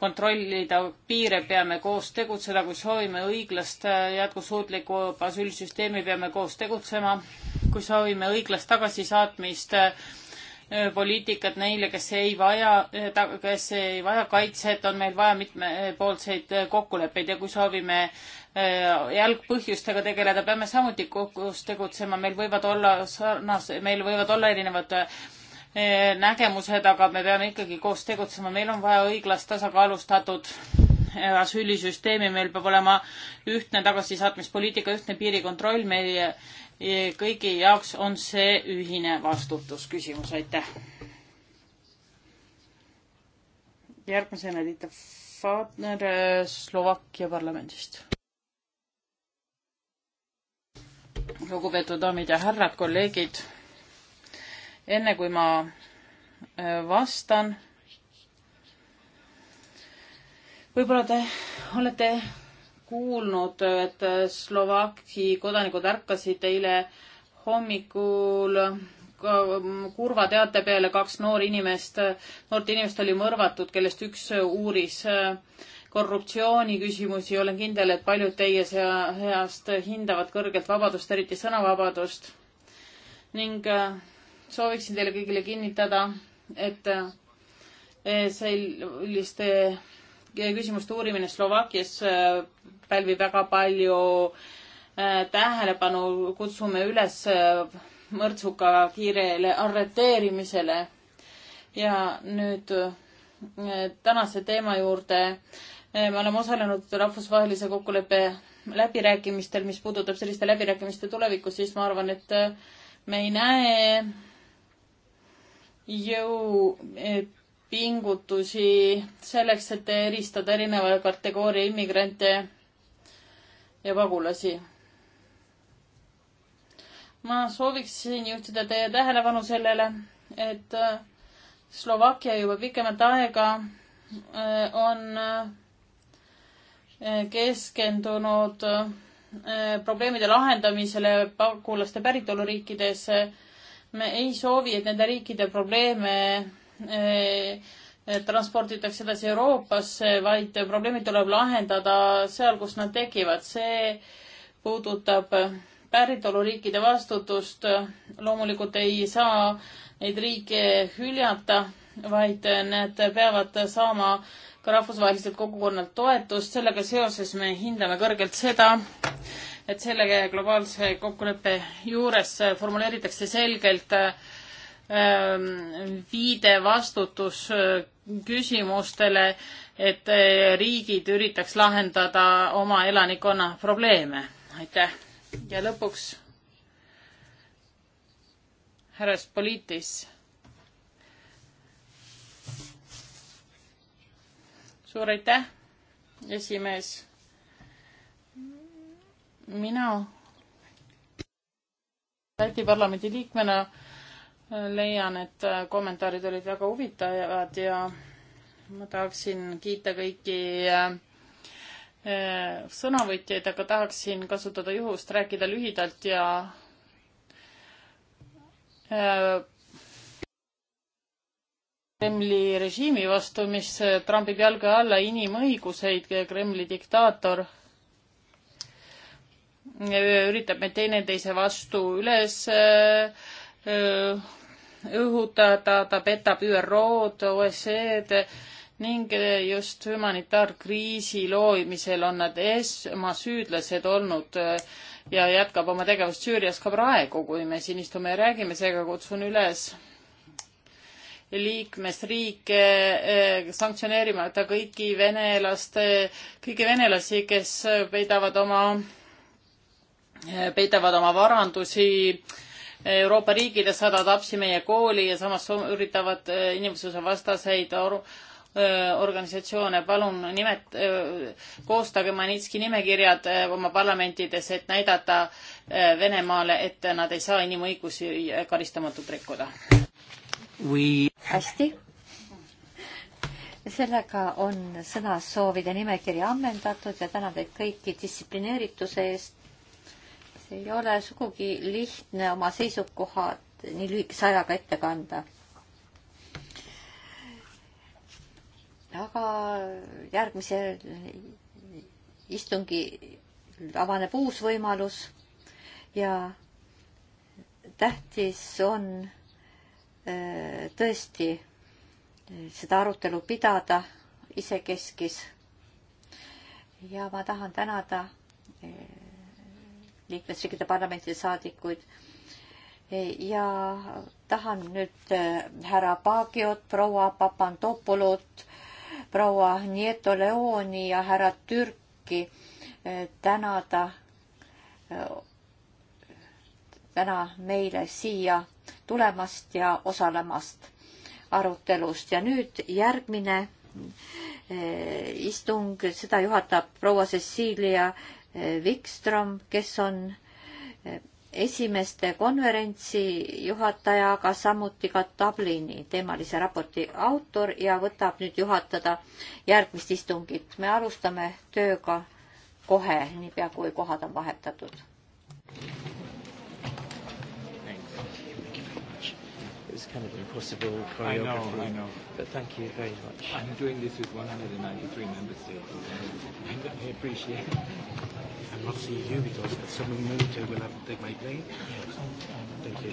kontrollida piire, peame koos tegutseda, kui soovime õiglast jätkusuutlikku asüülisüsteemi, peame koos tegutsema, kui soovime õiglast tagasisaatmist äh, Äh, poliitikat neile, kes ei vaja, äh, kes ei vaja kaitset, on meil vaja mitmepoolseid äh, kokkuleppeid ja kui soovime jalgpõhjustega tegeleda, peame samuti koos tegutsema, meil võivad olla sarnas-, meil võivad olla erinevad nägemused, aga me peame ikkagi koos tegutsema, meil on vaja õiglast tasakaalustatud asüülisüsteemi, meil peab olema ühtne tagasisaatmispoliitika, ühtne piirikontroll, meie kõigi jaoks on see ühine vastutusküsimus, aitäh. järgmisena Tiit Fatner äh, Slovakkia parlamendist. lugupeetud daamid ja härrad, kolleegid. enne kui ma äh, vastan, võib-olla te olete kuulnud, et Slovakki kodanikud ärkasid eile hommikul kurva teate peale kaks noori inimest, noort inimest oli mõrvatud, kellest üks uuris korruptsiooniküsimusi. olen kindel, et paljud teie seast hindavad kõrgelt vabadust, eriti sõnavabadust. ning äh, sooviksin teile kõigile kinnitada, et äh, selliste küsimuste uurimine Slovakkias äh, pälvib väga palju äh, tähelepanu, kutsume üles äh, mõrtsuka kiirele arreteerimisele. ja nüüd tänase teema juurde. me oleme osalenud rahvusvahelise kokkuleppe läbirääkimistel, mis puudutab selliste läbirääkimiste tulevikku, siis ma arvan, et me ei näe jõu pingutusi selleks, et eristada erineva kategooria immigrante ja pagulasi. ma sooviksin juhtida teie tähelepanu sellele, et äh, Slovakkia juba pikemat aega äh, on äh, keskendunud probleemide lahendamisele pagulaste päritoluriikides. me ei soovi, et nende riikide probleeme Eh, transporditakse edasi Euroopasse, vaid probleemid tuleb lahendada seal, kus nad tekivad. see puudutab päritoluriikide vastutust. loomulikult ei saa neid riike hüljata, vaid need peavad saama ka rahvusvaheliselt kogukonnalt toetust. sellega seoses me hindame kõrgelt seda, et selle globaalse kokkuleppe juures formuleeritakse selgelt äh, Ähm, viide vastutus äh, küsimustele, et äh, riigid üritaks lahendada oma elanikkonna probleeme. aitäh. ja lõpuks härra Spolitis. suur aitäh, esimees. mina Läti parlamendi liikmena leian, et kommentaarid olid väga huvitavad ja ma tahaksin kiita kõiki äh, äh, sõnavõtjaid, aga tahaksin kasutada juhust, rääkida lühidalt ja äh, Kremli režiimi vastu, mis trambib jalge alla inimõiguseid, Kremli diktaator üritab meid teineteise vastu üles öö, õhutada, ta petab ÜRO-d, OSCE-d ning just humanitaarkriisi loomisel on nad esmasüüdlased olnud äh, ja jätkab oma tegevust Süürias ka praegu, kui me siin istume ja räägime, seega kutsun üles liikmesriike äh, sanktsioneerimata kõiki venelaste, kõiki venelasi, kes peidavad oma, äh, peidavad oma varandusi äh, Euroopa riikides saadavad lapsi meie kooli ja samas üritavad äh, inimsuse vastaseid äh, organisatsioone. palun nimet-, äh, koostage Manitski nimekirjad oma parlamentides, et näidata Venemaale, et nad ei saa inimõigusi karistamatult rikkuda We.... hästi. sellega on sõnasoovide nimekiri ammendatud ja tänan teid kõiki distsiplineerituse eest ei ole sugugi lihtne oma seisukohad nii lühikese ajaga ette kanda. aga järgmisel istungil avaneb uus võimalus ja tähtis on äh, tõesti seda arutelu pidada isekeskis. ja ma tahan tänada äh, liikmesriikide parlamendi saadikuid. ja tahan nüüd eh, härra Pagiot, proua Papandopolot, proua Nieto Leoni ja härra Türki eh, tänada eh, täna meile siia tulemast ja osalemast arutelust ja nüüd järgmine istung, seda juhatab proua Cecilia Vikström, kes on eh, esimeste konverentsi juhataja, aga samuti ka Dublini teemalise raporti autor ja võtab nüüd juhatada järgmist istungit. me alustame tööga kohe, niipea kui kohad on vahetatud it's kind of impossible choreography. I know, I know. But thank you very much. I'm doing this with 193 member states, and I appreciate it. I'm not seeing you because at some moment I will have to take my plane. Yes. Thank you.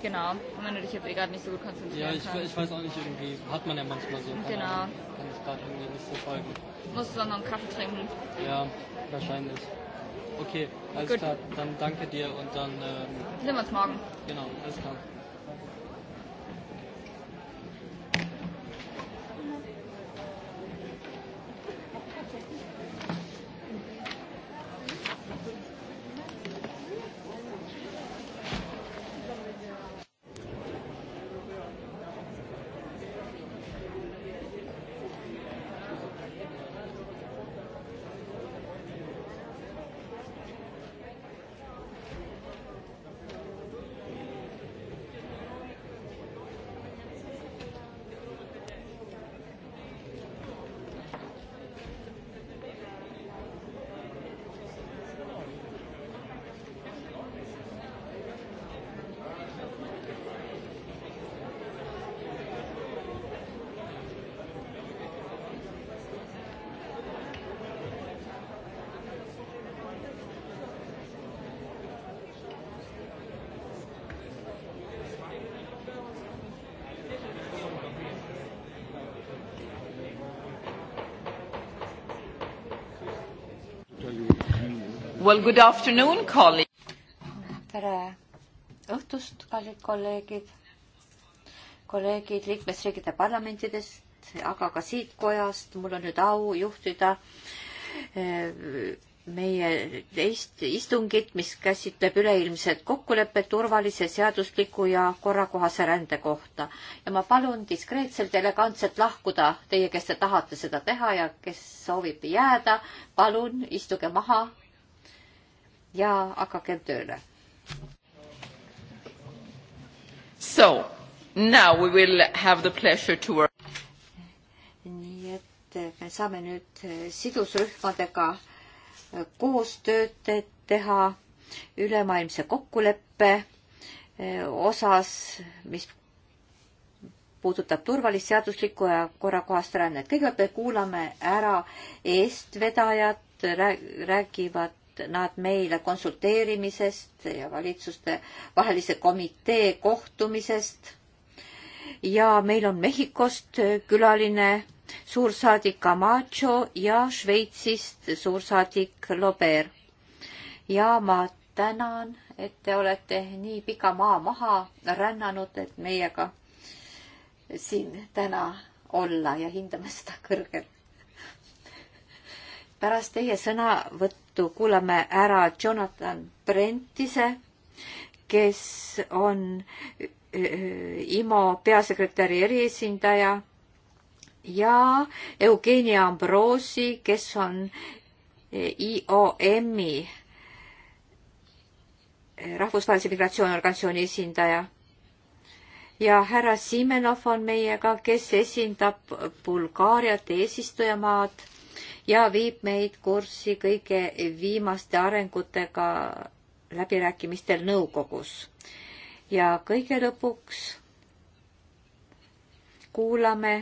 Genau, und wenn du dich jetzt eh gerade nicht so gut konzentrieren ja, ich, kannst. ich weiß auch nicht, irgendwie hat man ja manchmal so. Genau. Ahnung, kann ich gerade irgendwie nicht so folgen. Musst du dann noch einen Kaffee trinken? Ja, wahrscheinlich. Okay, alles gut. klar. Dann danke dir und dann. Ähm, sehen wir uns morgen. Genau, alles klar. Well, good afternoon, colleague. tere õhtust, kallid kolleegid, kolleegid liikmesriikide parlamentidest, aga ka siit kojast. mul on nüüd au juhtida eh, meie teist istungit, mis käsitleb üleilmset kokkulepet turvalise, seadusliku ja korrakohase rände kohta. ja ma palun diskreetselt, elegantselt lahkuda, teie, kes te tahate seda teha ja kes soovib jääda, palun istuge maha ja hakakem tööle. So now we will have the pleasure to work. nii et eh, me saame nüüd eh, sidusrühmadega eh, koostööd teha ülemaailmse kokkuleppe osas, mis puudutab turvalist, seaduslikku ja korrakohast rännet. kõigepealt me kuulame ära eestvedajad, räägivad saatnud nad meile konsulteerimisest ja valitsuste vahelise komitee kohtumisest. ja meil on Mehhikost külaline suursaadik Camacho ja Šveitsist suursaadik Lober. ja ma tänan, et te olete nii pika maa maha rännanud, et meiega siin täna olla ja hindame seda kõrgelt pärast teie sõnavõttu seetõttu kuulame ära Jonathan Brentise, kes on IMO peasekretäri eriesindaja ja Eugenia Ambrosi, kes on e, IOM-i e, rahvusvahelise migratsiooniorganisatsiooni esindaja. ja härra Simenov on meiega, kes esindab Bulgaariat eesistujamaad ja viib meid kurssi kõige viimaste arengutega läbirääkimistel nõukogus. ja kõige lõpuks kuulame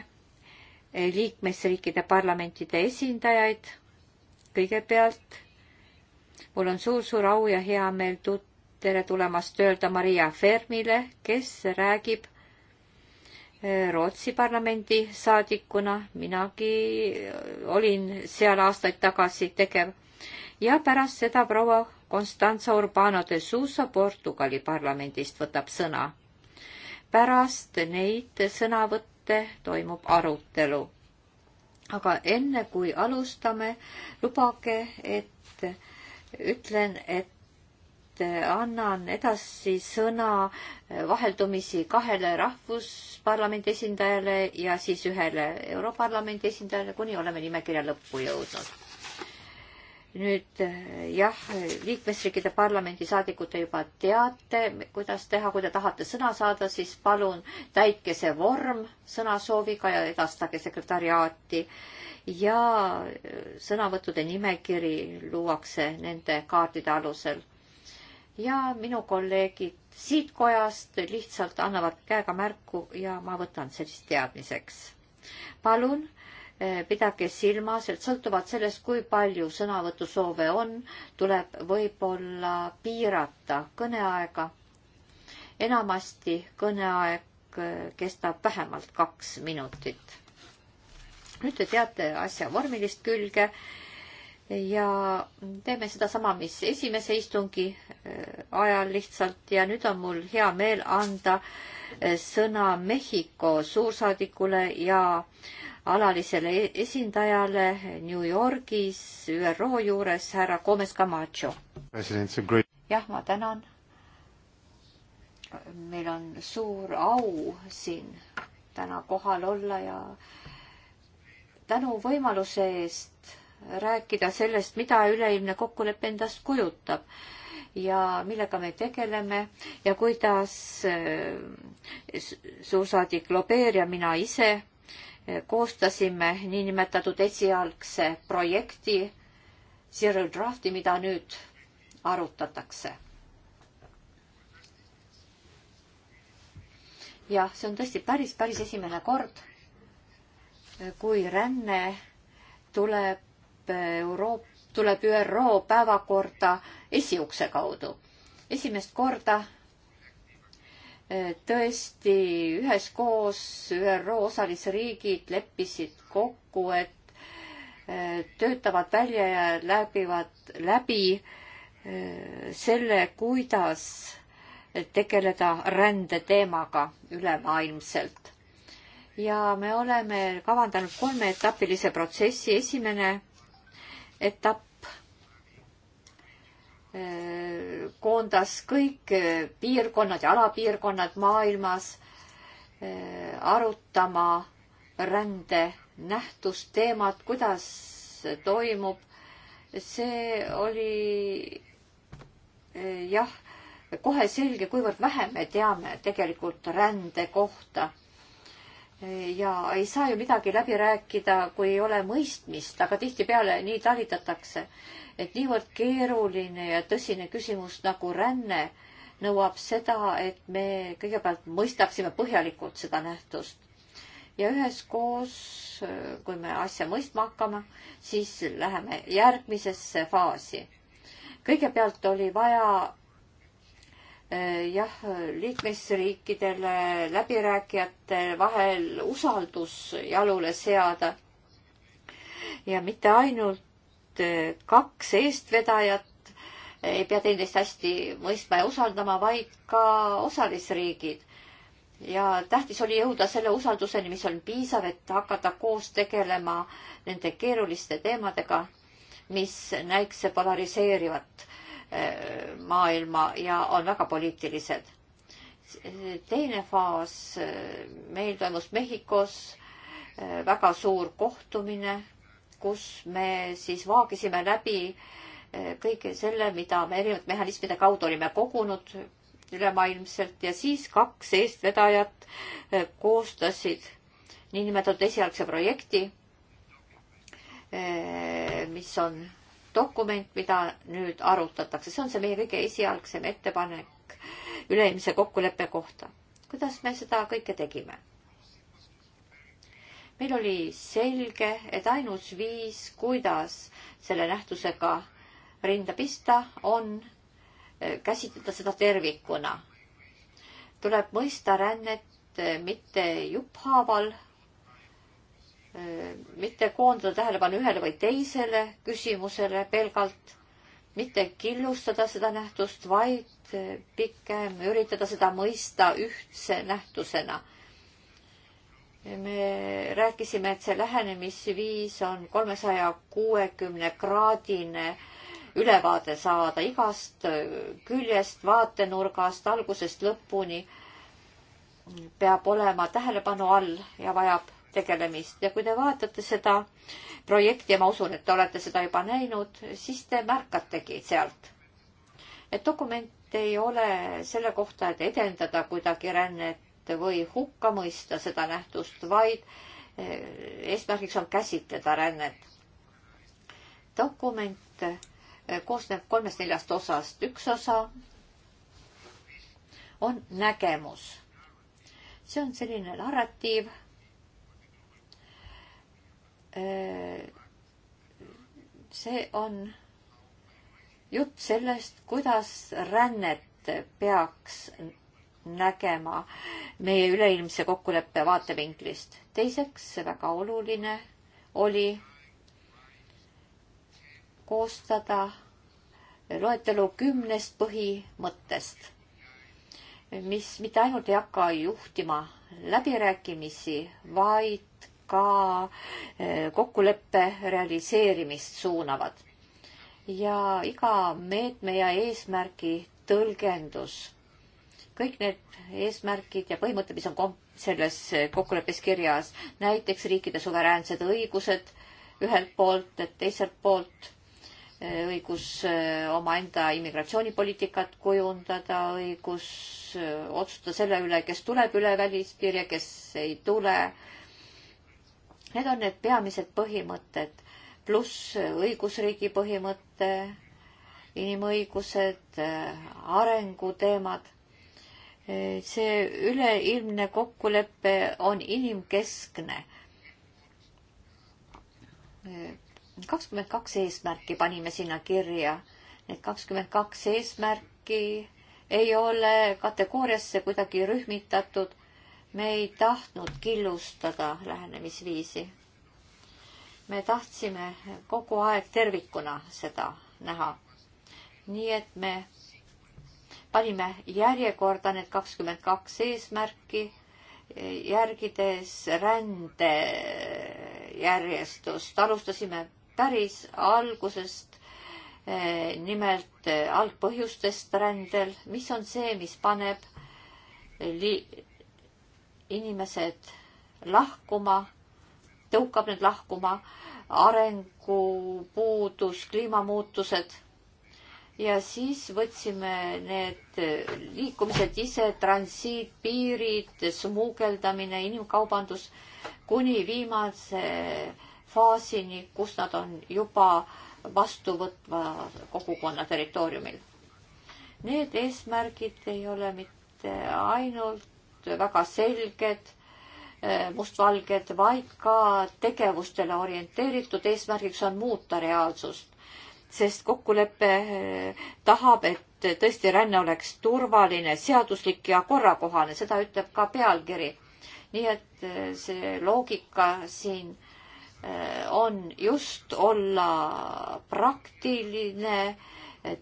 liikmesriikide parlamentide esindajaid. kõigepealt mul on suur-suur au ja hea meel tut-, tere tulemast öelda Maria Fermile, kes räägib Rootsi parlamendi saadikuna, minagi olin seal aastaid tagasi tegev ja pärast seda proua Constanza Urbano de Sousa Portugali parlamendist võtab sõna. pärast neid sõnavõtte toimub arutelu. aga enne kui alustame, lubage, et ütlen, et et annan edasi sõna eh, vaheldumisi kahele rahvusparlamendi esindajale ja siis ühele Europarlamendi esindajale, kuni oleme nimekirja lõppu jõudnud. nüüd eh, jah, liikmesriikide parlamendi saadikud te juba teate, kuidas teha, kui te tahate sõna saada, siis palun täitke see vorm sõnasooviga ja edastage sekretariaati ja eh, sõnavõttude nimekiri luuakse nende kaardide alusel ja minu kolleegid siit kojast lihtsalt annavad käega märku ja ma võtan sellist teadmiseks. palun eh, pidage silmas, et sõltuvalt sellest, kui palju sõnavõtusoove on, tuleb võib-olla piirata kõneaega. enamasti kõneaeg eh, kestab vähemalt kaks minutit. nüüd te teate asja vormilist külge ja teeme sedasama, mis esimese istungi äh, ajal lihtsalt ja nüüd on mul hea meel anda äh, sõna Mehhiko suursaadikule ja alalisele e-, esindajale New Yorgis ÜRO juures härra Gomez Camacho. jah, ma tänan. meil on suur au siin täna kohal olla ja tänu võimaluse eest rääkida sellest, mida üleilmne kokkulepe endast kujutab ja millega me tegeleme ja kuidas eh, suursaadik Lobeer ja mina ise eh, koostasime niinimetatud esialgse projekti Zero Drafti, mida nüüd arutatakse. jah, see on tõesti päris, päris esimene kord, eh, kui ränne tuleb Euroopa, tuleb ÜRO päevakorda esiukse kaudu. esimest korda e, tõesti üheskoos ÜRO osalisriigid leppisid kokku, et e, töötavad välja ja läbivad läbi e, selle, kuidas tegeleda rändeteemaga ülemaailmselt. ja me oleme kavandanud kolmeetapilise protsessi. esimene etapp eh, koondas kõik eh, piirkonnad ja alapiirkonnad maailmas eh, arutama rände nähtust, teemat, kuidas toimub. see oli jah, kohe selge, kuivõrd vähe me teame tegelikult rände kohta ja ei saa ju midagi läbi rääkida, kui ei ole mõistmist, aga tihtipeale nii talitatakse, et niivõrd keeruline ja tõsine küsimus nagu ränne nõuab seda, et me kõigepealt mõistaksime põhjalikult seda nähtust. ja üheskoos, kui me asja mõistma hakkame, siis läheme järgmisesse faasi. kõigepealt oli vaja Eh, jah, liikmesriikidele läbirääkijate vahel usaldus jalule seada. ja mitte ainult eh, kaks eestvedajat eh, ei pea teineteist hästi mõistma ja usaldama, vaid ka osalisriigid. ja tähtis oli jõuda selle usalduseni, mis on piisav, et hakata koos tegelema nende keeruliste teemadega, mis näikse polariseerivat maailma ja on väga poliitilised. teine faas meil toimus Mehhikos eh, väga suur kohtumine, kus me siis vaagisime läbi eh, kõige selle, mida me erinevate mehhanismide kaudu olime kogunud ülemaailmselt ja siis kaks eestvedajat eh, koostasid niinimetatud esialgse projekti, mis on dokument, mida nüüd arutatakse, see on see meie kõige esialgsem ettepanek üleilmse kokkuleppe kohta. kuidas me seda kõike tegime? meil oli selge, et ainus viis, kuidas selle nähtusega rinda pista, on eh, käsitleda seda tervikuna. tuleb mõista rännet eh, mitte jupphaaval mitte koondada tähelepanu ühele või teisele küsimusele pelgalt, mitte killustada seda nähtust, vaid pigem üritada seda mõista ühtse nähtusena. me rääkisime, et see lähenemisviis on kolmesaja kuuekümne kraadine ülevaade saada igast küljest, vaatenurgast algusest lõpuni peab olema tähelepanu all ja vajab tegelemist ja kui te vaatate seda projekti ja ma usun, et te olete seda juba näinud, siis te märkategi sealt, et dokument ei ole selle kohta, et edendada kuidagi rännet või hukka mõista seda nähtust, vaid eh, eesmärgiks on käsitleda rännet. dokument eh, koosneb kolmest-neljast osast. üks osa on nägemus. see on selline narratiiv Äh, see on jutt sellest, kuidas rännet peaks nägema meie üleilmse kokkuleppe vaatevinklist. teiseks, väga oluline oli koostada loetelu kümnest põhimõttest, mis mitte ainult ei hakka juhtima läbirääkimisi, vaid ka eh, kokkuleppe realiseerimist suunavad. ja iga meetme ja eesmärgi tõlgendus, kõik need eesmärgid ja põhimõtted, mis on kom-, selles kokkuleppes kirjas, näiteks riikide suveräänsed õigused ühelt poolt, et teiselt poolt eh, õigus eh, omaenda immigratsioonipoliitikat kujundada, õigus otsustada selle üle, kes tuleb üle välispiiri ja kes ei tule, Need on need peamised põhimõtted, pluss õigusriigi põhimõte, inimõigused, arenguteemad. see üleilmne kokkulepe on inimkeskne. kakskümmend kaks eesmärki panime sinna kirja. Need kakskümmend kaks eesmärki ei ole kategooriasse kuidagi rühmitatud me ei tahtnud killustada lähenemisviisi. me tahtsime kogu aeg tervikuna seda näha. nii et me panime järjekorda need kakskümmend kaks eesmärki, järgides rände järjestust. alustasime päris algusest eh, nimelt eh, algpõhjustest rändel, mis on see, mis paneb li-, inimesed lahkuma, tõukab need lahkuma, arengupuudus, kliimamuutused. ja siis võtsime need liikumised ise, transiit, piirid, smugeldamine, inimkaubandus kuni viimase faasini, kus nad on juba vastuvõtva kogukonna territooriumil. Need eesmärgid ei ole mitte ainult ainult väga selged, eh, mustvalged, vaid ka tegevustele orienteeritud, eesmärgiks on muuta reaalsust. sest kokkulepe eh, tahab, et tõesti ränne oleks turvaline, seaduslik ja korrakohane, seda ütleb ka pealkiri. nii et eh, see loogika siin on just olla praktiline,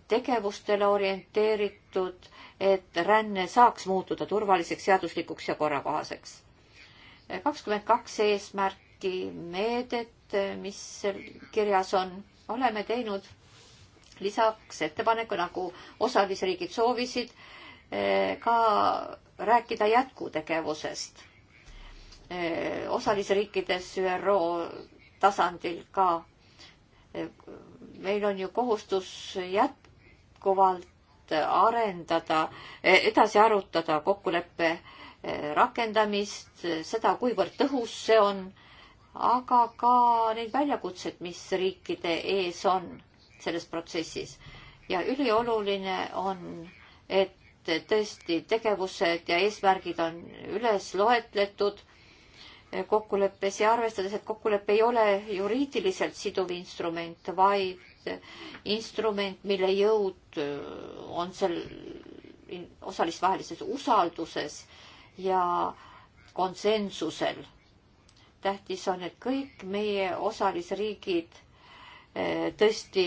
tegevustele orienteeritud et ränne saaks muutuda turvaliseks, seaduslikuks ja korrakohaseks. kakskümmend kaks eesmärki meedet, mis kirjas on, oleme teinud lisaks ettepaneku, nagu osalisriigid soovisid, ka rääkida jätkutegevusest. osalisriikides ÜRO tasandil ka meil on ju kohustus jätkuvalt arendada, edasi arutada kokkuleppe eh, rakendamist, seda, kuivõrd tõhus see on, aga ka neid väljakutseid, mis riikide ees on selles protsessis. ja ülioluline on, et tõesti tegevused ja eesmärgid on üles loetletud kokkuleppes ja arvestades, et kokkulepe ei ole juriidiliselt siduv instrument, vaid instrument, mille jõud äh, on seal osalistevahelises usalduses ja konsensusel. tähtis on, et kõik meie osalisriigid äh, tõesti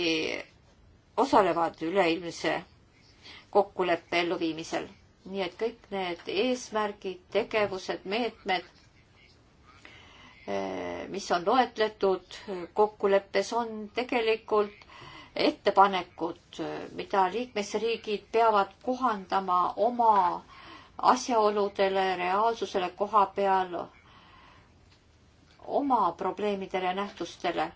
osalevad üleilmse kokkuleppe elluviimisel. nii et kõik need eesmärgid, tegevused, meetmed, äh, mis on loetletud kokkuleppes, on tegelikult ettepanekud, mida liikmesriigid peavad kohandama oma asjaoludele, reaalsusele koha peal, oma probleemidele, nähtustele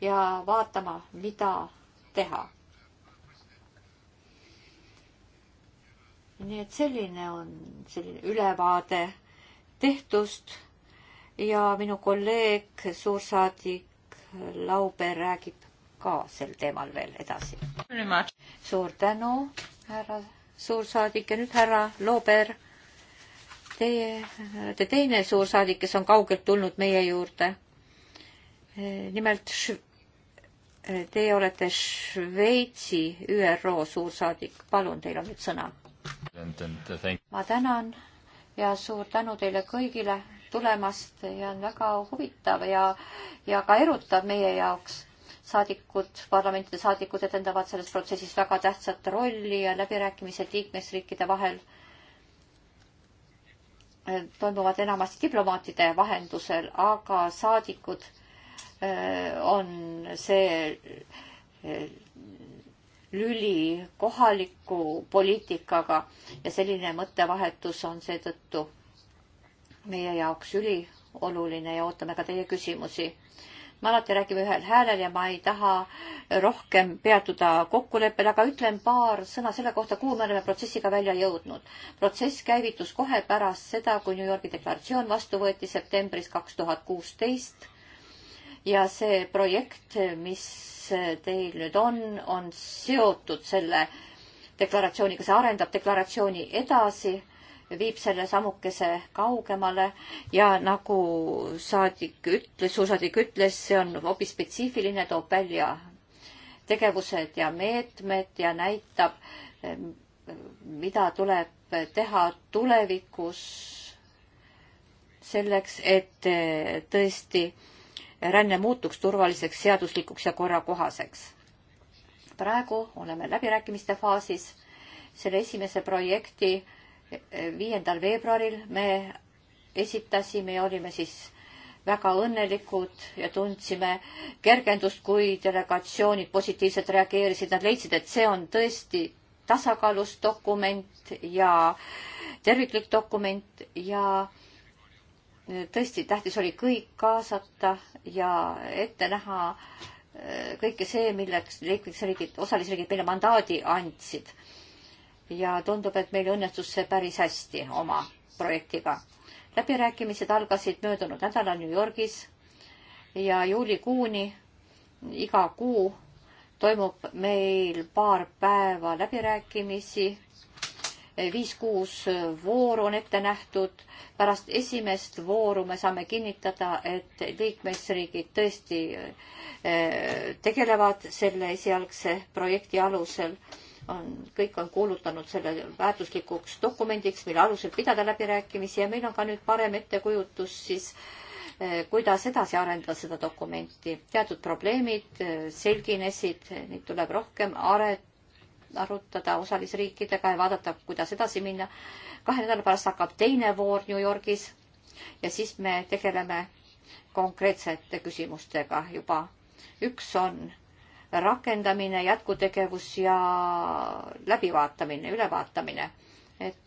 ja vaatama, mida teha. nii et selline on selline ülevaade tehtust ja minu kolleeg, suursaadik Lauber räägib ka sel teemal veel edasi. suur tänu, härra suursaadik ja nüüd härra Loober. Teie, te teine suursaadik, kes on kaugelt tulnud meie juurde. Eh, nimelt eh, teie olete Šveitsi ÜRO suursaadik, palun, teil on nüüd sõna. Uh, ma tänan ja suur tänu teile kõigile tulemast ja on väga huvitav ja, ja ka erutav meie jaoks saadikud, parlamentide saadikud etendavad selles protsessis väga tähtsat rolli ja läbirääkimised liikmesriikide vahel äh, toimuvad enamasti diplomaatide vahendusel, aga saadikud äh, on see äh, lüli kohaliku poliitikaga ja selline mõttevahetus on seetõttu meie jaoks ülioluline ja ootame ka teie küsimusi me alati räägime ühel häälel ja ma ei taha rohkem peatuda kokkuleppel, aga ütlen paar sõna selle kohta, kuhu me oleme protsessiga välja jõudnud. protsess käivitus kohe pärast seda, kui New Yorgi deklaratsioon vastu võeti septembris kaks tuhat kuusteist. ja see projekt, mis teil nüüd on, on seotud selle deklaratsiooniga, see arendab deklaratsiooni edasi viib selle sammukese kaugemale ja nagu saadik ütles, suursaadik ütles, see on hoopis spetsiifiline, toob välja tegevused ja meetmed ja näitab, mida tuleb teha tulevikus selleks, et tõesti ränne muutuks turvaliseks, seaduslikuks ja korrakohaseks. praegu oleme läbirääkimiste faasis selle esimese projekti äh, viiendal veebruaril me esitasime ja olime siis väga õnnelikud ja tundsime kergendust, kui delegatsioonid positiivselt reageerisid, nad leidsid, et see on tõesti tasakaalus dokument ja terviklik dokument ja tõesti tähtis oli kõik kaasata ja ette näha äh, kõike see, milleks liikmesriigid, osalisriigid meile mandaadi andsid ja tundub, et meil õnnestus see päris hästi oma projektiga. läbirääkimised algasid möödunud nädalal New Yorgis ja juulikuuni iga kuu toimub meil paar päeva läbirääkimisi. viis-kuus vooru on ette nähtud. pärast esimest vooru me saame kinnitada, et liikmesriigid tõesti eh, tegelevad selle esialgse projekti alusel on, kõik on kuulutanud selle väärtuslikuks dokumendiks, mille alusel pidada läbirääkimisi ja meil on ka nüüd parem ettekujutus siis eh, kuidas edasi arendada seda dokumenti. teatud probleemid eh, selginesid, neid tuleb rohkem are-, arutada osalisriikidega ja vaadata, kuidas edasi minna. kahe nädala pärast hakkab teine voor New Yorgis ja siis me tegeleme konkreetsete küsimustega juba. üks on rakendamine, jätkutegevus ja läbivaatamine, ülevaatamine. et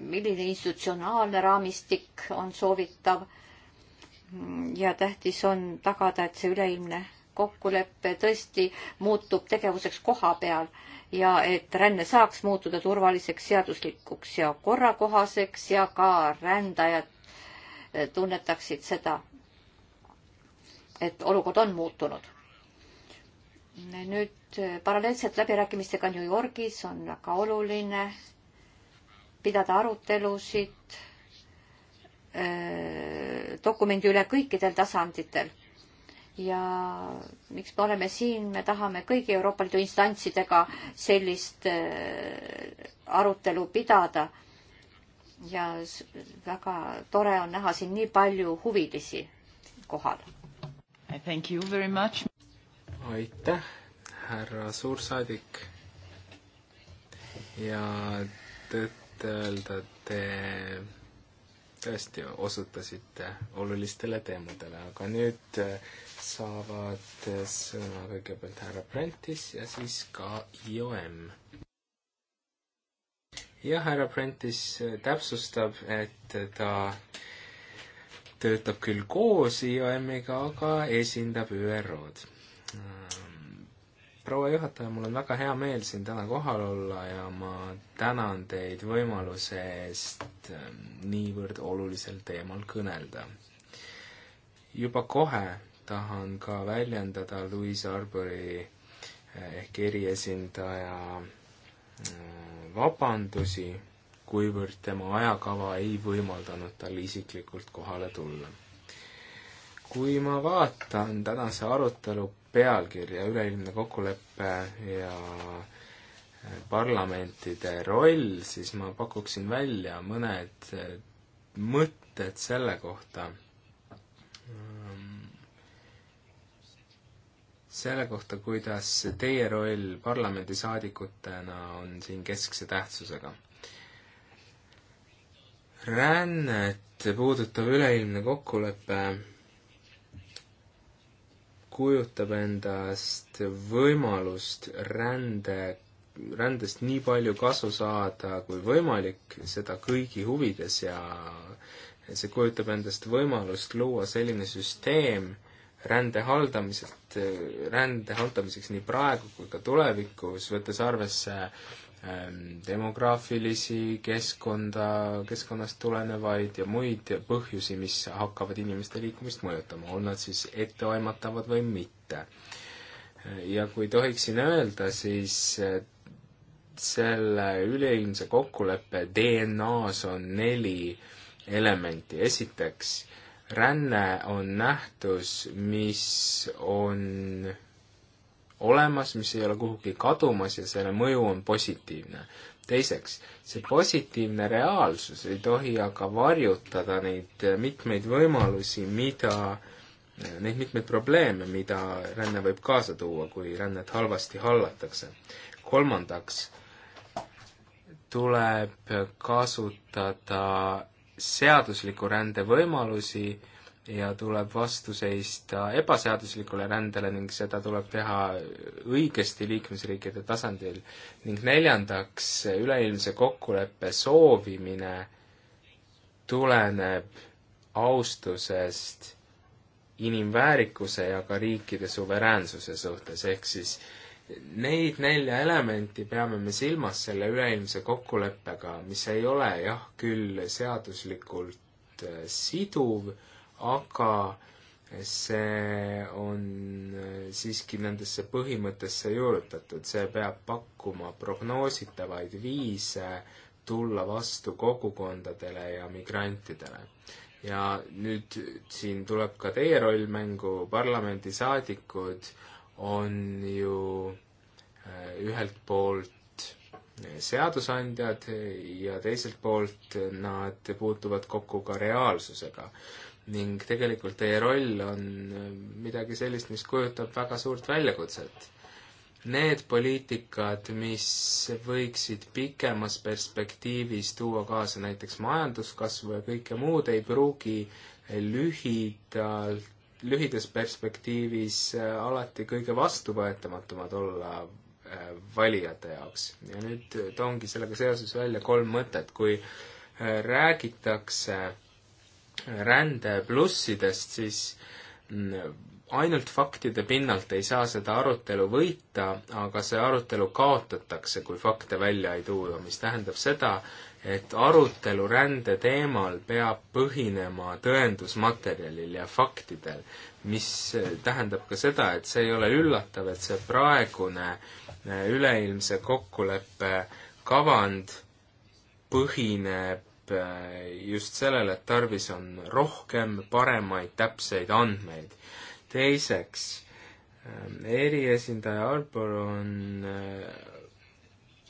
milline institutsionaalne raamistik on soovitav ja tähtis on tagada, et see üleilmne kokkulepe tõesti muutub tegevuseks koha peal ja et ränne saaks muutuda turvaliseks, seaduslikuks ja korrakohaseks ja ka rändajad tunnetaksid seda, et olukord on muutunud nüüd äh, paralleelselt läbirääkimistega New Yorgis on väga oluline pidada arutelusid äh, dokumendi üle kõikidel tasanditel. ja miks me oleme siin, me tahame kõigi Euroopa Liidu instantsidega sellist äh, arutelu pidada. ja väga tore on näha siin nii palju huvilisi kohal. Thank you very much aitäh, härra suursaadik. ja tõtt-öelda te tõesti osutasite olulistele teemadele, aga nüüd äh, saavad äh, sõna kõigepealt härra Prentis ja siis ka IOM jah, härra Prentice äh, täpsustab, et ta töötab küll koos IOM-iga, aga esindab ÜRO-d proua juhataja, mul on väga hea meel siin täna kohal olla ja ma tänan teid võimaluse eest ähm, niivõrd olulisel teemal kõnelda. juba kohe tahan ka väljendada Louise Arbori äh, ehk eriesindaja äh, vabandusi, kuivõrd tema ajakava ei võimaldanud tal isiklikult kohale tulla kui ma vaatan tänase arutelu pealkirja Üleilmne kokkulepe ja eh, parlamentide roll, siis ma pakuksin välja mõned eh, mõtted selle kohta, ehm, selle kohta, kuidas teie roll parlamendisaadikutena on siin keskse tähtsusega. rännet puudutav üleilmne kokkulepe kujutab endast võimalust rände, rändest nii palju kasu saada kui võimalik, seda kõigi huvides ja see kujutab endast võimalust luua selline süsteem rände haldamiselt, rände haldamiseks nii praegu kui ka tulevikus, võttes arvesse äh, Ähm, demograafilisi, keskkonda, keskkonnast tulenevaid ja muid põhjusi, mis hakkavad inimeste liikumist mõjutama, on nad siis etteaimatavad või mitte. ja kui tohiksin öelda, siis selle üleilmse kokkuleppe DNA-s on neli elementi, esiteks ränne on nähtus, mis on olemas, mis ei ole kuhugi kadumas ja selle mõju on positiivne. teiseks, see positiivne reaalsus ei tohi aga varjutada neid mitmeid võimalusi, mida neid mitmeid probleeme, mida ränne võib kaasa tuua, kui rännet halvasti hallatakse. kolmandaks tuleb kasutada seadusliku rände võimalusi ja tuleb vastu seista ebaseaduslikule rändele ning seda tuleb teha õigesti liikmesriikide tasandil. ning neljandaks, üleilmse kokkuleppe soovimine tuleneb austusest inimväärikuse ja ka riikide suveräänsuse suhtes, ehk siis neid nelja elementi peame me silmas selle üleilmse kokkuleppega, mis ei ole jah küll seaduslikult äh, siduv, aga see on siiski nendesse põhimõttesse juurutatud, see peab pakkuma prognoositavaid viise tulla vastu kogukondadele ja migrantidele. ja nüüd siin tuleb ka teie roll mängu, parlamendisaadikud on ju äh, ühelt poolt seadusandjad ja teiselt poolt nad puutuvad kokku ka reaalsusega ning tegelikult teie roll on äh, midagi sellist, mis kujutab väga suurt väljakutset. Need poliitikad, mis võiksid pikemas perspektiivis tuua kaasa näiteks majanduskasvu ja kõike muud, ei pruugi lühidalt, lühidas perspektiivis äh, alati kõige vastuvõetamatumad olla äh, valijate jaoks. ja nüüd toongi sellega seoses välja kolm mõtet, kui räägitakse rände plussidest, siis mm, ainult faktide pinnalt ei saa seda arutelu võita, aga see arutelu kaotatakse, kui fakte välja ei tuua, mis tähendab seda, et arutelu rände teemal peab põhinema tõendusmaterjalil ja faktidel, mis tähendab ka seda, et see ei ole üllatav, et see praegune äh, üleilmse kokkuleppe kavand põhineb Äh, just sellele, et tarvis on rohkem paremaid täpseid andmeid. teiseks, äh, eriesindaja Arbor on äh,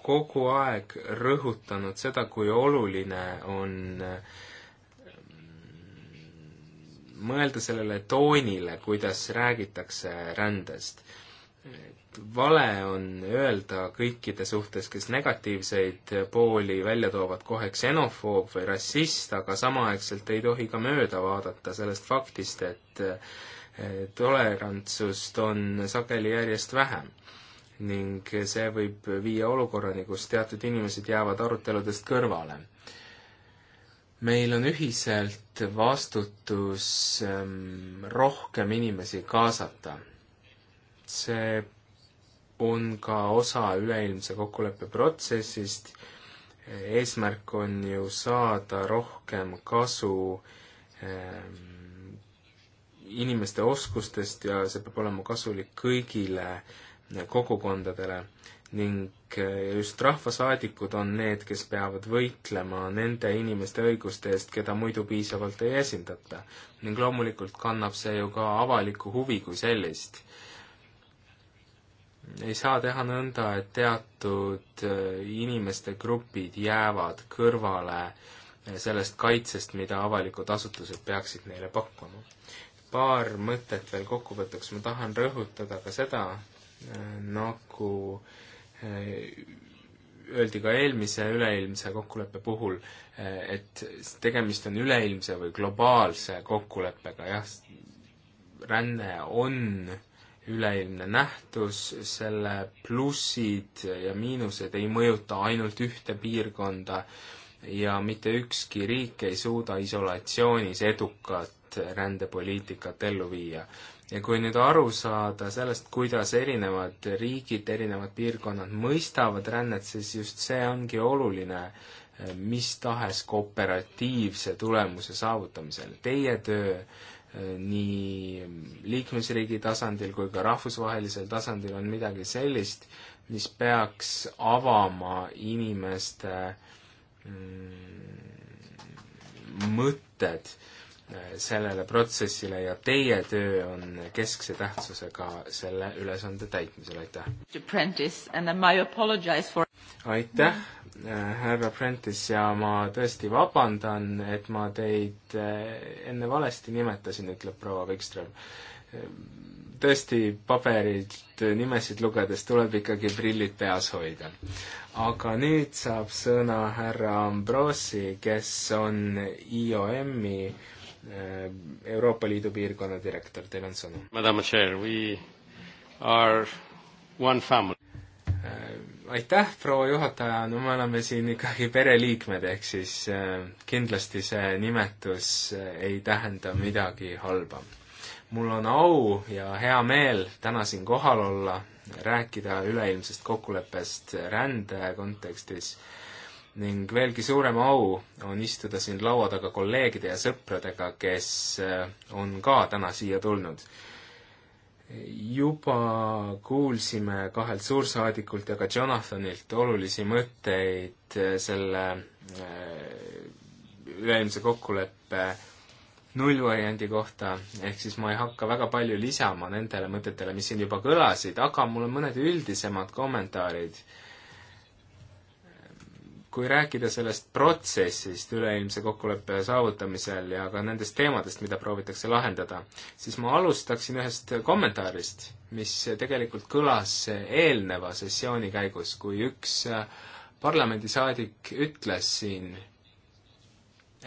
kogu aeg rõhutanud seda, kui oluline on mõelda sellele toonile, kuidas räägitakse rändest vale on öelda kõikide suhtes, kes negatiivseid pooli välja toovad, kohe ksenofoob või rassist, aga samaaegselt ei tohi ka mööda vaadata sellest faktist, et tolerantsust on sageli järjest vähem. ning see võib viia olukorrani, kus teatud inimesed jäävad aruteludest kõrvale. meil on ühiselt vastutus ehm, rohkem inimesi kaasata see on ka osa üleilmse kokkuleppe protsessist. eesmärk on ju saada rohkem kasu ehm, inimeste oskustest ja see peab olema kasulik kõigile eh, kogukondadele ning eh, just rahvasaadikud on need, kes peavad võitlema nende inimeste õiguste eest, keda muidu piisavalt ei esindata. ning loomulikult kannab see ju ka avalikku huvi kui sellist ei saa teha nõnda, et teatud äh, inimeste grupid jäävad kõrvale äh, sellest kaitsest, mida avalikud asutused peaksid neile pakkuma. paar mõtet veel kokkuvõtteks, ma tahan rõhutada ka seda, äh, nagu öeldi ka eelmise üleilmse kokkuleppe puhul, et tegemist on üleilmse või globaalse kokkuleppega, jah, ränne on äh, üleilmne nähtus, selle plussid ja miinused ei mõjuta ainult ühte piirkonda ja mitte ükski riik ei suuda isolatsioonis edukat rändepoliitikat ellu viia. ja kui nüüd aru saada sellest, kuidas erinevad riigid, erinevad piirkonnad mõistavad rännet, siis just see ongi oluline mis tahes kooperatiivse tulemuse saavutamisel. Teie töö äh, Äh, nii liikmesriigi tasandil kui ka rahvusvahelisel tasandil on midagi sellist, mis peaks avama inimeste mm, mõtted äh, sellele protsessile ja teie töö on keskse tähtsusega selle ülesande täitmisel, aitäh! aitäh, äh, härra Prentice ja ma tõesti vabandan, et ma teid äh, enne valesti nimetasin, ütleb proua Vikström. tõesti, paberilt nimesid lugedes tuleb ikkagi prillid peas hoida. aga nüüd saab sõna härra Ambrosi, kes on IOM-i äh, Euroopa Liidu piirkonna direktor, teil on sõna. Madam Chair, we are one family aitäh, proua juhataja, no me oleme siin ikkagi pereliikmed, ehk siis äh, kindlasti see nimetus äh, ei tähenda midagi halba. mul on au ja hea meel täna siin kohal olla, rääkida üleilmsest kokkuleppest rände kontekstis ning veelgi suurem au on istuda siin laua taga kolleegide ja sõpradega, kes äh, on ka täna siia tulnud juba kuulsime kahelt suursaadikult ja ka Jonathanilt olulisi mõtteid eh, selle eh, üleilmse kokkuleppe nullvariandi kohta, ehk siis ma ei hakka väga palju lisama nendele mõtetele, mis siin juba kõlasid, aga mul on mõned üldisemad kommentaarid äh, kui rääkida sellest protsessist üleilmse kokkuleppe saavutamisel ja ka nendest teemadest, mida proovitakse lahendada, siis ma alustaksin ühest kommentaarist, mis tegelikult kõlas eelneva sessiooni käigus, kui üks äh, parlamendisaadik ütles siin,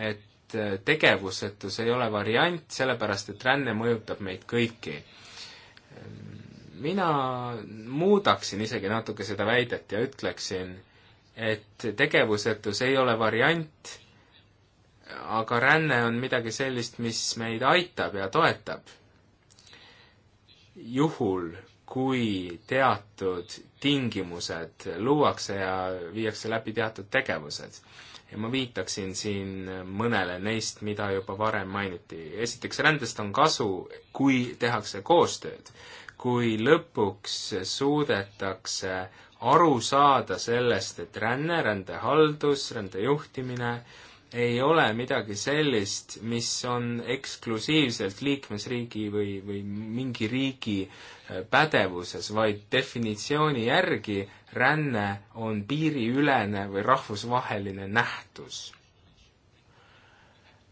et äh, tegevusetus ei ole variant, sellepärast et ränne mõjutab meid kõiki mina muudaksin isegi natuke seda väidet ja ütleksin, et tegevusetus ei ole variant, aga ränne on midagi sellist, mis meid aitab ja toetab. juhul, kui teatud tingimused luuakse ja viiakse läbi teatud tegevused. ja ma viitaksin siin mõnele neist, mida juba varem mainiti. esiteks, rändest on kasu, kui tehakse koostööd kui lõpuks suudetakse aru saada sellest, et ränne, rändehaldus, rändejuhtimine ei ole midagi sellist, mis on eksklusiivselt liikmesriigi või, või mingi riigi äh, pädevuses, vaid definitsiooni järgi ränne on piiriülene või rahvusvaheline nähtus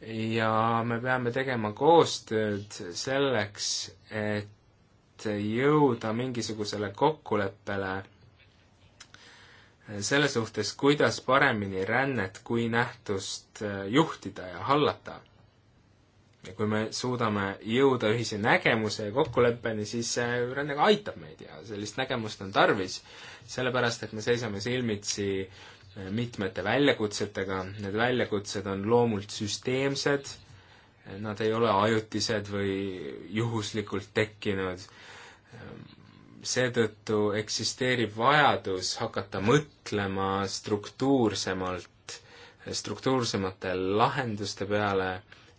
ja me peame tegema koostööd selleks, et jõuda mingisugusele kokkuleppele selle suhtes, kuidas paremini rännet kui nähtust äh, juhtida ja hallata. ja kui me suudame jõuda ühise nägemuse ja kokkuleppeni, siis see ränne ka aitab meid ja sellist nägemust on tarvis, sellepärast et me seisame silmitsi äh, mitmete väljakutsetega, need väljakutsed on loomult süsteemsed nad ei ole ajutised või juhuslikult tekkinud. seetõttu eksisteerib vajadus hakata mõtlema struktuursemalt, struktuursemate lahenduste peale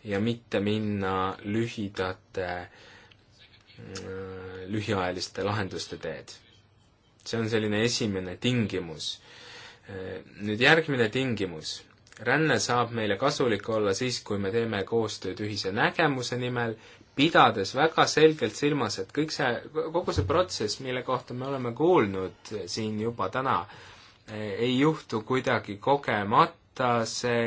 ja mitte minna lühidate, äh, lühiajaliste lahenduste teed. see on selline esimene tingimus. Äh, nüüd järgmine tingimus ränne saab meile kasulik olla siis, kui me teeme koostööd ühise nägemuse nimel, pidades väga selgelt silmas, et kõik see, kogu see protsess, mille kohta me oleme kuulnud siin juba täna, eh, ei juhtu kuidagi kogemata, see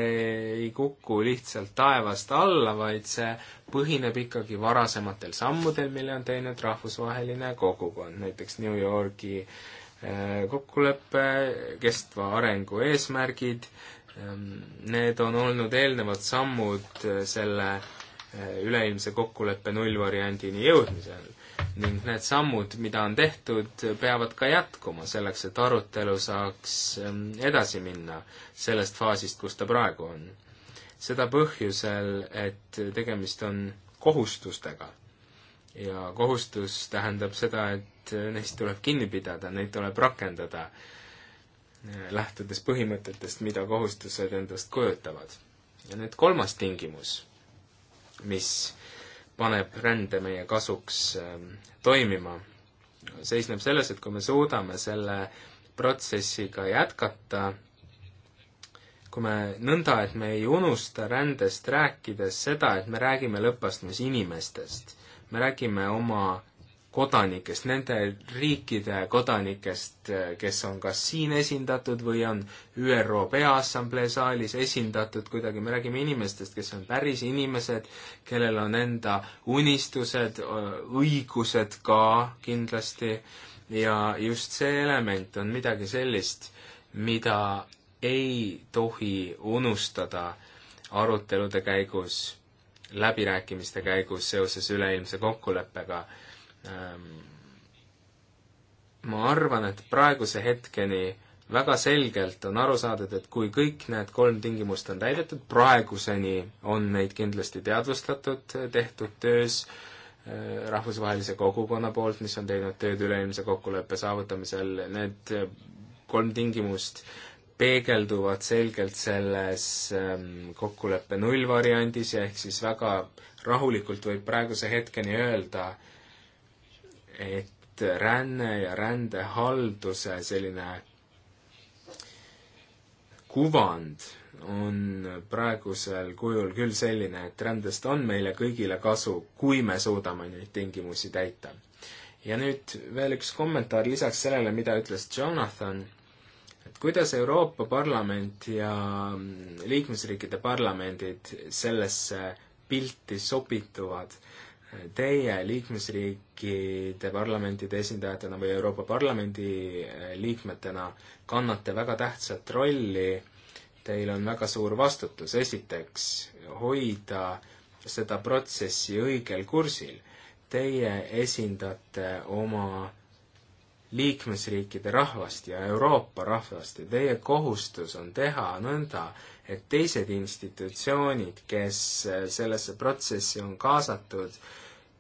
ei kuku lihtsalt taevast alla, vaid see põhineb ikkagi varasematel sammudel, mille on teinud rahvusvaheline kogukond, näiteks New Yorgi eh, kokkulepe, kestva arengu eesmärgid Ehm, need on olnud eelnevad sammud eh, selle eh, üleilmse kokkuleppe nullvariandini jõudmisel ning need sammud, mida on tehtud, peavad ka jätkuma selleks, et arutelu saaks ehm, edasi minna sellest faasist, kus ta praegu on. seda põhjusel, et tegemist on kohustustega. ja kohustus tähendab seda, et eh, neist tuleb kinni pidada, neid tuleb rakendada lähtudes põhimõtetest, mida kohustused endast kujutavad. ja nüüd kolmas tingimus, mis paneb rände meie kasuks ähm, toimima, seisneb selles, et kui me suudame selle protsessiga jätkata, kui me nõnda, et me ei unusta rändest rääkides seda, et me räägime lõppastmes inimestest, me räägime oma kodanikest, nende riikide kodanikest, kes on kas siin esindatud või on ÜRO Peaassamblee saalis esindatud kuidagi, me räägime inimestest, kes on päris inimesed, kellel on enda unistused, õigused ka kindlasti, ja just see element on midagi sellist, mida ei tohi unustada arutelude käigus, läbirääkimiste käigus seoses üleilmse kokkuleppega Ehm, ma arvan, et praeguse hetkeni väga selgelt on aru saadud, et kui kõik need kolm tingimust on täidetud, praeguseni on neid kindlasti teadvustatud, tehtud töös eh, rahvusvahelise kogukonna poolt, mis on teinud tööd üleilmse kokkuleppe saavutamisel, need kolm tingimust peegelduvad selgelt selles ehm, kokkuleppe nullvariandis ja ehk siis väga rahulikult võib praeguse hetkeni öelda, et ränne ja rändehalduse selline kuvand on praegusel kujul küll selline, et rändest on meile kõigile kasu, kui me suudame neid tingimusi täita. ja nüüd veel üks kommentaar lisaks sellele, mida ütles Jonathan, et kuidas Euroopa Parlament ja liikmesriikide parlamendid sellesse pilti sobituvad teie liikmesriikide parlamentide esindajatena või Euroopa Parlamendi eh, liikmetena kannate väga tähtsat rolli, teil on väga suur vastutus, esiteks hoida seda protsessi õigel kursil. Teie esindate oma liikmesriikide rahvast ja Euroopa rahvast ja teie kohustus on teha nõnda, et teised institutsioonid, kes äh, sellesse protsessi on kaasatud,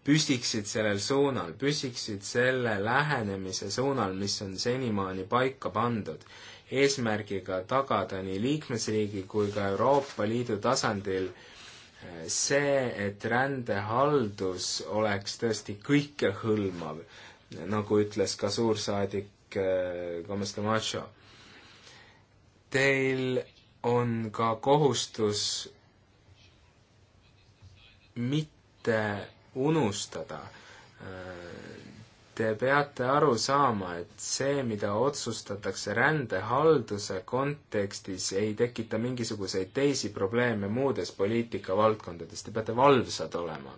püsiksid sellel suunal, püsiksid selle lähenemise suunal, mis on senimaani paika pandud, eesmärgiga tagada nii liikmesriigi kui ka Euroopa Liidu tasandil äh, see, et rändehaldus oleks tõesti kõikehõlmav, nagu ütles ka suursaadik äh, Gomes de Macho. Teil on ka kohustus mitte unustada. Te peate aru saama, et see, mida otsustatakse rändehalduse kontekstis, ei tekita mingisuguseid teisi probleeme muudes poliitikavaldkondades, te peate valvsad olema.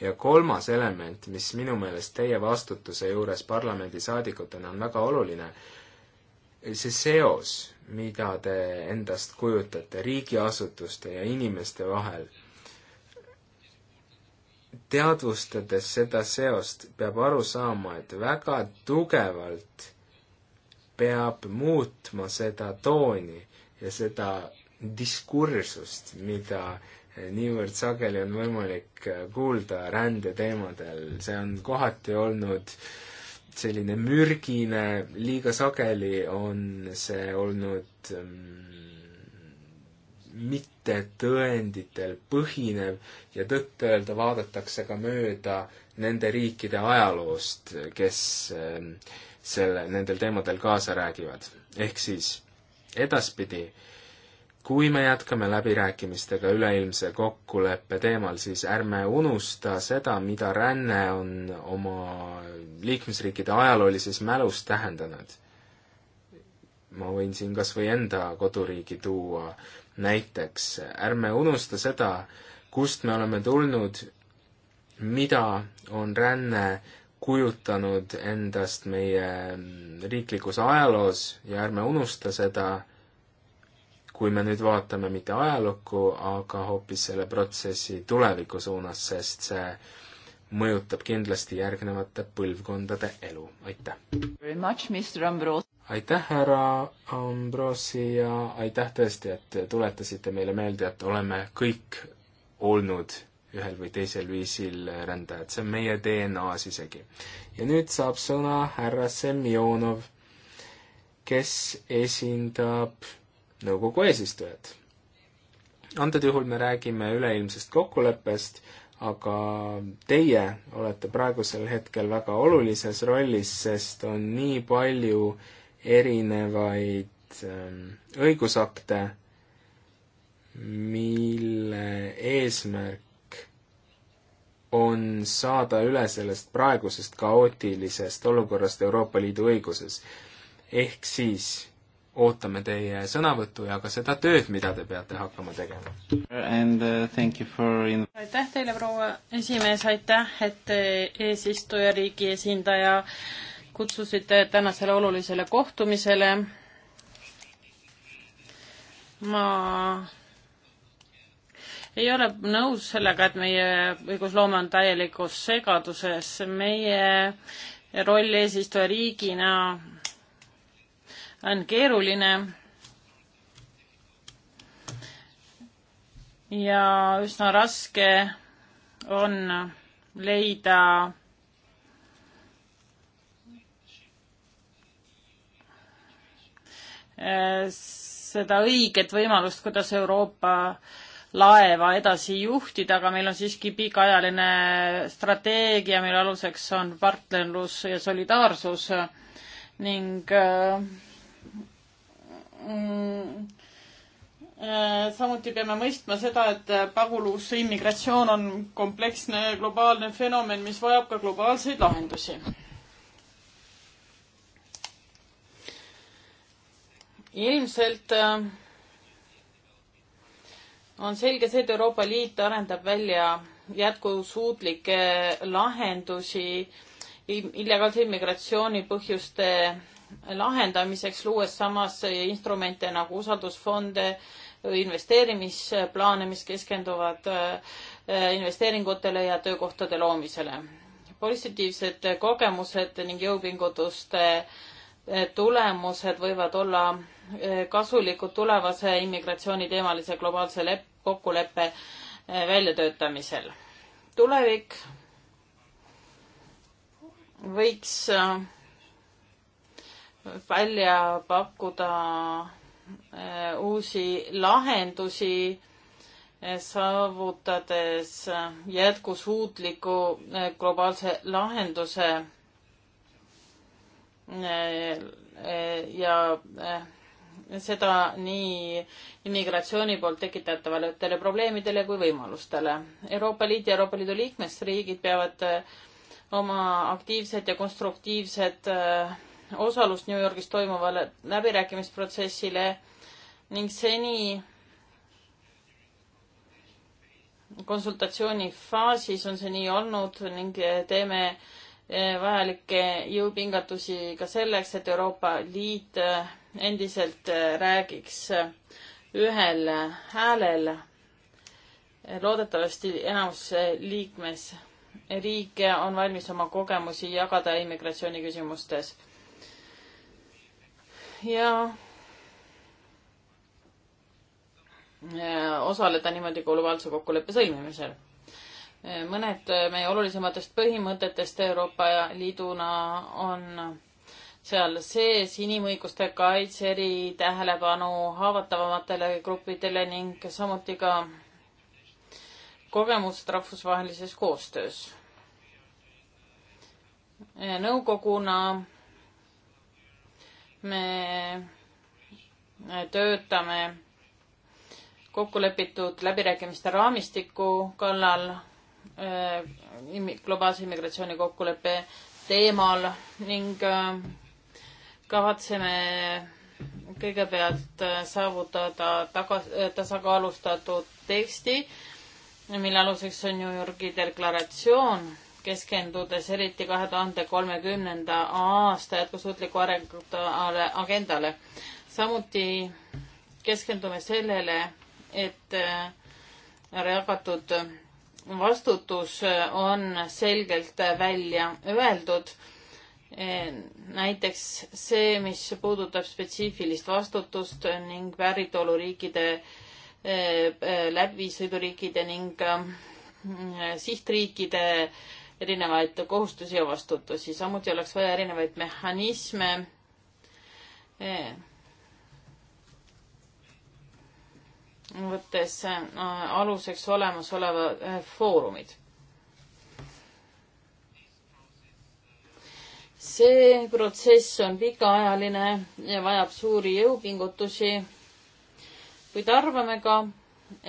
ja kolmas element, mis minu meelest teie vastutuse juures parlamendisaadikutena on väga oluline, see seos, mida te endast kujutate riigiasutuste ja inimeste vahel, teadvustades seda seost, peab aru saama, et väga tugevalt peab muutma seda tooni ja seda diskursust, mida niivõrd sageli on võimalik kuulda rändeteemadel, see on kohati olnud äh, selline mürgine, liiga sageli on see olnud mm, mitte tõenditel põhinev ja tõtt-öelda vaadatakse ka mööda nende riikide ajaloost, kes mm, selle, nendel teemadel kaasa räägivad. ehk siis edaspidi äh, kui me jätkame läbirääkimistega üleilmse kokkuleppe teemal, siis ärme unusta seda, mida ränne on oma liikmesriikide ajaloolises mälus tähendanud. ma võin siin kas või enda koduriigi tuua näiteks, ärme unusta seda, kust me oleme tulnud, mida on ränne kujutanud endast meie riiklikus ajaloos ja ärme unusta seda, kui me nüüd vaatame mitte ajalukku, aga hoopis selle protsessi tuleviku suunas, sest see mõjutab kindlasti järgnevate põlvkondade elu, aitäh! aitäh, härra Ambrosi ja aitäh tõesti, et tuletasite meile meelde, et oleme kõik olnud ühel või teisel viisil rändajad, see on meie DNA-s isegi. ja nüüd saab sõna härra Semjonov, kes esindab nõukogu eesistujat. antud juhul me räägime üleilmsest kokkuleppest, aga teie olete praegusel hetkel väga olulises rollis, sest on nii palju erinevaid ähm, õigusakte, mille eesmärk on saada üle sellest praegusest kaootilisest olukorrast Euroopa Liidu õiguses. ehk siis ootame teie sõnavõttu ja ka seda tööd, mida te peate hakkama tegema. Uh, for... aitäh teile, proua esimees, aitäh, et eesistujariigi esindaja kutsusite tänasele olulisele kohtumisele. ma ei ole nõus sellega, et meie õigusloome on täielikus segaduses. meie roll eesistujariigina on keeruline. ja üsna raske on leida äh, seda õiget võimalust, kuidas Euroopa laeva edasi juhtida, aga meil on siiski pikaajaline strateegia, mille aluseks on partnerlus ja solidaarsus ning äh, Mm. Äh, samuti peame mõistma seda, et pagulusse immigratsioon on kompleksne globaalne fenomen, mis vajab ka globaalseid lahendusi. ilmselt äh, on selge see, et Euroopa Liit arendab välja jätkusuutlikke lahendusi illegaalse immigratsiooni põhjuste lahendamiseks, luues samas instrumente nagu usaldusfonde, investeerimisplaane, mis keskenduvad äh, investeeringutele ja töökohtade loomisele. positiivsed kogemused ning jõupingutuste äh, tulemused võivad olla äh, kasulikud tulevase immigratsiooniteemalise globaalse lepp-, kokkuleppe väljatöötamisel. tulevik võiks välja pakkuda äh, uusi lahendusi, äh, saavutades äh, jätkusuutliku globaalse lahenduse ja seda nii immigratsiooni poolt tekitatavatele probleemidele kui võimalustele. Euroopa Liit ja Euroopa Liidu liikmesriigid peavad oma aktiivset ja konstruktiivset osalust New Yorgis toimuvale läbirääkimisprotsessile ning seni konsultatsioonifaasis on see nii olnud ning teeme eh, vajalikke jõupingatusi ka selleks, et Euroopa Liit eh, endiselt eh, räägiks ühel häälel. loodetavasti enamus liikmesriike on valmis oma kogemusi jagada immigratsiooniküsimustes ja osaleda niimoodi globaalse kokkuleppe sõlmimisel. mõned meie olulisematest põhimõtetest Euroopa Liiduna on seal sees inimõiguste kaitse, eritähelepanu haavatavamatele gruppidele ning samuti ka kogemused rahvusvahelises koostöös. nõukoguna me töötame kokkulepitud läbirääkimiste raamistiku kallal äh, globaalse immigratsiooni kokkuleppe teemal ning äh, kavatseme kõigepealt äh, saavutada tagas, tasakaalustatud teksti, mille aluseks on New Yorgi deklaratsioon keskendudes eriti kahe tuhande kolmekümnenda aasta jätkusuutliku arengutele agendale. samuti keskendume sellele, et äh, jagatud vastutus äh, on selgelt välja öeldud. Äh, näiteks see, mis puudutab spetsiifilist vastutust ning päritoluriikide, läbisõiduriikide ning sihtriikide äh, erinevaid kohustusi ja vastutusi, samuti oleks vaja erinevaid mehhanisme eh, võttes eh, aluseks olemasoleva eh, foorumid. see protsess on pikaajaline ja vajab suuri jõupingutusi, kuid arvame ka,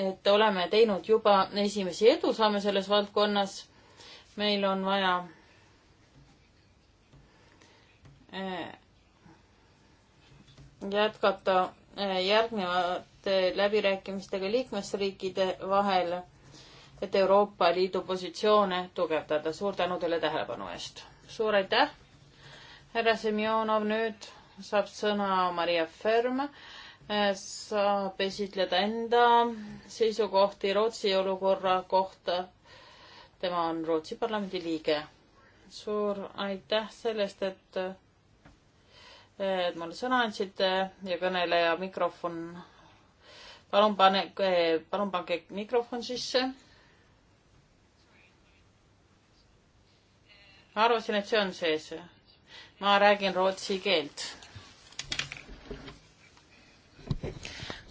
et oleme teinud juba esimesi edusamme selles valdkonnas meil on vaja eh, jätkata eh, järgnevate läbirääkimistega liikmesriikide vahel, et Euroopa Liidu positsioone tugevdada. suur tänu teile tähelepanu eest. suur aitäh, härra Semjonov, nüüd saab sõna Maria Ferm, eh, saab esitleda enda seisukohti Rootsi olukorra kohta tema on Rootsi parlamendi liige. suur aitäh sellest, et, et mulle sõna andsite ja kõneleja mikrofon. palun pane, palun pange mikrofon sisse. arvasin, et see on sees. ma räägin rootsi keelt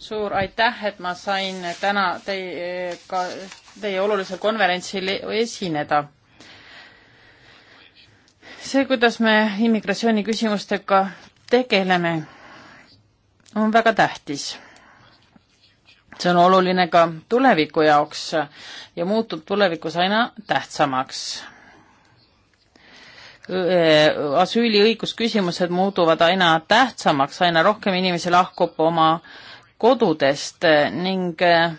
suur aitäh, et ma sain täna teie, ka teie olulisel konverentsil esineda. see, kuidas me immigratsiooniküsimustega tegeleme, on väga tähtis. see on oluline ka tuleviku jaoks ja muutub tulevikus aina tähtsamaks e, asüüliõigusküsimused muutuvad aina tähtsamaks, aina rohkem inimesi lahkub oma äh, kodudest ning eh,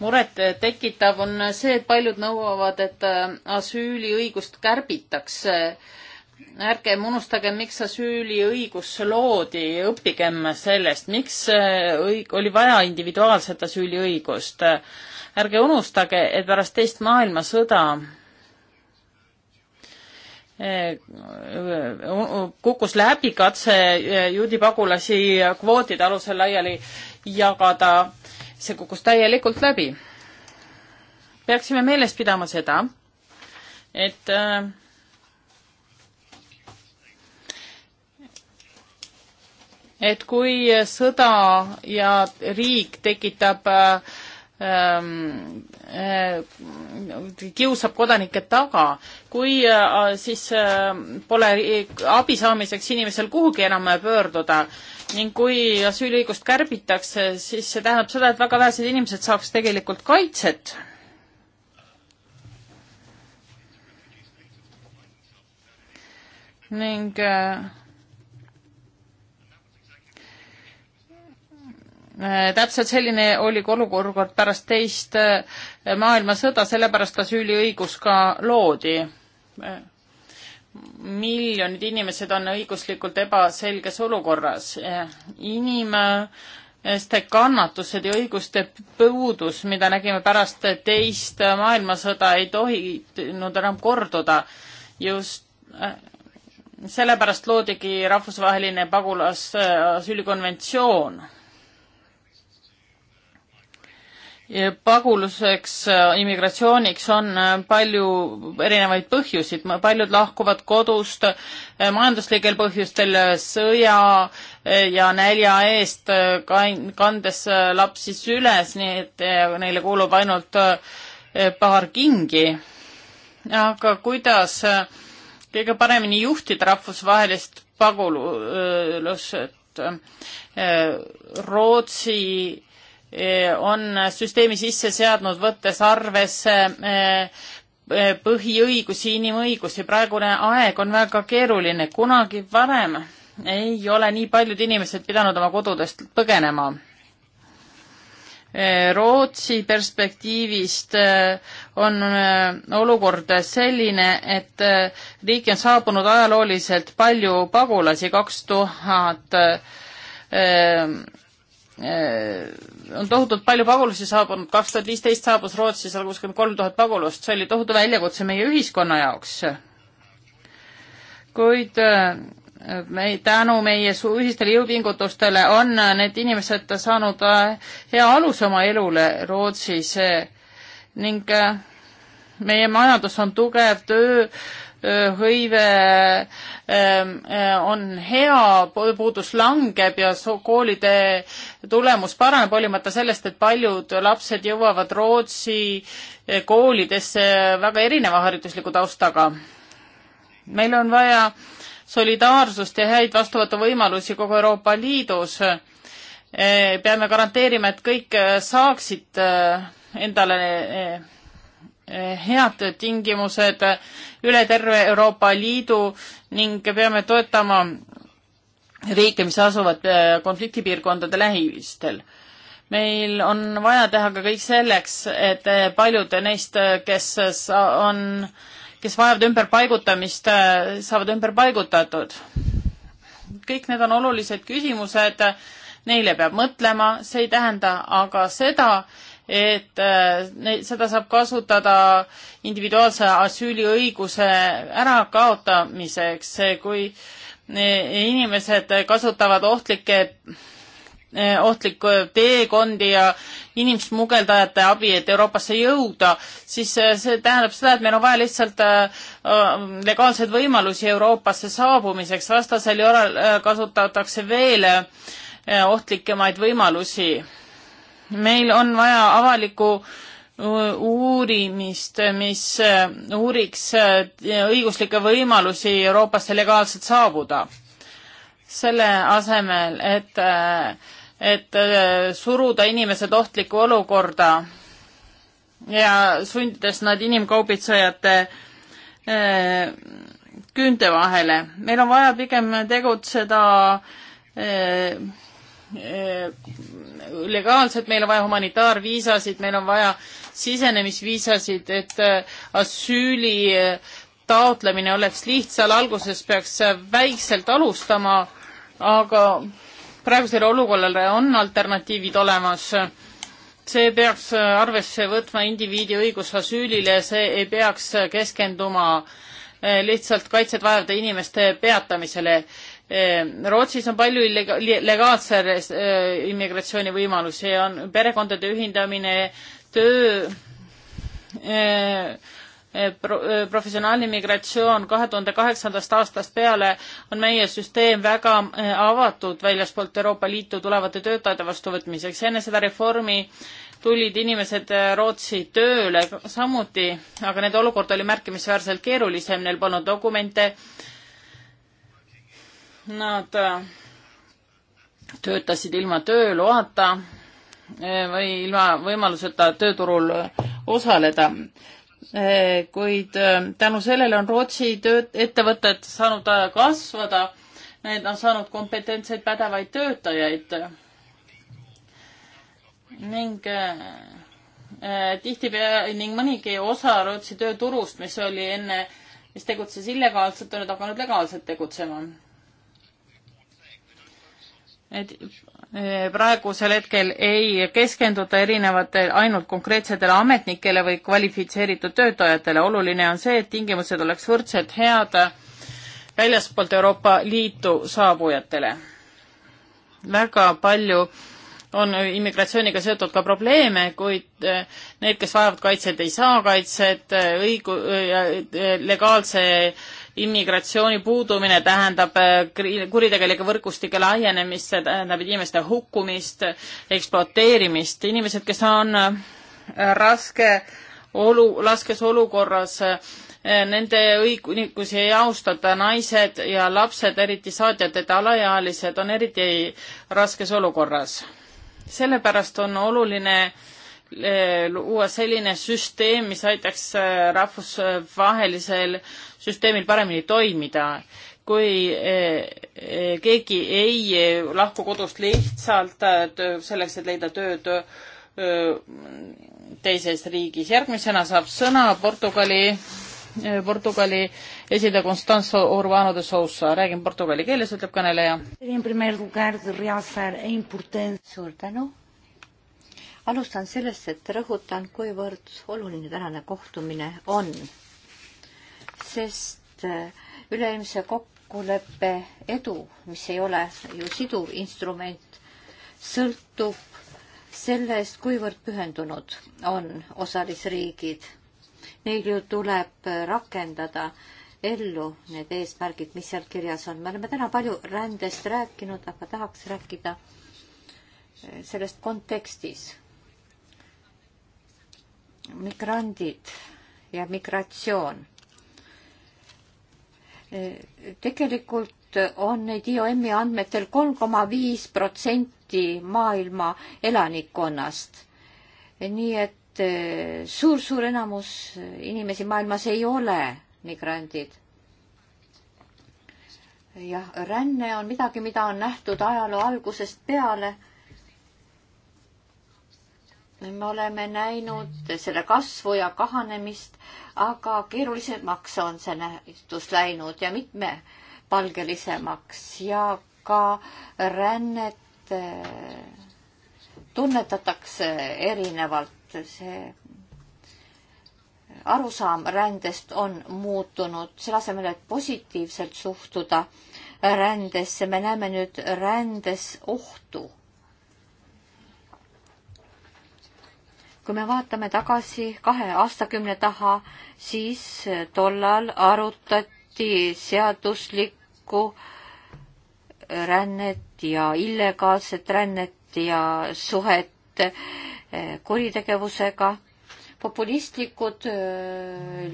muret tekitav on see, et paljud nõuavad, et eh, asüüliõigust kärbitakse. ärgem unustagem, miks asüüliõigus loodi, õppigem sellest, miks eh, õig-, oli vaja individuaalset asüüliõigust. ärge unustage, et pärast teist maailmasõda kukkus läbi katse eh, juudi pagulasi kvootide alusel laiali jagada, see kukkus täielikult läbi. peaksime meeles pidama seda, et eh, et kui sõda ja riik tekitab äh, Ähm, äh, kiusab kodanikke taga, kui äh, siis äh, pole abi saamiseks inimesel kuhugi enam pöörduda ning kui asüüliõigust kärbitakse, siis see tähendab seda, et väga vähesed inimesed saaks tegelikult kaitset. ning äh, Äh, täpselt selline oli ka olukord pärast teist äh, maailmasõda, sellepärast asüüliõigus ka loodi. Äh, miljonid inimesed on õiguslikult ebaselges olukorras. inimeste kannatused ja õiguste puudus, mida nägime pärast teist maailmasõda, ei tohinud enam korduda. just sellepärast loodigi rahvusvaheline pagulas asüülikonventsioon paguluseks, äh, immigratsiooniks on äh, palju erinevaid põhjusid, paljud lahkuvad kodust äh, majanduslikel põhjustel, sõja ja nälja eest, kandes lapsi süles, nii et neile kuulub ainult paar kingi. aga kuidas kõige paremini juhtida rahvusvahelist pagulust? Rootsi Eh, on süsteemi sisse seadnud, võttes arvesse eh, eh, põhiõigusi, inimõigusi. praegune aeg on väga keeruline, kunagi varem ei ole nii paljud inimesed pidanud oma kodudest põgenema. Rootsi perspektiivist on olukord selline, et riiki on saabunud ajalooliselt palju pagulasi, kaks tuhat Äh, on tohutult palju pagulasi saabunud, kaks tuhat viisteist saabus Rootsi sada kuuskümmend kolm tuhat pagulust, see oli tohutu väljakutse meie ühiskonna jaoks. kuid äh, me, tänu meie ühistele jõupingutustele on need inimesed saanud äh, hea aluse oma elule Rootsis ning meie majandus on tugev, töö hõive ähm, äh, on hea, puudus langeb ja koolide tulemus paraneb, hoolimata sellest, et paljud lapsed jõuavad Rootsi äh, koolidesse väga erineva haridusliku taustaga. meil on vaja solidaarsust ja häid vastuvõtuvõimalusi kogu Euroopa Liidus. Äh, peame garanteerima, et kõik saaksid endale head tingimused üle terve Euroopa Liidu ning peame toetama riike, mis asuvad äh, konfliktipiirkondade lähivistel. meil on vaja teha ka kõik selleks, et äh, paljud neist, äh, kes on, kes vajavad ümberpaigutamist, saavad ümber paigutatud. kõik need on olulised küsimused, neile peab mõtlema, see ei tähenda aga seda, et äh, neid, seda saab kasutada individuaalse asüüliõiguse ärakaotamiseks, kui äh, inimesed kasutavad ohtlikke, äh, ohtlikku teekondi ja inimsmugeldajate abi, et Euroopasse jõuda, siis see tähendab seda, et meil on vaja lihtsalt legaalseid võimalusi Euroopasse saabumiseks, vastasel korral kasutatakse veel ohtlikemaid võimalusi meil on vaja avalikku uurimist, mis äh, uuriks äh, õiguslikke võimalusi Euroopasse legaalselt saabuda. selle asemel, et, äh, et suruda inimesed ohtlikku olukorda ja sundides nad inimkaubitsejate küünte vahele. meil on vaja pigem tegutseda legaalselt, meil on vaja humanitaarviisasid, meil on vaja sisenemisviisasid, et äh, asüüli äh, taotlemine oleks lihtsal, alguses peaks äh, väikselt alustama, aga praegusele olukorrale on alternatiivid olemas. see peaks arvesse võtma indiviidi õigus asüülile, see ei peaks keskenduma lihtsalt kaitset vajavate inimeste peatamisele Ehm, Rootsis on palju legaalse eh, immigratsiooni võimalusi, on perekondade ühindamine, töö, eh, eh, professionaalne migratsioon kahe tuhande kaheksandast aastast peale on meie süsteem väga avatud väljaspoolt Euroopa Liitu tulevate töötajate vastuvõtmiseks. enne seda reformi tulid inimesed Rootsi tööle samuti, aga nende olukord oli märkimisväärselt keerulisem, neil polnud dokumente, Nad äh, töötasid ilma tööloata äh, või ilma võimaluseta tööturul osaleda. Äh, kuid tänu sellele on Rootsi tööd, ettevõtted saanud kasvada. Need on saanud kompetentseid pädevaid töötajaid. ning tihtipeale ning mõnigi osa Rootsi tööturust, mis oli enne, mis tegutses illegaalselt, on nüüd hakanud legaalselt tegutsema et eh, praegusel hetkel ei keskenduta erinevate, ainult konkreetsetele ametnikele või kvalifitseeritud töötajatele. oluline on see, et tingimused oleks võrdselt head väljaspoolt Euroopa Liitu saabujatele. väga palju äh, on immigratsiooniga seotud ka probleeme, kuid äh, need, kes vajavad kaitset, ei saa kaitset, õigu-, äh, legaalse immigratsiooni puudumine tähendab äh, kuritegelike võrgustike laienemist, see tähendab inimeste hukkumist, ekspluateerimist, inimesed, kes on raske olu, raskes olukorras, nende õigusi ei austata, naised ja lapsed, eriti saatjad, et alaealised on eriti raskes olukorras sellepärast on oluline eh, luua selline süsteem, mis aitaks eh, rahvusvahelisel süsteemil paremini toimida. kui eh, keegi ei lahku kodust lihtsalt selleks, et leida tööd teises riigis. järgmisena saab sõna Portugali, Portugali esindaja Constanzo Urbano de Sousa, räägin portugali keeles, ütleb kõneleja. E suur tänu. alustan sellest, et rõhutan, kuivõrd oluline tänane kohtumine on, sest äh, üleilmse kokkuleppe edu, mis ei ole ju siduv instrument, sõltub sellest, kuivõrd pühendunud on osalisriigid. Neil ju tuleb rakendada äh, ellu need eesmärgid, mis seal kirjas on. me oleme täna palju rändest rääkinud, aga tahaks rääkida eh, sellest kontekstis. migrandid ja migratsioon. Eh, tegelikult on neid IOM-i andmetel kolm koma viis protsenti maailma elanikkonnast. Eh, nii et suur-suur enamus inimesi maailmas ei ole migrandid. jah, ränne on midagi, mida on nähtud ajaloo algusest peale. me oleme näinud selle kasvu ja kahanemist, aga keerulisemaks on see nähtus läinud ja mitmepalgelisemaks ja ka rännet eh, tunnetatakse erinevalt, see arusaam rändest on muutunud, selle asemel, et positiivselt suhtuda rändesse, me näeme nüüd rändes ohtu. kui me vaatame tagasi kahe aastakümne taha, siis tollal arutati seaduslikku rännet ja illegaalset rännet ja suhet eh, kuritegevusega populistlikud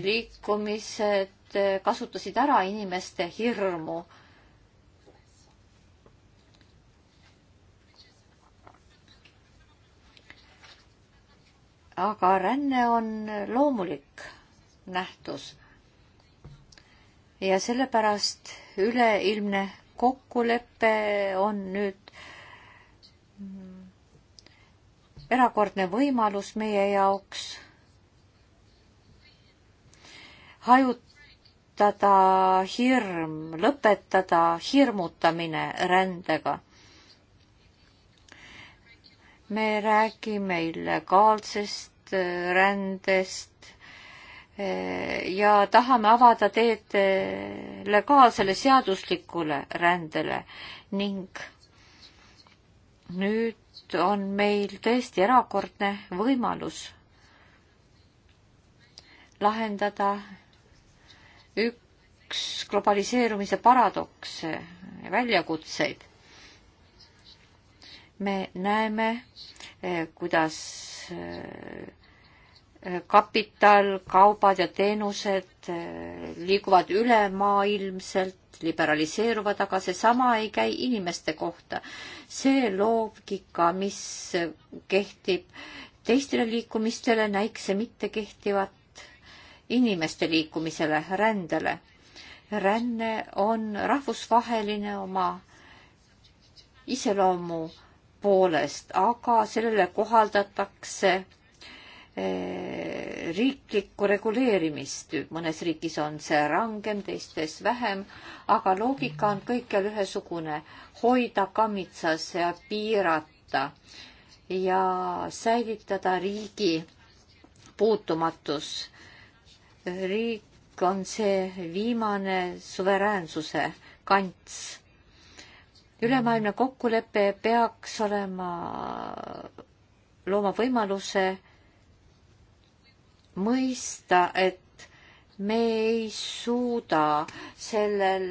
liikumised kasutasid ära inimeste hirmu. aga ränne on loomulik nähtus. ja sellepärast üleilmne kokkulepe on nüüd mm, erakordne võimalus meie jaoks hajutada hirm, lõpetada hirmutamine rändega. me räägime illegaalsest äh, rändest äh, ja tahame avada teed äh, legaalsele seaduslikule rändele ning nüüd on meil tõesti erakordne võimalus lahendada üks globaliseerumise paradokse ja väljakutseid. me näeme, eh, kuidas eh, kapital, kaubad ja teenused eh, liiguvad ülemaailmselt, liberaliseeruvad, aga seesama ei käi inimeste kohta. see loogika, mis kehtib teistele liikumistele, näikse mitte kehtivat inimeste liikumisele, rändele ränne on rahvusvaheline oma iseloomu poolest, aga sellele kohaldatakse eh, riiklikku reguleerimist, mõnes riigis on see rangem, teistes vähem, aga loogika on kõikjal ühesugune, hoida kammitsas ja piirata ja säilitada riigi puutumatus. riik on see viimane suveräänsuse kants. ülemaailmne kokkulepe peaks olema, looma võimaluse mõista, et me ei suuda sellel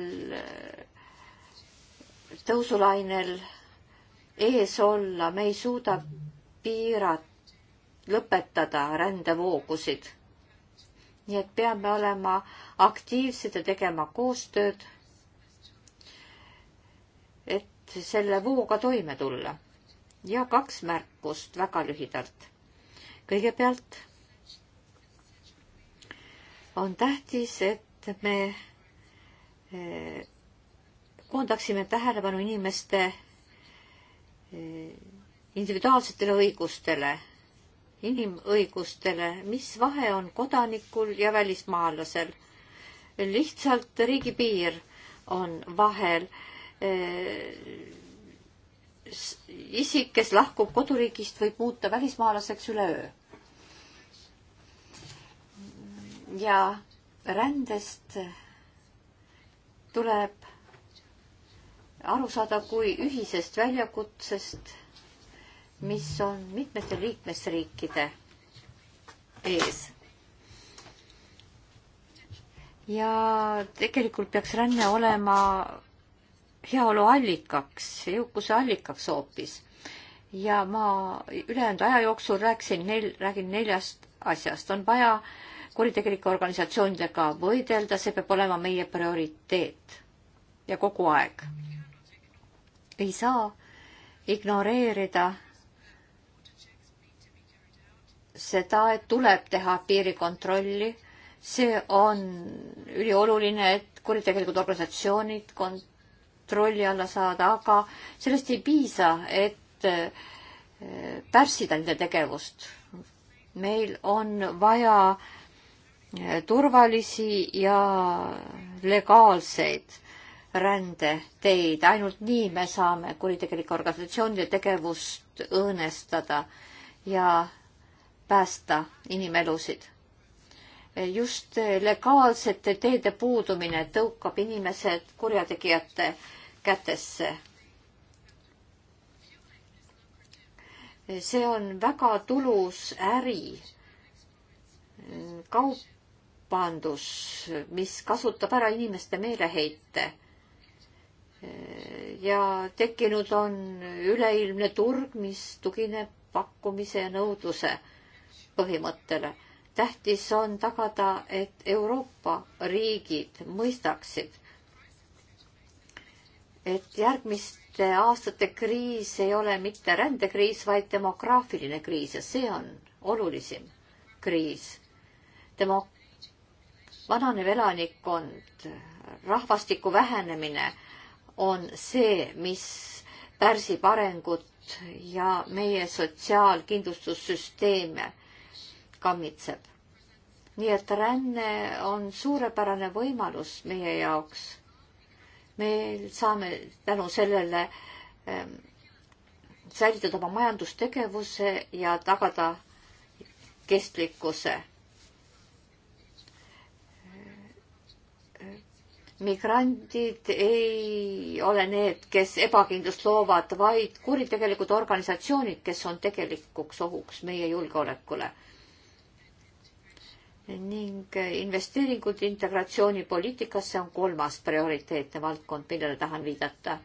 tõusulainel ees olla, me ei suuda piirata, lõpetada rändevoogusid nii et peame olema aktiivsed ja tegema koostööd, et selle vooga toime tulla. ja kaks märkust väga lühidalt. kõigepealt on tähtis, et me eh, koondaksime tähelepanu inimeste eh, individuaalsetele õigustele inimõigustele, mis vahe on kodanikul ja välismaalasel? lihtsalt riigipiir on vahel. Eh, isik, kes lahkub koduriigist, võib muuta välismaalaseks üleöö. ja rändest tuleb aru saada kui ühisest väljakutsest mis on mitmete liikmesriikide ees. ja tegelikult peaks ränne olema heaolu allikaks, jõukuse allikaks hoopis. ja ma ülejäänud aja jooksul rääkisin nel-, räägin neljast asjast. on vaja kuritegelike organisatsioonidega võidelda, see peab olema meie prioriteet ja kogu aeg. ei saa ignoreerida seda, et tuleb teha piirikontrolli. see on ülioluline, et kuritegelikud organisatsioonid kontrolli alla saada, aga sellest ei piisa, et eh, pärssida nende tegevust. meil on vaja eh, turvalisi ja legaalseid rändeteid, ainult nii me saame kuritegelike organisatsioonide tegevust õõnestada ja päästa inimelusid. just legaalsete teede puudumine tõukab inimesed kurjategijate kätesse. see on väga tulus äri, kaubandus, mis kasutab ära inimeste meeleheite ja tekkinud on üleilmne turg, mis tugineb pakkumise ja nõudluse põhimõttele. tähtis on tagada, et Euroopa riigid mõistaksid, et järgmiste aastate kriis ei ole mitte rändekriis, vaid demograafiline kriis ja see on olulisim kriis. Demo-, vananev elanikkond, rahvastiku vähenemine on see, mis pärsib arengut ja meie sotsiaalkindlustussüsteeme kammitseb. nii et ränne on suurepärane võimalus meie jaoks. me saame tänu sellele ähm, säilitada oma majandustegevuse ja tagada kestlikkuse. migrandid ei ole need, kes ebakindlust loovad, vaid kuritegelikud organisatsioonid, kes on tegelikuks ohuks meie julgeolekule ning investeeringud integratsioonipoliitikasse on kolmas prioriteetne valdkond, millele tahan viidata.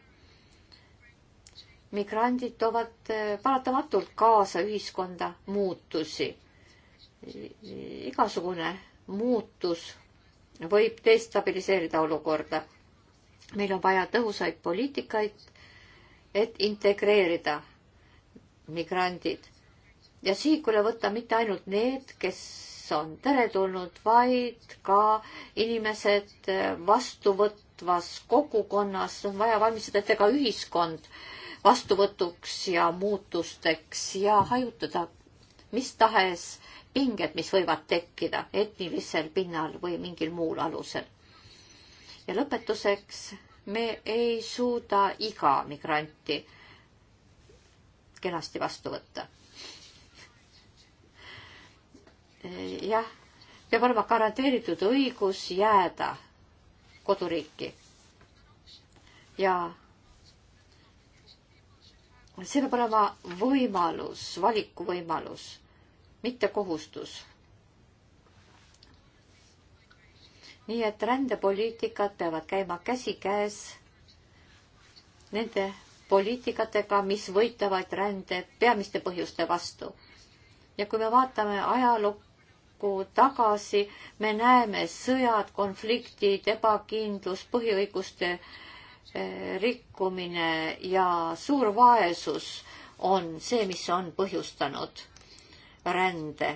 migrandid toovad äh, paratamatult kaasa ühiskonda muutusi. igasugune muutus võib destabiliseerida olukorda. meil on vaja tõhusaid poliitikaid, et integreerida migrandid ja sihikule võtta mitte ainult need, kes on teretulnud, vaid ka inimesed vastuvõtvas kogukonnas, on vaja valmistada ette ka ühiskond vastuvõtuks ja muutusteks ja hajutada mis tahes pinged, mis võivad tekkida etnilisel pinnal või mingil muul alusel. ja lõpetuseks, me ei suuda iga migranti kenasti vastu võtta jah, peab olema garanteeritud õigus jääda koduriiki. ja see peab olema võimalus, valikuvõimalus, mitte kohustus. nii et rändepoliitikad peavad käima käsikäes nende poliitikatega, mis võitlevad rände peamiste põhjuste vastu. ja kui me vaatame ajalugu, kuud tagasi, me näeme sõjad, konfliktid, ebakindlus, põhiõiguste eh, rikkumine ja suur vaesus on see, mis on põhjustanud rände.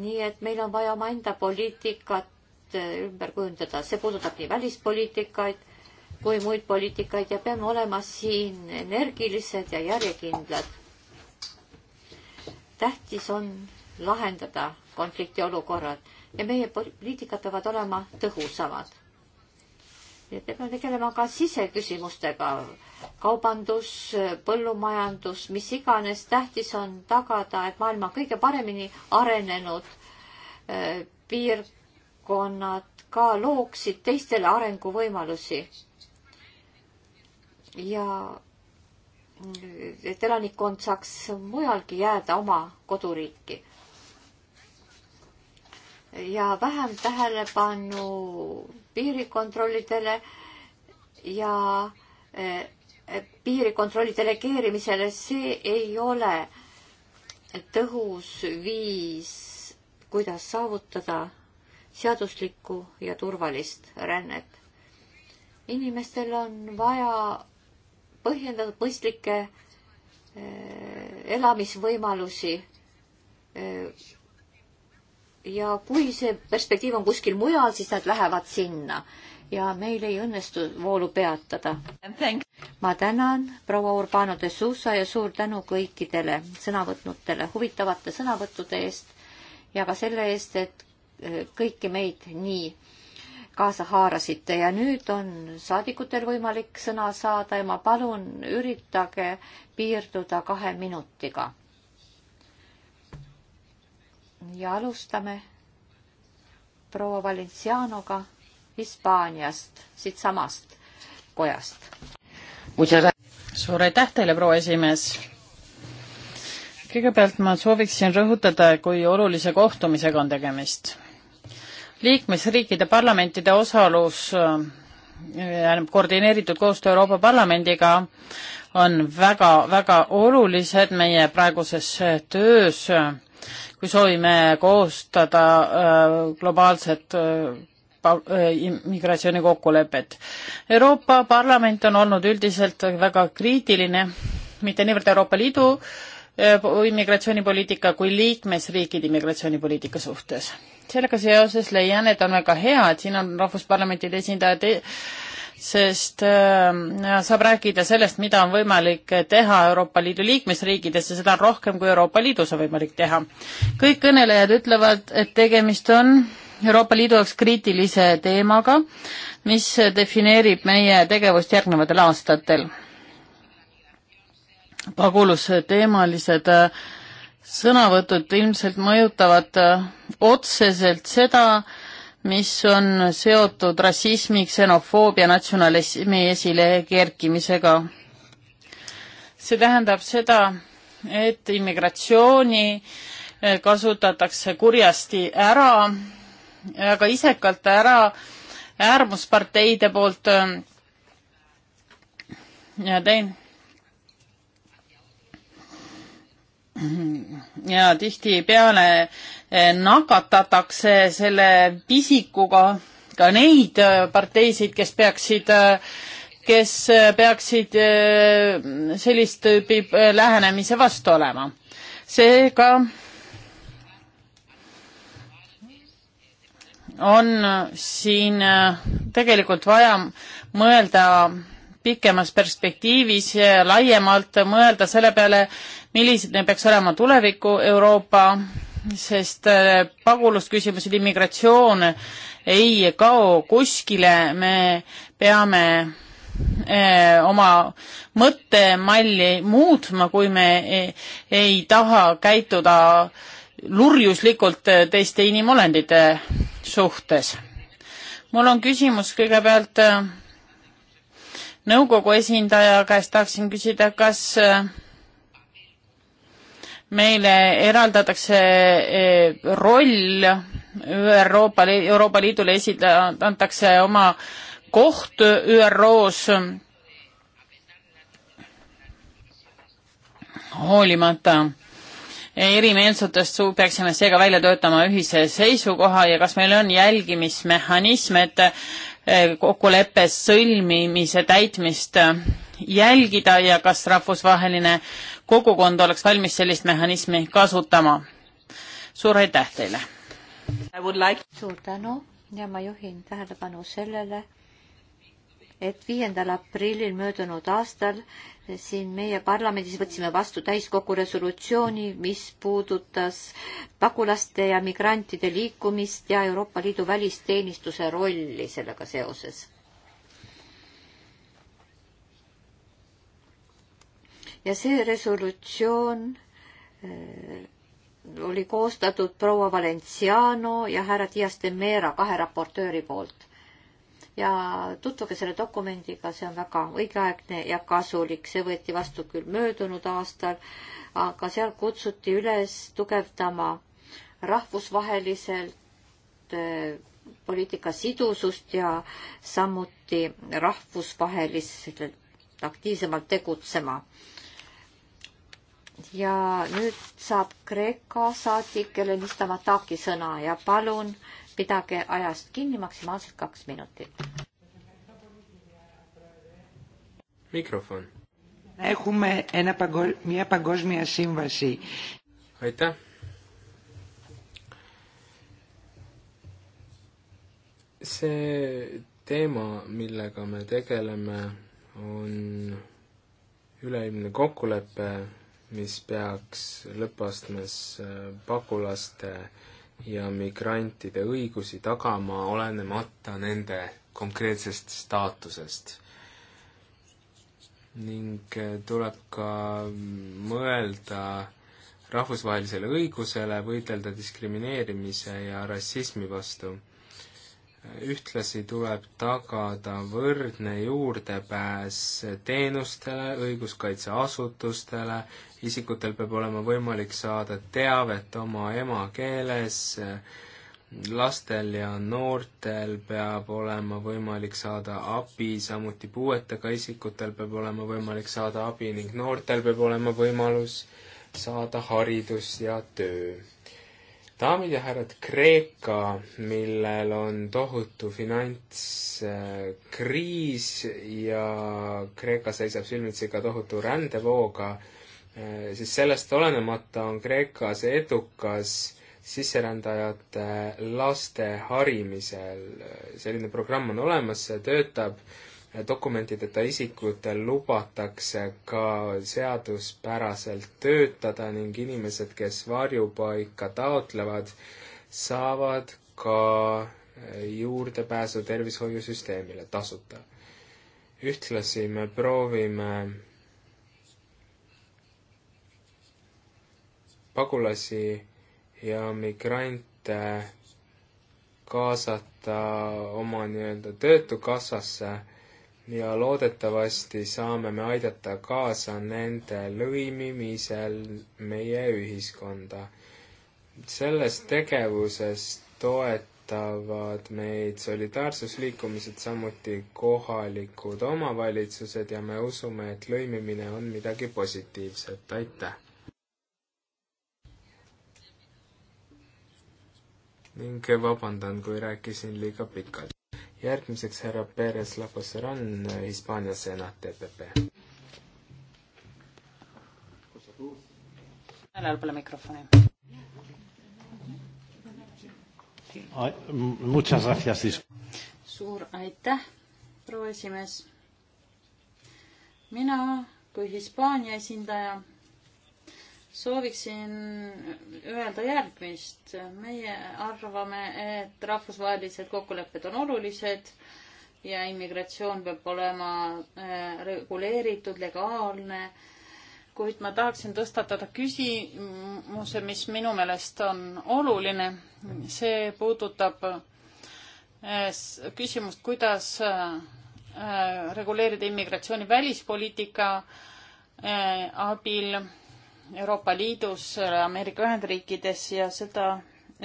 nii et meil on vaja omaenda poliitikat eh, ümber kujundada, see puudutab nii välispoliitikaid kui muid poliitikaid ja peame olema siin energilised ja järjekindlad. tähtis on lahendada konfliktiolukorrad ja meie poliitikad peavad olema tõhusamad. nii et me peame tegelema ka siseküsimustega, kaubandus, põllumajandus, mis iganes, tähtis on tagada, et maailma kõige paremini arenenud äh, piirkonnad ka looksid teistele arenguvõimalusi. ja et elanikkond saaks mujalgi jääda oma koduriiki ja vähem tähelepanu piirikontrollidele ja eh, piirikontrolli delegeerimisele, see ei ole tõhus viis, kuidas saavutada seaduslikku ja turvalist rännet. inimestel on vaja põhjendatud mõistlikke eh, elamisvõimalusi eh, ja kui see perspektiiv on kuskil mujal, siis nad lähevad sinna ja meil ei õnnestu voolu peatada. ma tänan proua Urbano de Sousa ja suur tänu kõikidele sõnavõtnutele huvitavate sõnavõttude eest ja ka selle eest, et eh, kõiki meid nii kaasa haarasite ja nüüd on saadikutel võimalik sõna saada ja ma palun, üritage piirduda kahe minutiga ja alustame proua Valencianoga Hispaaniast, siitsamast kojast. suur aitäh teile, proua esimees! kõigepealt ma sooviksin rõhutada, kui olulise kohtumisega on tegemist. liikmesriikide parlamentide osalus äh, äh, koordineeritud koostöö Euroopa Parlamendiga on väga-väga olulised meie praeguses töös kui soovime koostada äh, globaalset äh, äh, immigratsioonikokkulepet. Euroopa Parlament on olnud üldiselt väga kriitiline, mitte niivõrd Euroopa Liidu immigratsioonipoliitika kui liikmesriikide immigratsioonipoliitika suhtes. sellega seoses leian, et on väga hea, et siin on rahvusparlamentide esindajad e-, sest äh, saab rääkida sellest, mida on võimalik teha Euroopa Liidu liikmesriikides ja seda on rohkem, kui Euroopa Liidus on võimalik teha. kõik kõnelejad ütlevad, et tegemist on Euroopa Liidu jaoks kriitilise teemaga, mis defineerib meie tegevust järgnevatel aastatel. pagulusteemalised äh, sõnavõtud ilmselt mõjutavad äh, otseselt seda, mis on seotud rassismi, ksenofoobia, natsionalismi esilekerkimisega. see tähendab seda, et immigratsiooni eh, kasutatakse kurjasti ära, väga isekalt ära äärmusparteide poolt eh, ja tein- ja tihtipeale eh, nakatatakse selle pisikuga ka neid eh, parteisid, kes peaksid, eh, kes peaksid sellist tüüpi lähenemise vastu olema. seega on siin tegelikult vaja mõelda pikemas perspektiivis laiemalt mõelda selle peale, millised peaks olema tuleviku Euroopa, sest äh, pagulusküsimused, immigratsioon ei kao kuskile, me peame äh, oma mõttemalli muutma, kui me ei, äh, ei taha käituda lurjuslikult teiste inimolendite suhtes. mul on küsimus kõigepealt nõukogu esindaja käest tahaksin küsida, kas äh, meile eraldatakse eh, roll Euroopa, Euroopa Liidule esida-, antakse oma koht ÜRO-s hoolimata erimeelsutest peaksime seega välja töötama ühise seisukoha ja kas meil on jälgimismehhanism, et eh, kokkuleppes sõlmimise täitmist jälgida ja kas rahvusvaheline äh, kogukond oleks valmis sellist mehhanismi kasutama. suur aitäh teile! Like... suur tänu ja ma juhin tähelepanu sellele, et viiendal aprillil möödunud aastal siin meie parlamendis võtsime vastu täiskogu resolutsiooni, mis puudutas pagulaste ja migrantide liikumist ja Euroopa Liidu välisteenistuse rolli sellega seoses. ja see resolutsioon äh, oli koostatud proua Valenciano ja härra Dias de Mera kahe raportööri poolt. ja tutvuge selle dokumendiga, see on väga õigeaegne ja kasulik, see võeti vastu küll möödunud aastal, aga seal kutsuti üles tugevdama rahvusvaheliselt äh, poliitika sidusust ja samuti rahvusvaheliselt aktiivsemalt tegutsema ja nüüd saab Kreeka saadik Helenis Tamataki sõna ja palun pidage ajast kinni maksimaalselt kaks minutit. mikrofon. aitäh. see teema, millega me tegeleme, on üleilmne kokkulepe mis peaks lõppastmes äh, pagulaste ja migrantide õigusi tagama, olenemata nende konkreetsest staatusest. ning äh, tuleb ka mõelda rahvusvahelisele õigusele, võidelda diskrimineerimise ja rassismi vastu. Äh, ühtlasi tuleb tagada võrdne juurdepääs teenustele, õiguskaitseasutustele, isikutel peab olema võimalik saada teavet oma emakeeles, lastel ja noortel peab olema võimalik saada abi, samuti puuetega isikutel peab olema võimalik saada abi ning noortel peab olema võimalus saada haridus ja töö. daamid ja härrad, Kreeka, millel on tohutu finantskriis ja Kreeka seisab silmitsi ka tohutu rändevooga, Äh, siis sellest olenemata on Kreekas edukas sisserändajate laste harimisel. selline programm on olemas, see töötab, dokumentideta isikutel lubatakse ka seaduspäraselt töötada ning inimesed, kes varjupaika taotlevad, saavad ka äh, juurdepääsu tervishoiusüsteemile tasuta. ühtlasi me proovime pagulasi ja migrante kaasata oma nii-öelda töötukassasse ja loodetavasti saame me aidata kaasa nende lõimimisel meie ühiskonda. selles tegevuses toetavad meid solidaarsusliikumised, samuti kohalikud omavalitsused ja me usume, et lõimimine on midagi positiivset, aitäh! ning vabandan, kui rääkisin liiga pikalt. järgmiseks härra Perez Lacoseran, Hispaania senat, EPP. häälel pole mikrofoni. Muchas gracias. suur aitäh, proua esimees. mina kui Hispaania esindaja sooviksin öelda järgmist. meie arvame, et rahvusvahelised kokkulepped on olulised ja immigratsioon peab olema äh, reguleeritud, legaalne, kuid ma tahaksin tõstatada küsimuse, mis minu meelest on oluline. see puudutab äh, küsimust, kuidas äh, reguleerida immigratsiooni välispoliitika abil Euroopa Liidus, Ameerika Ühendriikides ja seda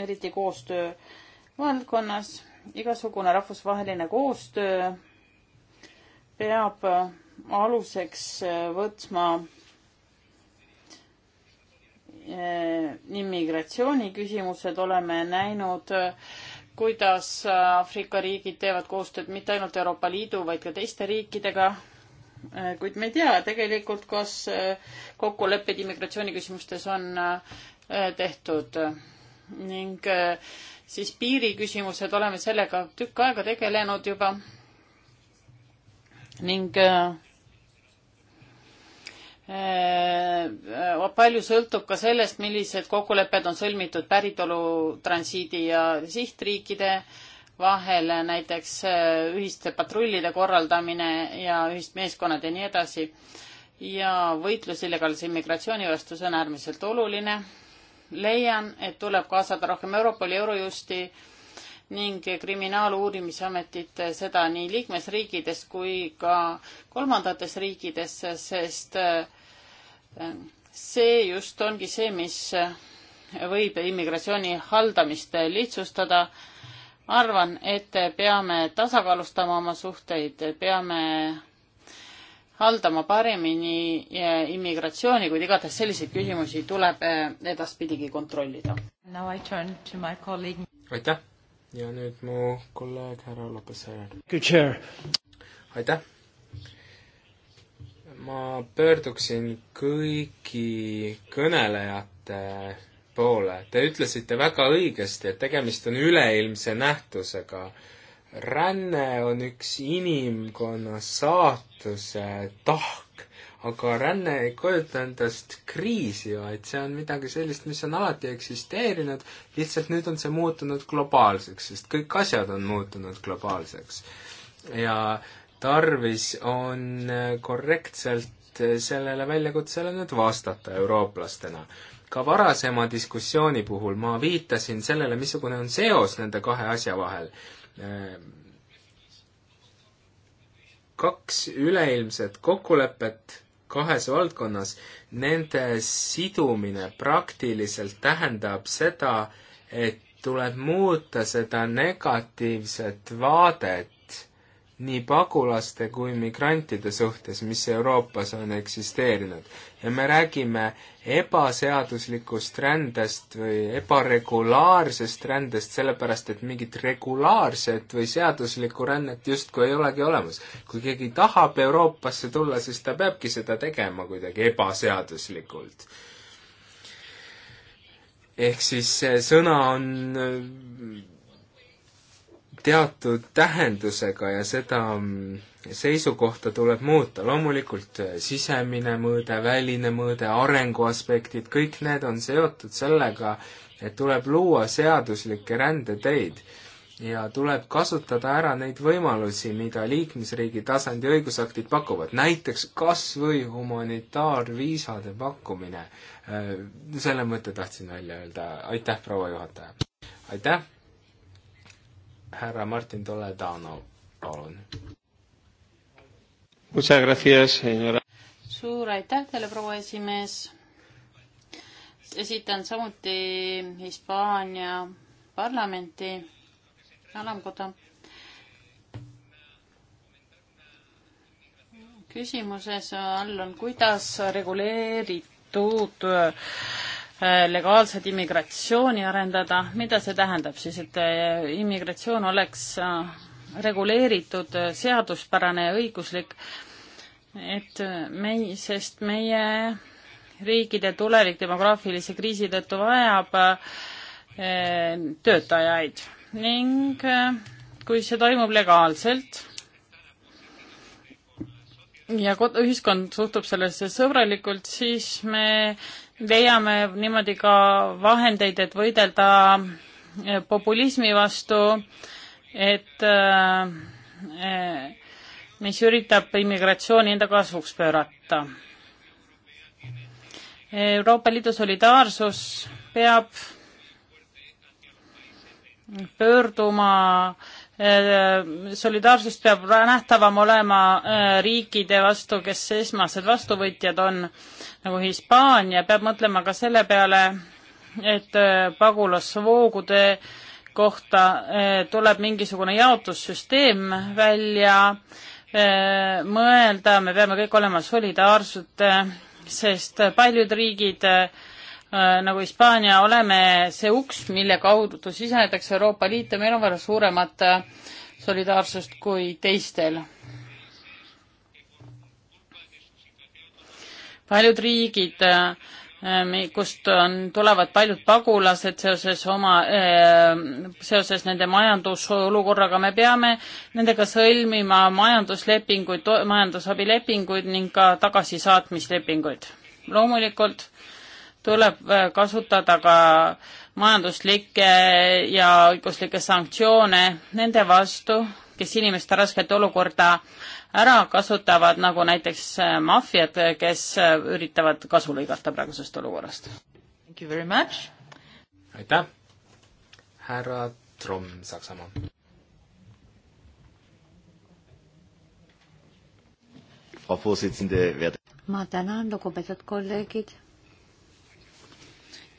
eriti koostöö valdkonnas. igasugune rahvusvaheline koostöö peab aluseks võtma eh, immigratsiooni küsimused, oleme näinud, kuidas Aafrika riigid teevad koostööd mitte ainult Euroopa Liidu, vaid ka teiste riikidega Äh, kuid me ei tea tegelikult, kas äh, kokkulepped immigratsiooniküsimustes on äh, tehtud ning siis piiriküsimused oleme sellega tükk aega tegelenud juba ning palju sõltub ka sellest, millised kokkulepped on sõlmitud päritolu, transiidi ja sihtriikide äh, vahel, näiteks äh, ühiste patrullide korraldamine ja ühist meeskonnad ja nii edasi. ja võitlus illegaalse immigratsiooni vastu, see on äärmiselt oluline. leian, et tuleb kaasada rohkem Europoli, Eurojusti ning kriminaaluurimisametit, äh, seda nii liikmesriikides kui ka kolmandates riikides, sest äh, see just ongi see, mis võib immigratsiooni haldamist lihtsustada arvan, et peame tasakaalustama oma suhteid, peame haldama paremini immigratsiooni, kuid igatahes selliseid küsimusi tuleb eh, edaspidigi kontrollida. aitäh ja nüüd mu kolleeg härra Lopes-Herrer. aitäh! ma pöörduksin kõigi kõnelejate poole. Te ütlesite väga õigesti, et tegemist on üleilmse nähtusega. ränne on üks inimkonna saatuse tahk, aga ränne ei kujuta endast kriisi, vaid see on midagi sellist, mis on alati eksisteerinud, lihtsalt nüüd on see muutunud globaalseks, sest kõik asjad on muutunud globaalseks. ja tarvis on korrektselt sellele väljakutsele nüüd vastata eurooplastena ka varasema diskussiooni puhul ma viitasin sellele, missugune on seos nende kahe asja vahel. kaks üleilmset kokkulepet kahes valdkonnas, nende sidumine praktiliselt tähendab seda, et tuleb muuta seda negatiivset vaadet nii pagulaste kui migrantide suhtes, mis Euroopas on eksisteerinud ja me räägime ebaseaduslikust rändest või ebaregulaarsest rändest, sellepärast et mingit regulaarset või seaduslikku rännet justkui ei olegi olemas. kui keegi tahab Euroopasse tulla, siis ta peabki seda tegema kuidagi ebaseaduslikult. ehk siis see sõna on äh, teatud tähendusega ja seda mm, seisukohta tuleb muuta, loomulikult äh, sisemine mõõde, väline mõõde, arenguaspektid, kõik need on seotud sellega, et tuleb luua seaduslikke rändeteid ja tuleb kasutada ära neid võimalusi, mida liikmesriigi tasandi õigusaktid pakuvad, näiteks kas või humanitaarviisade pakkumine. Äh, selle mõtte tahtsin välja öelda, aitäh, proua juhataja! aitäh! härra Martin Toledano, palun! suur aitäh teile, proua esimees. esitan samuti Hispaania parlamenti alamkoda küsimuses all on, kuidas reguleeritud äh, legaalset immigratsiooni arendada, mida see tähendab siis, et äh, immigratsioon oleks äh, reguleeritud äh, seaduspärane ja õiguslik, et äh, mei-, sest meie riikide tulevik demograafilise kriisi tõttu vajab äh, töötajaid ning kui see toimub legaalselt ja kod-, ühiskond suhtub sellesse sõbralikult, siis me leiame niimoodi ka vahendeid, et võidelda populismi vastu äh, et äh, äh, mis üritab immigratsiooni enda kasvuks pöörata. Euroopa Liidu solidaarsus peab pöörduma, äh, solidaarsust peab nähtavam olema riikide vastu, kes esmased vastuvõtjad on, nagu Hispaania, peab mõtlema ka selle peale, et pagulasvoogude äh, kohta eh, tuleb mingisugune jaotussüsteem välja eh, mõelda, me peame kõik olema solidaarsed, eh, sest paljud riigid nagu Hispaania oleme see uks, mille kaudu sisenetakse Euroopa Liitu, meil on vaja suuremat solidaarsust kui teistel. paljud riigid äh, Ähm, kust on, tulevad paljud pagulased seoses oma, ähm, seoses nende majandusolukorraga, me peame nendega sõlmima majanduslepinguid, majandusabilepinguid ning ka tagasisaatmislepinguid. loomulikult tuleb äh, kasutada ka majanduslikke ja õiguslikke sanktsioone nende vastu, kes inimeste rasket olukorda ära kasutavad, nagu näiteks äh, maffiad, kes äh, üritavad kasu lõigata praegusest olukorrast. aitäh, härra Tromm, Saksamaa. ma tänan, lugupeetud kolleegid.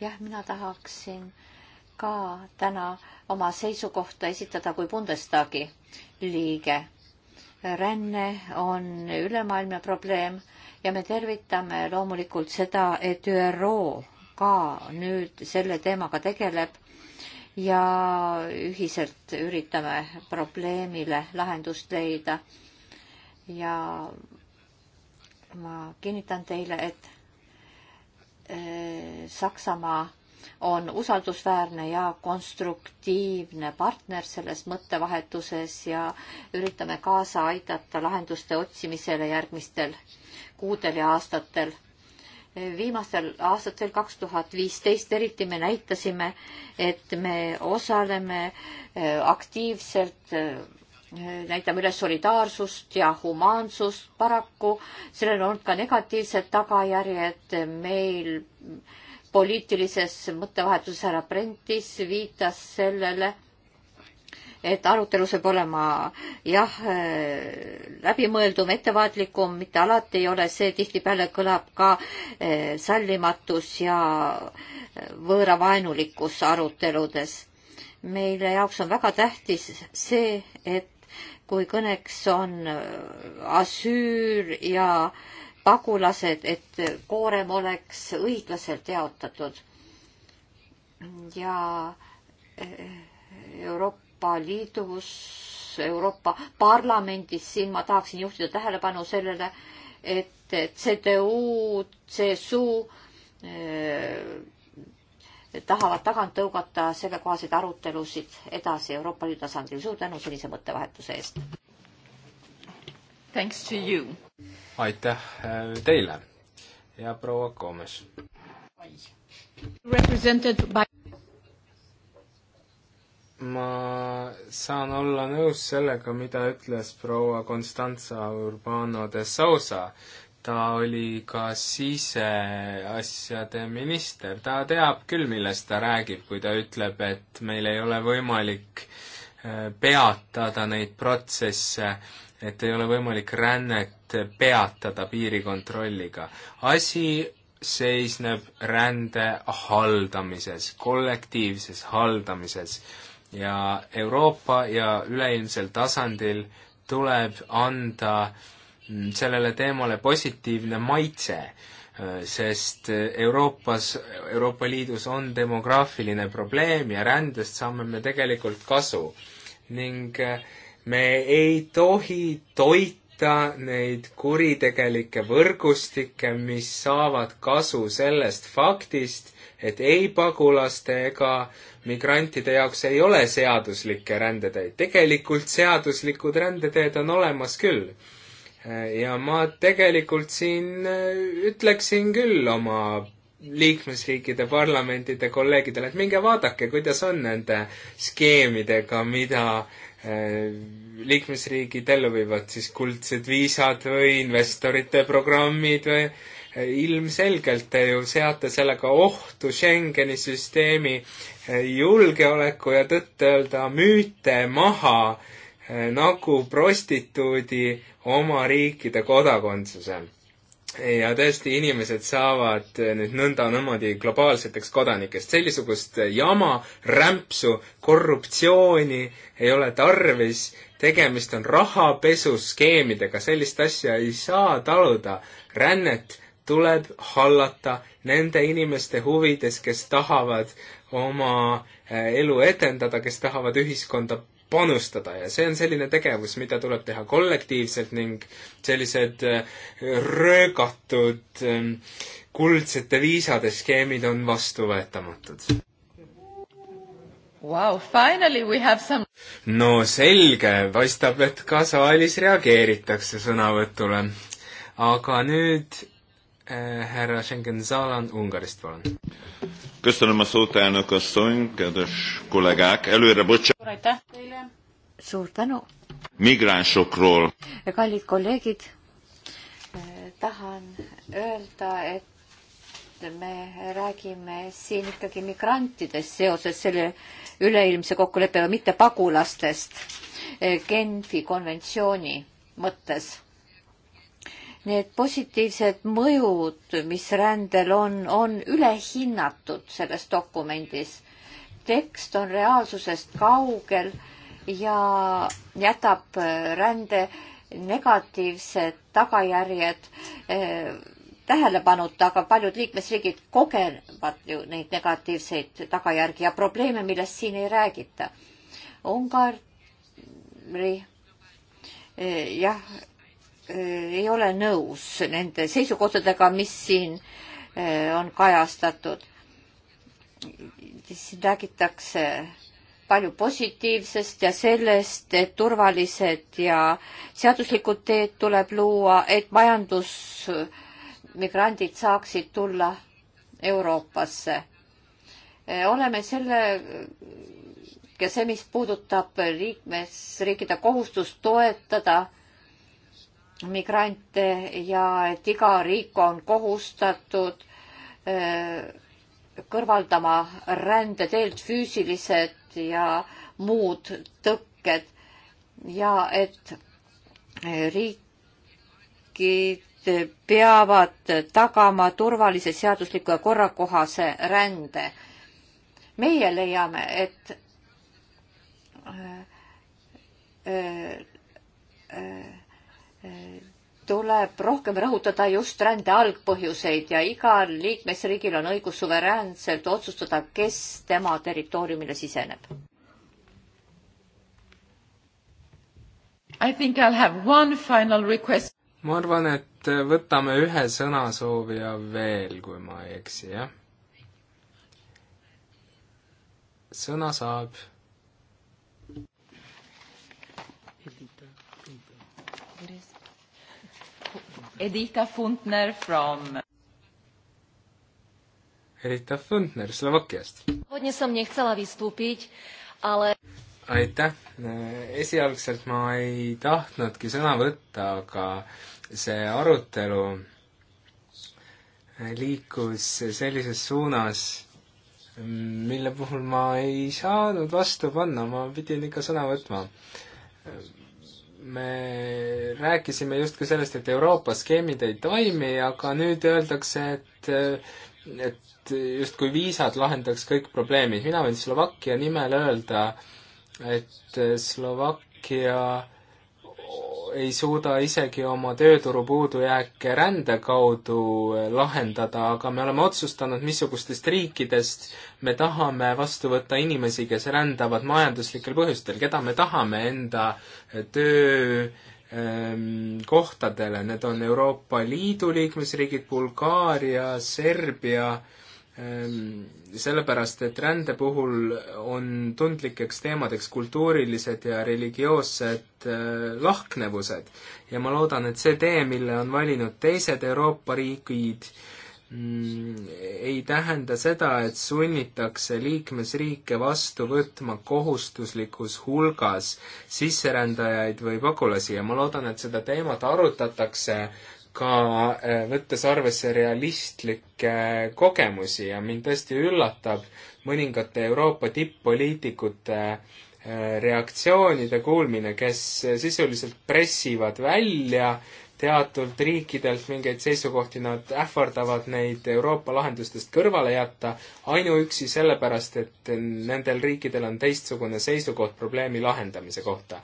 jah, mina tahaksin äh, ka täna oma seisukohta esitada kui Bundestagi liige. ränne on ülemaailmne probleem ja me tervitame loomulikult seda, et ÜRO ka nüüd selle teemaga tegeleb ja ühiselt üritame probleemile lahendust leida. ja ma kinnitan teile, et äh, Saksamaa on usaldusväärne ja konstruktiivne partner selles mõttevahetuses ja üritame kaasa aidata lahenduste otsimisele järgmistel kuudel ja aastatel. viimastel aastatel, kaks tuhat viisteist eriti, me näitasime, et me osaleme äh, aktiivselt äh, näitame üles solidaarsust ja humaansust. paraku sellel on olnud ka negatiivsed tagajärjed. meil poliitilises mõttevahetuses härra Brentis viitas sellele, et arutelu saab olema jah, äh, läbimõeldum, ettevaatlikum, mitte alati ei ole see, tihtipeale kõlab ka äh, sallimatus ja äh, võõravaenulikkus aruteludes. meile jaoks on väga tähtis see, et kui kõneks on asüür ja äh, pagulased, et koorem oleks õiglaselt jaotatud. ja eh, Euroopa Liidus, Euroopa Parlamendis, siin ma tahaksin juhtida tähelepanu sellele, et CDU, CSU eh, tahavad tagant tõugata sellekohaseid arutelusid edasi Euroopa Liidu tasandil. suur tänu sellise mõttevahetuse eest! Thanks to you. aitäh äh, teile ja proua Gomes. Represented by ma saan olla nõus sellega, mida ütles proua Constanza Urbano de Sousa. ta oli ka siseasjade minister, ta teab küll, millest ta räägib, kui ta ütleb, et meil ei ole võimalik äh, peatada neid protsesse et ei ole võimalik rännet peatada piirikontrolliga. asi seisneb rände haldamises, kollektiivses haldamises ja Euroopa ja üleilmsel tasandil tuleb anda sellele teemale positiivne maitse, sest Euroopas, Euroopa Liidus on demograafiline probleem ja rändest saame me tegelikult kasu. ning äh, me ei tohi toita neid kuritegelikke võrgustikke, mis saavad kasu sellest faktist, et ei pagulaste ega migrantide jaoks ei ole seaduslikke rändeteid. tegelikult seaduslikud rändeteed on olemas küll. ja ma tegelikult siin äh, ütleksin küll oma liikmesriikide parlamentide kolleegidele, et minge vaadake, kuidas on nende skeemidega, mida äh, Äh, liikmesriigid ellu viivad, siis kuldsed viisad või investorite programmid või äh, ilmselgelt te ju seate sellega ohtu Schengeni süsteemi äh, julgeoleku ja tõtt-öelda müüte maha nagu prostituudi oma riikide kodakondsuse ja tõesti, inimesed saavad eh, nüüd nõndamoodi globaalseteks kodanikest. sellisugust eh, jama, rämpsu, korruptsiooni ei ole tarvis, tegemist on rahapesuskeemidega, sellist asja ei saa taluda. rännet tuleb hallata nende inimeste huvides, kes tahavad oma eh, elu etendada, kes tahavad ühiskonda panustada ja see on selline tegevus, mida tuleb teha kollektiivselt ning sellised äh, röögatud ähm, kuldsete viisade skeemid on vastuvõetamatud. Wow, finally we have some no selge, paistab, et ka saalis reageeritakse sõnavõtule. aga nüüd Herra eh, Schengen Zalan Ungarist van. Köszönöm a szót, elnök asszony, kedves kollégák. Előre bocsánat. Aitäh teile. Suur tänu. Migránsokról. Kallid kolleegid, eh, tahan öelda, et me räägime siin ikkagi migrantidest seoses selle üleilmse kokkuleppega, mitte pagulastest eh, Genfi konventsiooni mõttes need positiivsed mõjud, mis rändel on, on ülehinnatud selles dokumendis. tekst on reaalsusest kaugel ja jätab rände negatiivsed tagajärjed eh, tähelepanuta, aga paljud liikmesriigid kogevad ju neid negatiivseid tagajärgi ja probleeme, millest siin ei räägita. Ungari eh, jah, Äh, ei ole nõus nende seisukohtadega, mis siin äh, on kajastatud. siin räägitakse palju positiivsest ja sellest, et turvalised ja seaduslikud teed tuleb luua, et majandusmigrandid äh, saaksid tulla Euroopasse. oleme selle ja see, mis puudutab liikmesriikide kohustust toetada migrante ja et iga riik on kohustatud eh, kõrvaldama rändeteelt füüsilised ja muud tõkked ja et eh, riigid peavad tagama turvalise, seadusliku ja korrakohase rände. meie leiame, et äh, äh, äh, tuleb rohkem rõhutada just rände algpõhjuseid ja igal liikmesriigil on õigus suveräänselt otsustada, kes tema territooriumile siseneb. I think I'll have one final request. ma arvan, et võtame ühe sõnasoovija veel, kui ma ei eksi, jah? sõna saab Edita Funtner from Edita Funtner Slovakkiast. Hodne som nechcela vystúpiť, ale aitäh, esialgselt ma ei tahtnudki sõna võtta, aga see arutelu liikus sellises suunas, mille puhul ma ei saanud vastu panna, ma pidin ikka sõna võtma me rääkisime justkui sellest, et Euroopa skeemid ei toimi, aga nüüd öeldakse, et, et justkui viisad lahendaks kõik probleemid. mina võin Slovakkia nimel öelda, et Slovakkia ei suuda isegi oma tööturu puudujääke rände kaudu eh, lahendada, aga me oleme otsustanud, missugustest riikidest me tahame vastu võtta inimesi, kes rändavad majanduslikel põhjustel, keda me tahame enda eh, töökohtadele ehm, ähm,, need on Euroopa Liidu liikmesriigid, Bulgaaria, Serbia äh,, Ehm, sellepärast, et rände puhul on tundlikeks teemadeks kultuurilised ja religioossed äh, lahknevused. ja ma loodan, et see tee, mille on valinud teised Euroopa riigid, mm, ei tähenda seda, et sunnitakse liikmesriike vastu võtma kohustuslikus hulgas sisserändajaid või pagulasi ja ma loodan, et seda teemat arutatakse ka äh, võttes arvesse realistlikke kogemusi ja mind tõesti üllatab mõningate Euroopa tipp-poliitikute äh, reaktsioonide kuulmine, kes sisuliselt pressivad välja teatud riikidelt mingeid seisukohti, nad ähvardavad neid Euroopa lahendustest kõrvale jätta ainuüksi sellepärast, et nendel riikidel on teistsugune seisukoht probleemi lahendamise kohta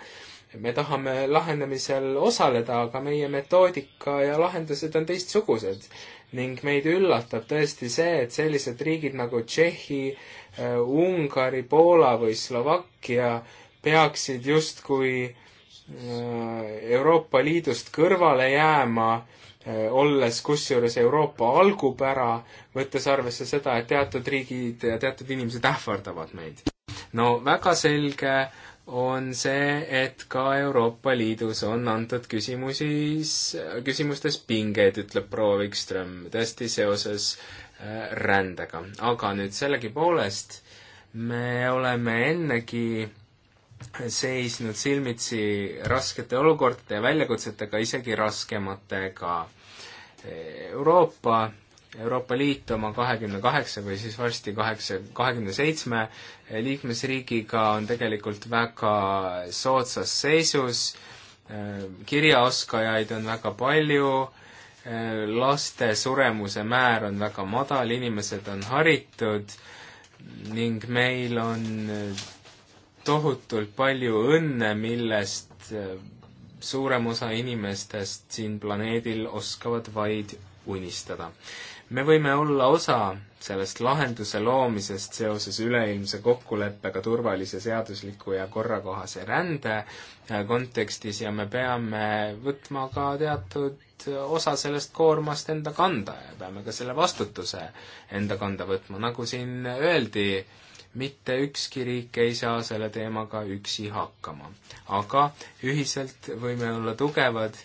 me tahame lahendamisel osaleda, aga meie metoodika ja lahendused on teistsugused. ning meid üllatab tõesti see, et sellised riigid nagu Tšehhi, äh, Ungari, Poola või Slovakkia peaksid justkui äh, Euroopa Liidust kõrvale jääma, äh, olles kusjuures Euroopa algupära, võttes arvesse seda, et teatud riigid ja teatud inimesed ähvardavad meid. no väga selge äh, on see, et ka Euroopa Liidus on antud küsimusis, küsimustes pingeid, ütleb proua Wikström, tõesti seoses äh, rändega. aga nüüd sellegipoolest me oleme ennegi seisnud silmitsi raskete olukordade ja väljakutsetega, isegi raskematega. Euroopa Euroopa Liit oma kahekümne kaheksa või siis varsti kaheksa, kahekümne seitsme liikmesriigiga on tegelikult väga soodsas seisus, kirjaoskajaid on väga palju, laste suremuse määr on väga madal, inimesed on haritud ning meil on tohutult palju õnne, millest suurem osa inimestest siin planeedil oskavad vaid unistada me võime olla osa sellest lahenduse loomisest seoses üleilmse kokkuleppega turvalise, seadusliku ja korrakohase rände äh, kontekstis ja me peame võtma ka teatud osa sellest koormast enda kanda ja peame ka selle vastutuse enda kanda võtma, nagu siin öeldi, mitte ükski riik ei saa selle teemaga üksi hakkama. aga ühiselt võime olla tugevad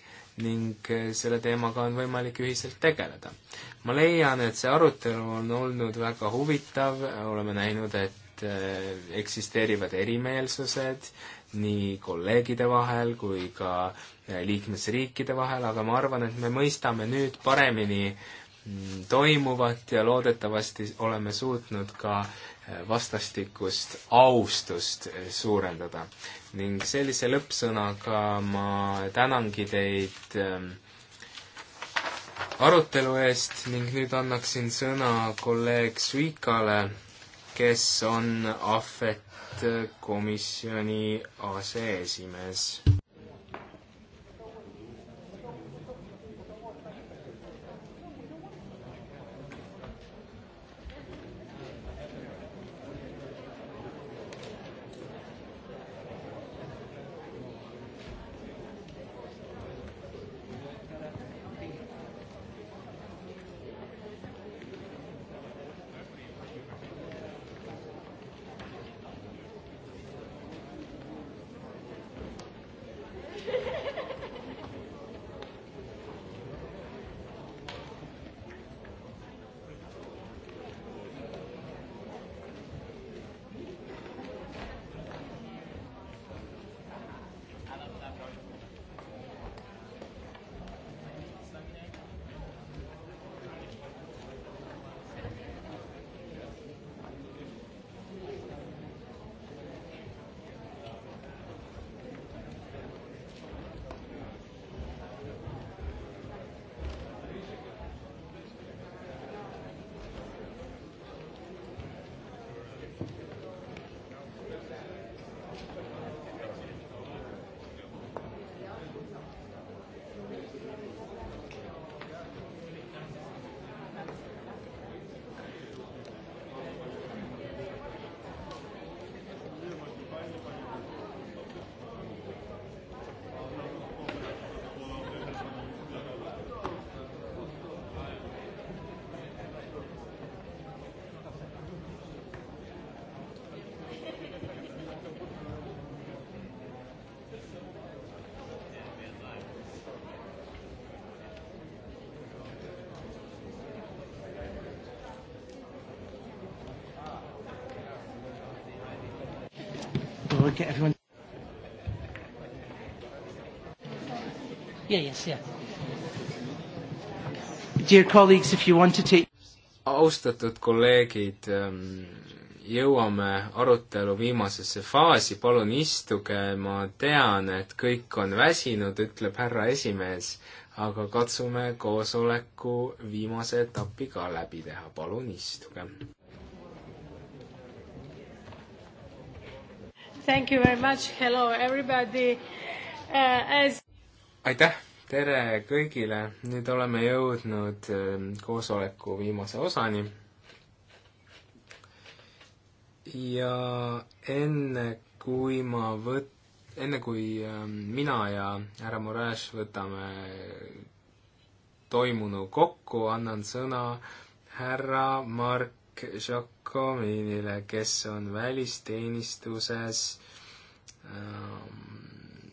ning eh, selle teemaga on võimalik ühiselt tegeleda. ma leian, et see arutelu on olnud väga huvitav, oleme näinud, et eh, eksisteerivad erimeelsused nii kolleegide vahel kui ka eh, liikmesriikide vahel, aga ma arvan, et me mõistame nüüd paremini mm, toimuvat ja loodetavasti oleme suutnud ka äh, vastastikust austust suurendada. ning sellise lõppsõnaga ma tänangi teid ähm, arutelu eest ning nüüd annaksin sõna kolleeg Suikale, kes on Ahvet komisjoni aseesimees. to get everyone. Yeah, yes, yeah. Dear colleagues, if you want to take austatud kolleegid, ähm, jõuame arutelu viimasesse faasi, palun istuge, ma tean, et kõik on väsinud, ütleb härra esimees, aga katsume koosoleku viimase etapi ka läbi teha, palun istuge. Thank you very much, hello everybody uh,. As... aitäh, tere kõigile, nüüd oleme jõudnud ähm, koosoleku viimase osani. ja enne kui ma võt-, enne kui ähm, mina ja härra Moraes võtame toimunu kokku, annan sõna härra Mark volinik Jacques Cominile, kes on välisteenistuses ähm,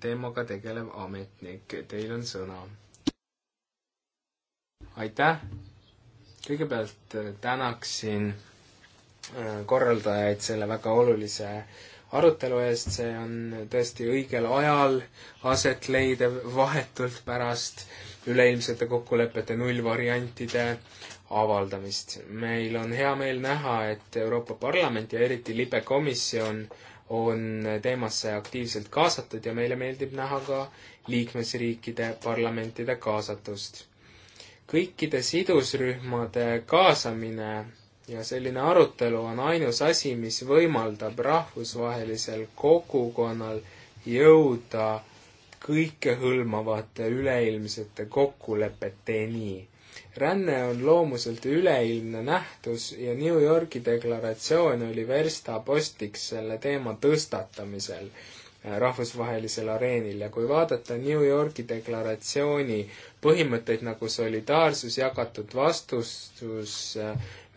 teemaga tegelev ametnik, teil on sõna. aitäh! kõigepealt äh, tänaksin äh, korraldajaid selle väga olulise arutelu eest, see on tõesti õigel ajal aset leidev, vahetult pärast üleilmsete kokkulepete nullvariantide avaldamist. meil on hea meel näha, et Euroopa Parlament ja eriti libe komisjon on teemasse aktiivselt kaasatud ja meile meeldib näha ka liikmesriikide parlamentide kaasatust. kõikide sidusrühmade kaasamine ja selline arutelu on ainus asi, mis võimaldab rahvusvahelisel kogukonnal jõuda kõikehõlmavate üleilmsete kokkulepeteni ränne on loomuselt üleilmne nähtus ja New Yorgi deklaratsioon oli verstapostiks selle teema tõstatamisel äh, rahvusvahelisel areenil ja kui vaadata New Yorgi deklaratsiooni põhimõtteid nagu solidaarsus, jagatud vastustus, äh,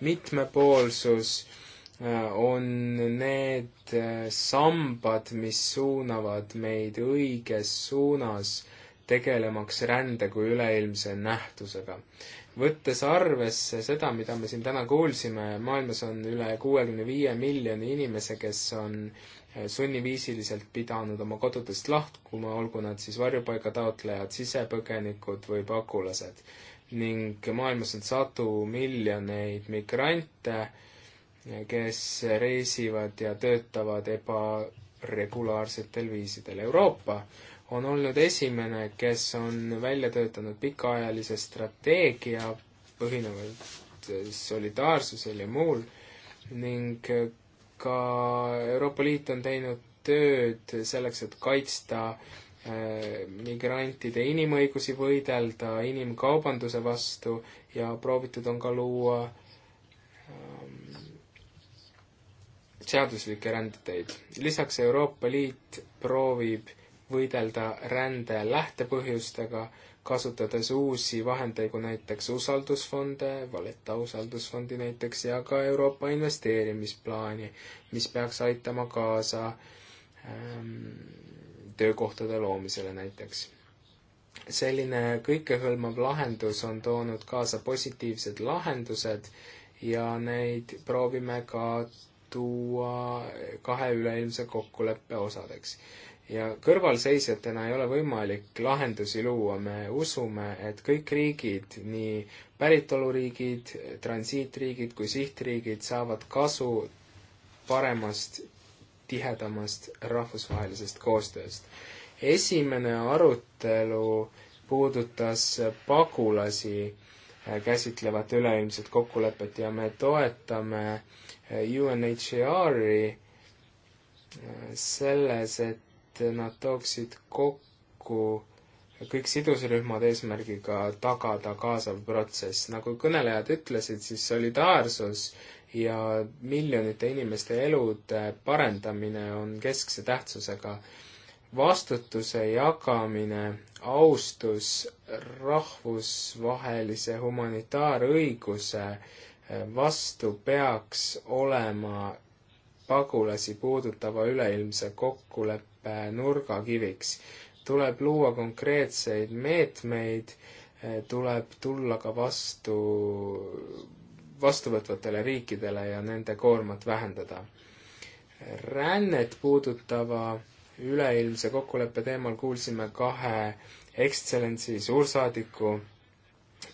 mitmepoolsus, äh, on need sambad, mis suunavad meid õiges suunas tegelemaks rände kui üleilmse nähtusega võttes arvesse seda, mida me siin täna kuulsime, maailmas on üle kuuekümne viie miljoni inimese, kes on eh, sunniviisiliselt pidanud oma kodudest lahkuma, olgu nad siis varjupaiga taotlejad, sisepõgenikud või pagulased. ning maailmas on sadu miljoneid migrante, eh, kes reisivad ja töötavad ebaregulaarsetel viisidel. Euroopa on olnud esimene, kes on välja töötanud pikaajalise strateegia põhinevalt eh, solidaarsusel ja muul ning eh, ka Euroopa Liit on teinud tööd selleks, et kaitsta eh, migrantide inimõigusi, võidelda inimkaubanduse vastu ja proovitud on ka luua ehm, seaduslikke rändeteid. lisaks Euroopa Liit proovib võidelda rände lähtepõhjustega, kasutades uusi vahendeid, kui näiteks usaldusfonde, Valeta usaldusfondi näiteks, ja ka Euroopa investeerimisplaani, mis peaks aitama kaasa ähm, töökohtade loomisele näiteks. selline kõikehõlmav lahendus on toonud kaasa positiivsed lahendused ja neid proovime ka tuua kahe üleilmse kokkuleppe osadeks ja kõrvalseisjatena ei ole võimalik lahendusi luua, me usume, et kõik riigid, nii päritoluriigid, transiitriigid kui sihtriigid saavad kasu paremast, tihedamast rahvusvahelisest koostööst. esimene arutelu puudutas pagulasi eh, käsitlevat üleilmset kokkulepet ja me toetame eh, UNHCR-i eh, selles, et et nad tooksid kokku kõik sidusrühmad eesmärgiga tagada kaasav protsess. nagu kõnelejad ütlesid, siis solidaarsus ja miljonite inimeste elude parendamine on keskse tähtsusega. vastutuse jagamine, austus, rahvusvahelise humanitaarõiguse vastu peaks olema pagulasi puudutava üleilmse kokkuleppe nurgakiviks. tuleb luua konkreetseid meetmeid, eh, tuleb tulla ka vastu vastuvõtvatele riikidele ja nende koormat vähendada. rännet puudutava üleilmse kokkuleppe teemal kuulsime kahe ekstsellentsi suursaadiku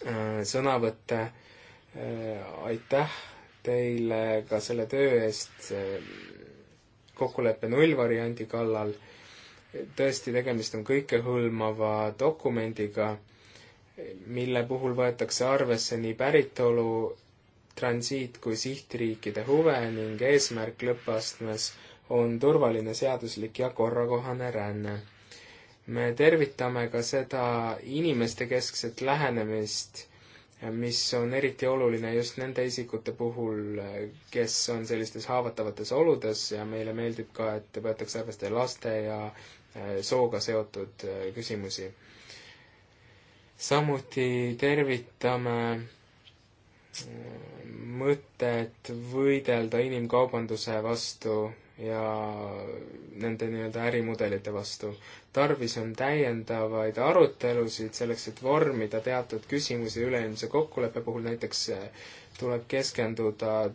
eh, sõnavõtte. Eh, aitäh teile ka selle töö eest, kokkuleppe nullvariandi kallal. tõesti, tegemist on kõikehõlmava dokumendiga, mille puhul võetakse arvesse nii päritolu, transiit kui sihtriikide huve ning eesmärk lõppastmes on turvaline, seaduslik ja korrakohane ränne. me tervitame ka seda inimestekeskset lähenemist mis on eriti oluline just nende isikute puhul, kes on sellistes haavatavates oludes ja meile meeldib ka, et võetakse arvesse laste ja äh, sooga seotud äh, küsimusi. samuti tervitame äh, mõtet võidelda inimkaubanduse vastu ja nende nii-öelda ärimudelite vastu. tarvis on täiendavaid arutelusid selleks, et vormida teatud küsimusi üleilmse kokkuleppe puhul, näiteks eh, tuleb keskenduda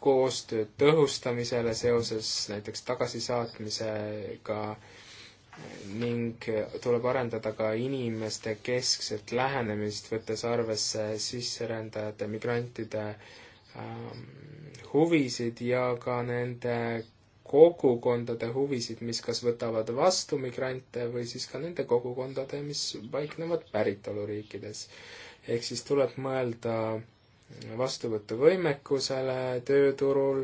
koostöö tõhustamisele seoses näiteks tagasisaatmisega ning tuleb arendada ka inimeste keskset lähenemist, võttes arvesse sisserändajate, migrantide ähm, huvisid ja ka nende kogukondade huvisid, mis kas võtavad vastu migrante või siis ka nende kogukondade, mis paiknevad päritoluriikides. ehk siis tuleb mõelda vastuvõtuvõimekusele tööturul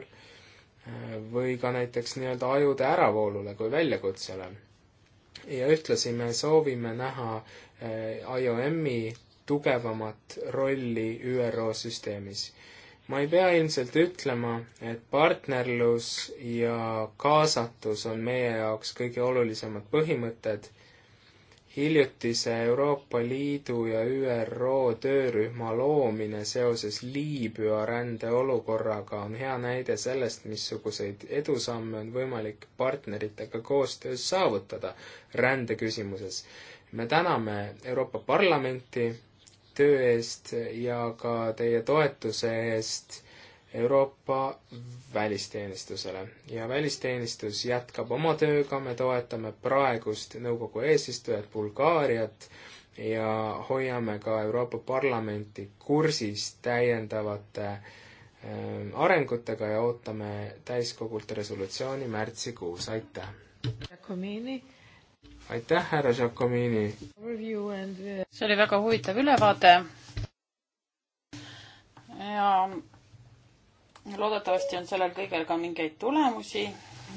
või ka näiteks nii-öelda ajude äravoolule kui väljakutsele. ja ühtlasi me soovime näha eh, IOM-i tugevamat rolli ÜRO süsteemis ma ei pea ilmselt ütlema, et partnerlus ja kaasatus on meie jaoks kõige olulisemad põhimõtted. hiljutise Euroopa Liidu ja ÜRO töörühma loomine seoses Liibüa rändeolukorraga on hea näide sellest, missuguseid edusamme on võimalik partneritega koostöös saavutada rändeküsimuses. me täname Euroopa Parlamenti töö eest ja ka teie toetuse eest Euroopa välisteenistusele. ja välisteenistus jätkab oma tööga, me toetame praegust nõukogu eesistujat Bulgaariat ja hoiame ka Euroopa Parlamenti kursis täiendavate ähm, arengutega ja ootame täiskogult resolutsiooni märtsikuus, aitäh! Komini aitäh, härra Giacomini! Uh, see oli väga huvitav ülevaade ja loodetavasti on sellel kõigel ka mingeid tulemusi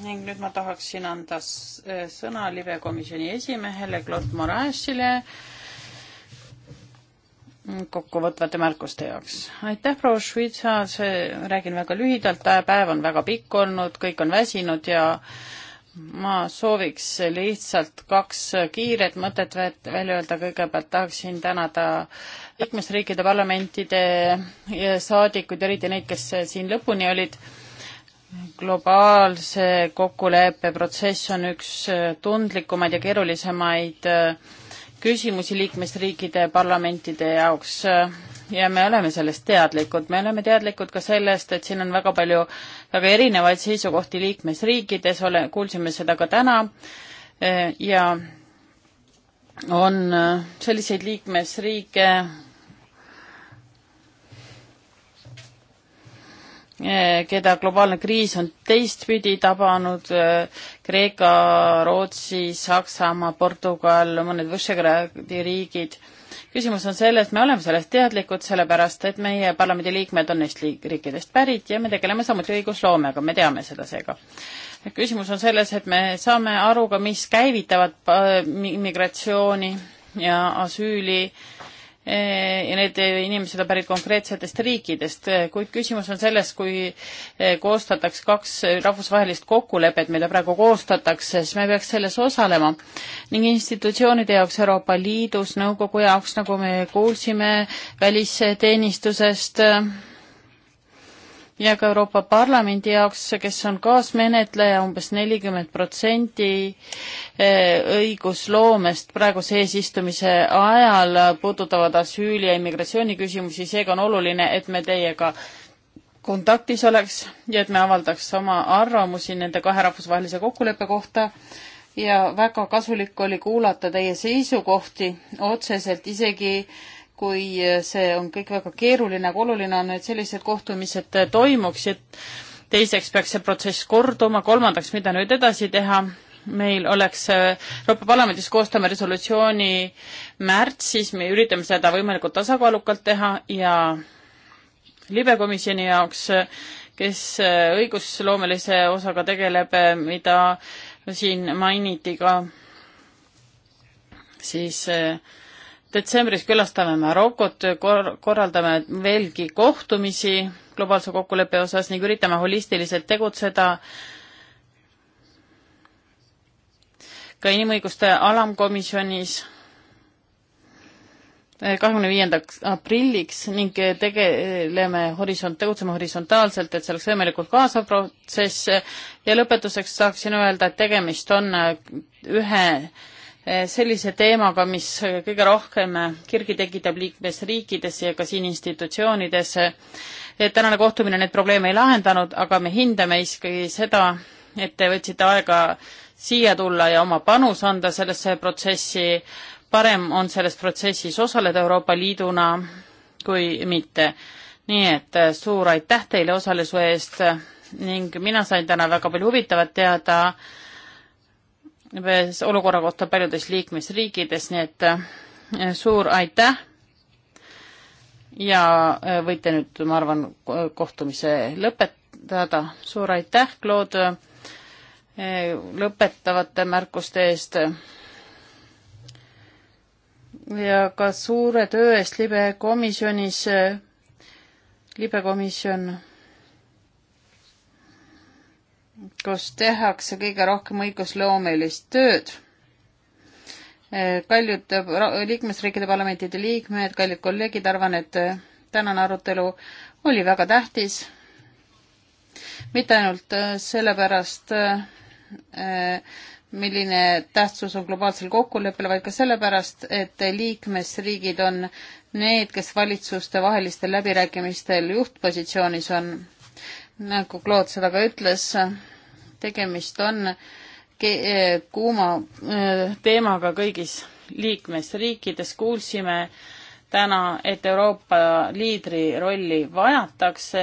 ning nüüd ma tahaksin anda eh, sõna libe komisjoni esimehele Claude Moraesile kokkuvõtvate märkuste jaoks. aitäh, proua Švitsa, see, räägin väga lühidalt, päev on väga pikk olnud, kõik on väsinud ja äh, ma sooviks lihtsalt kaks kiiret mõtet välja öelda, kõigepealt tahaksin tänada liikmesriikide parlamentide saadikuid, eriti neid, kes siin lõpuni olid. globaalse kokkuleppe protsess on üks tundlikumaid ja keerulisemaid küsimusi liikmesriikide parlamentide jaoks ja me oleme sellest teadlikud. me oleme teadlikud ka sellest, et siin on väga palju väga erinevaid seisukohti liikmesriikides, ole, kuulsime seda ka täna e, ja on e, selliseid liikmesriike, e, keda globaalne kriis on teistpidi tabanud, Kreeka, Rootsi, Saksamaa, Portugal, mõned Võšegradi riigid küsimus on selles, me oleme sellest teadlikud, sellepärast et meie parlamendi liikmed on neist liik riikidest pärit ja me tegeleme samuti õigusloomega, me teame seda seega. küsimus on selles, et me saame aru ka, mis käivitavad migratsiooni ja asüüli äh, Eh, ja need eh, inimesed on pärit konkreetsetest riikidest, eh, kuid küsimus on selles, kui koostataks kaks rahvusvahelist kokkulepet, mida praegu koostatakse, siis me peaks selles osalema. ning institutsioonide jaoks Euroopa Liidus, nõukogu jaoks, nagu me kuulsime, välisteenistusest äh, ja ka Euroopa Parlamendi jaoks, kes on kaasmenetleja umbes, umbes nelikümmend protsenti eh, õigusloomest praeguse eesistumise ajal puudutavad asüüli ja immigratsiooniküsimusi, seega on oluline, et me teiega kontaktis oleks ja et me avaldaks oma arvamusi nende kahe rahvusvahelise kokkuleppe kohta ja väga kasulik oli kuulata teie seisukohti otseselt isegi äh, kui eh, see on kõik väga keeruline, aga oluline on, et sellised kohtumised eh, toimuksid. teiseks peaks see protsess korduma, kolmandaks, mida nüüd edasi teha? meil oleks eh, Euroopa Parlamendis koostame resolutsiooni märtsis, me üritame seda võimalikult tasakaalukalt teha ja libekomisjoni jaoks, kes õigusloomelise osaga tegeleb, mida siin mainiti ka, siis äh, detsembris külastame Marokot, kor-, korraldame veelgi kohtumisi globaalse kokkuleppe osas ning üritame holistiliselt tegutseda ka inimõiguste alamkomisjonis eh, kahekümne viiendaks aprilliks ning eh, tegeleme horisont, tegutseme horisontaalselt, et see oleks võimalikult kaasav protsess ja lõpetuseks saaksin öelda, et tegemist on eh, ühe Eh, sellise teemaga, mis kõige rohkem eh, kirgi tekitab liikmesriikides ja ka siin institutsioonides. Eh, tänane kohtumine neid probleeme ei lahendanud, aga me hindame ikkagi seda, et te võtsite aega siia tulla ja oma panus anda sellesse protsessi. parem on selles protsessis osaleda Euroopa Liiduna kui mitte. nii et suur aitäh teile osaluse eest ning mina sain täna väga palju huvitavat teada olukorra kohta paljudes liikmesriikides, nii et äh, suur aitäh ja äh, võite nüüd, ma arvan, kohtumise lõpetada. suur aitäh, Claude, äh, lõpetavate märkuste eest ja ka suure töö eest libekomisjonis, libekomisjon kus tehakse kõige rohkem õigusloomelist tööd. paljud liikmesriikide parlamentide liikmed, kallid kolleegid, arvan, et tänane arutelu oli väga tähtis. mitte ainult sellepärast, milline tähtsus on globaalsel kokkuleppel, vaid ka sellepärast, et liikmesriigid on need, kes valitsuste vahelistel läbirääkimistel juhtpositsioonis on. nagu Claude seda ka ütles, tegemist on kuuma äh, teemaga kõigis liikmesriikides, kuulsime täna, et Euroopa liidri rolli vajatakse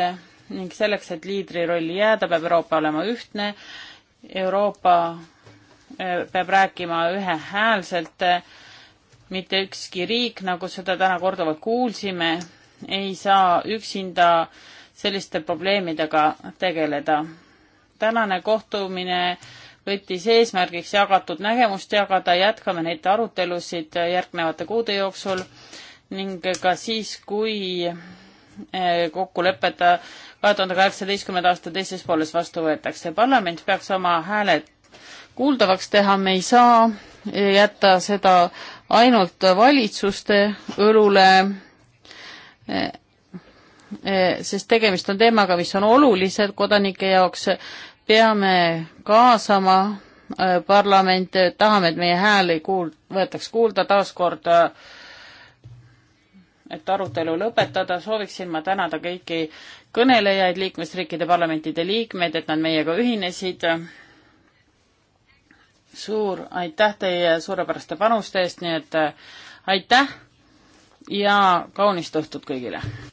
ning selleks, et liidri rolli jääda, peab Euroopa olema ühtne, Euroopa äh, peab rääkima ühehäälselt, äh, mitte ükski riik, nagu seda täna korduvalt kuulsime, ei saa üksinda selliste probleemidega tegeleda tänane kohtumine võttis eesmärgiks jagatud nägemust jagada, jätkame neid arutelusid järgnevate kuude jooksul ning ka siis, kui eh, kokkulepeta kahe tuhande kaheksateistkümnenda aasta teises pooles vastu võetakse. parlament peaks oma hääled kuuldavaks teha, me ei saa jätta seda ainult valitsuste õlule, eh, eh, sest tegemist on teemaga, mis on olulised kodanike jaoks peame kaasama äh, parlamente, tahame, et meie hääli kuul-, võetaks kuulda taaskord, äh, et arutelu lõpetada, sooviksin ma tänada kõiki kõnelejaid, liikmesriikide parlamentide liikmeid, et nad meiega ühinesid. suur aitäh teie suurepäraste panuste eest, nii et äh, aitäh ja kaunist õhtut kõigile!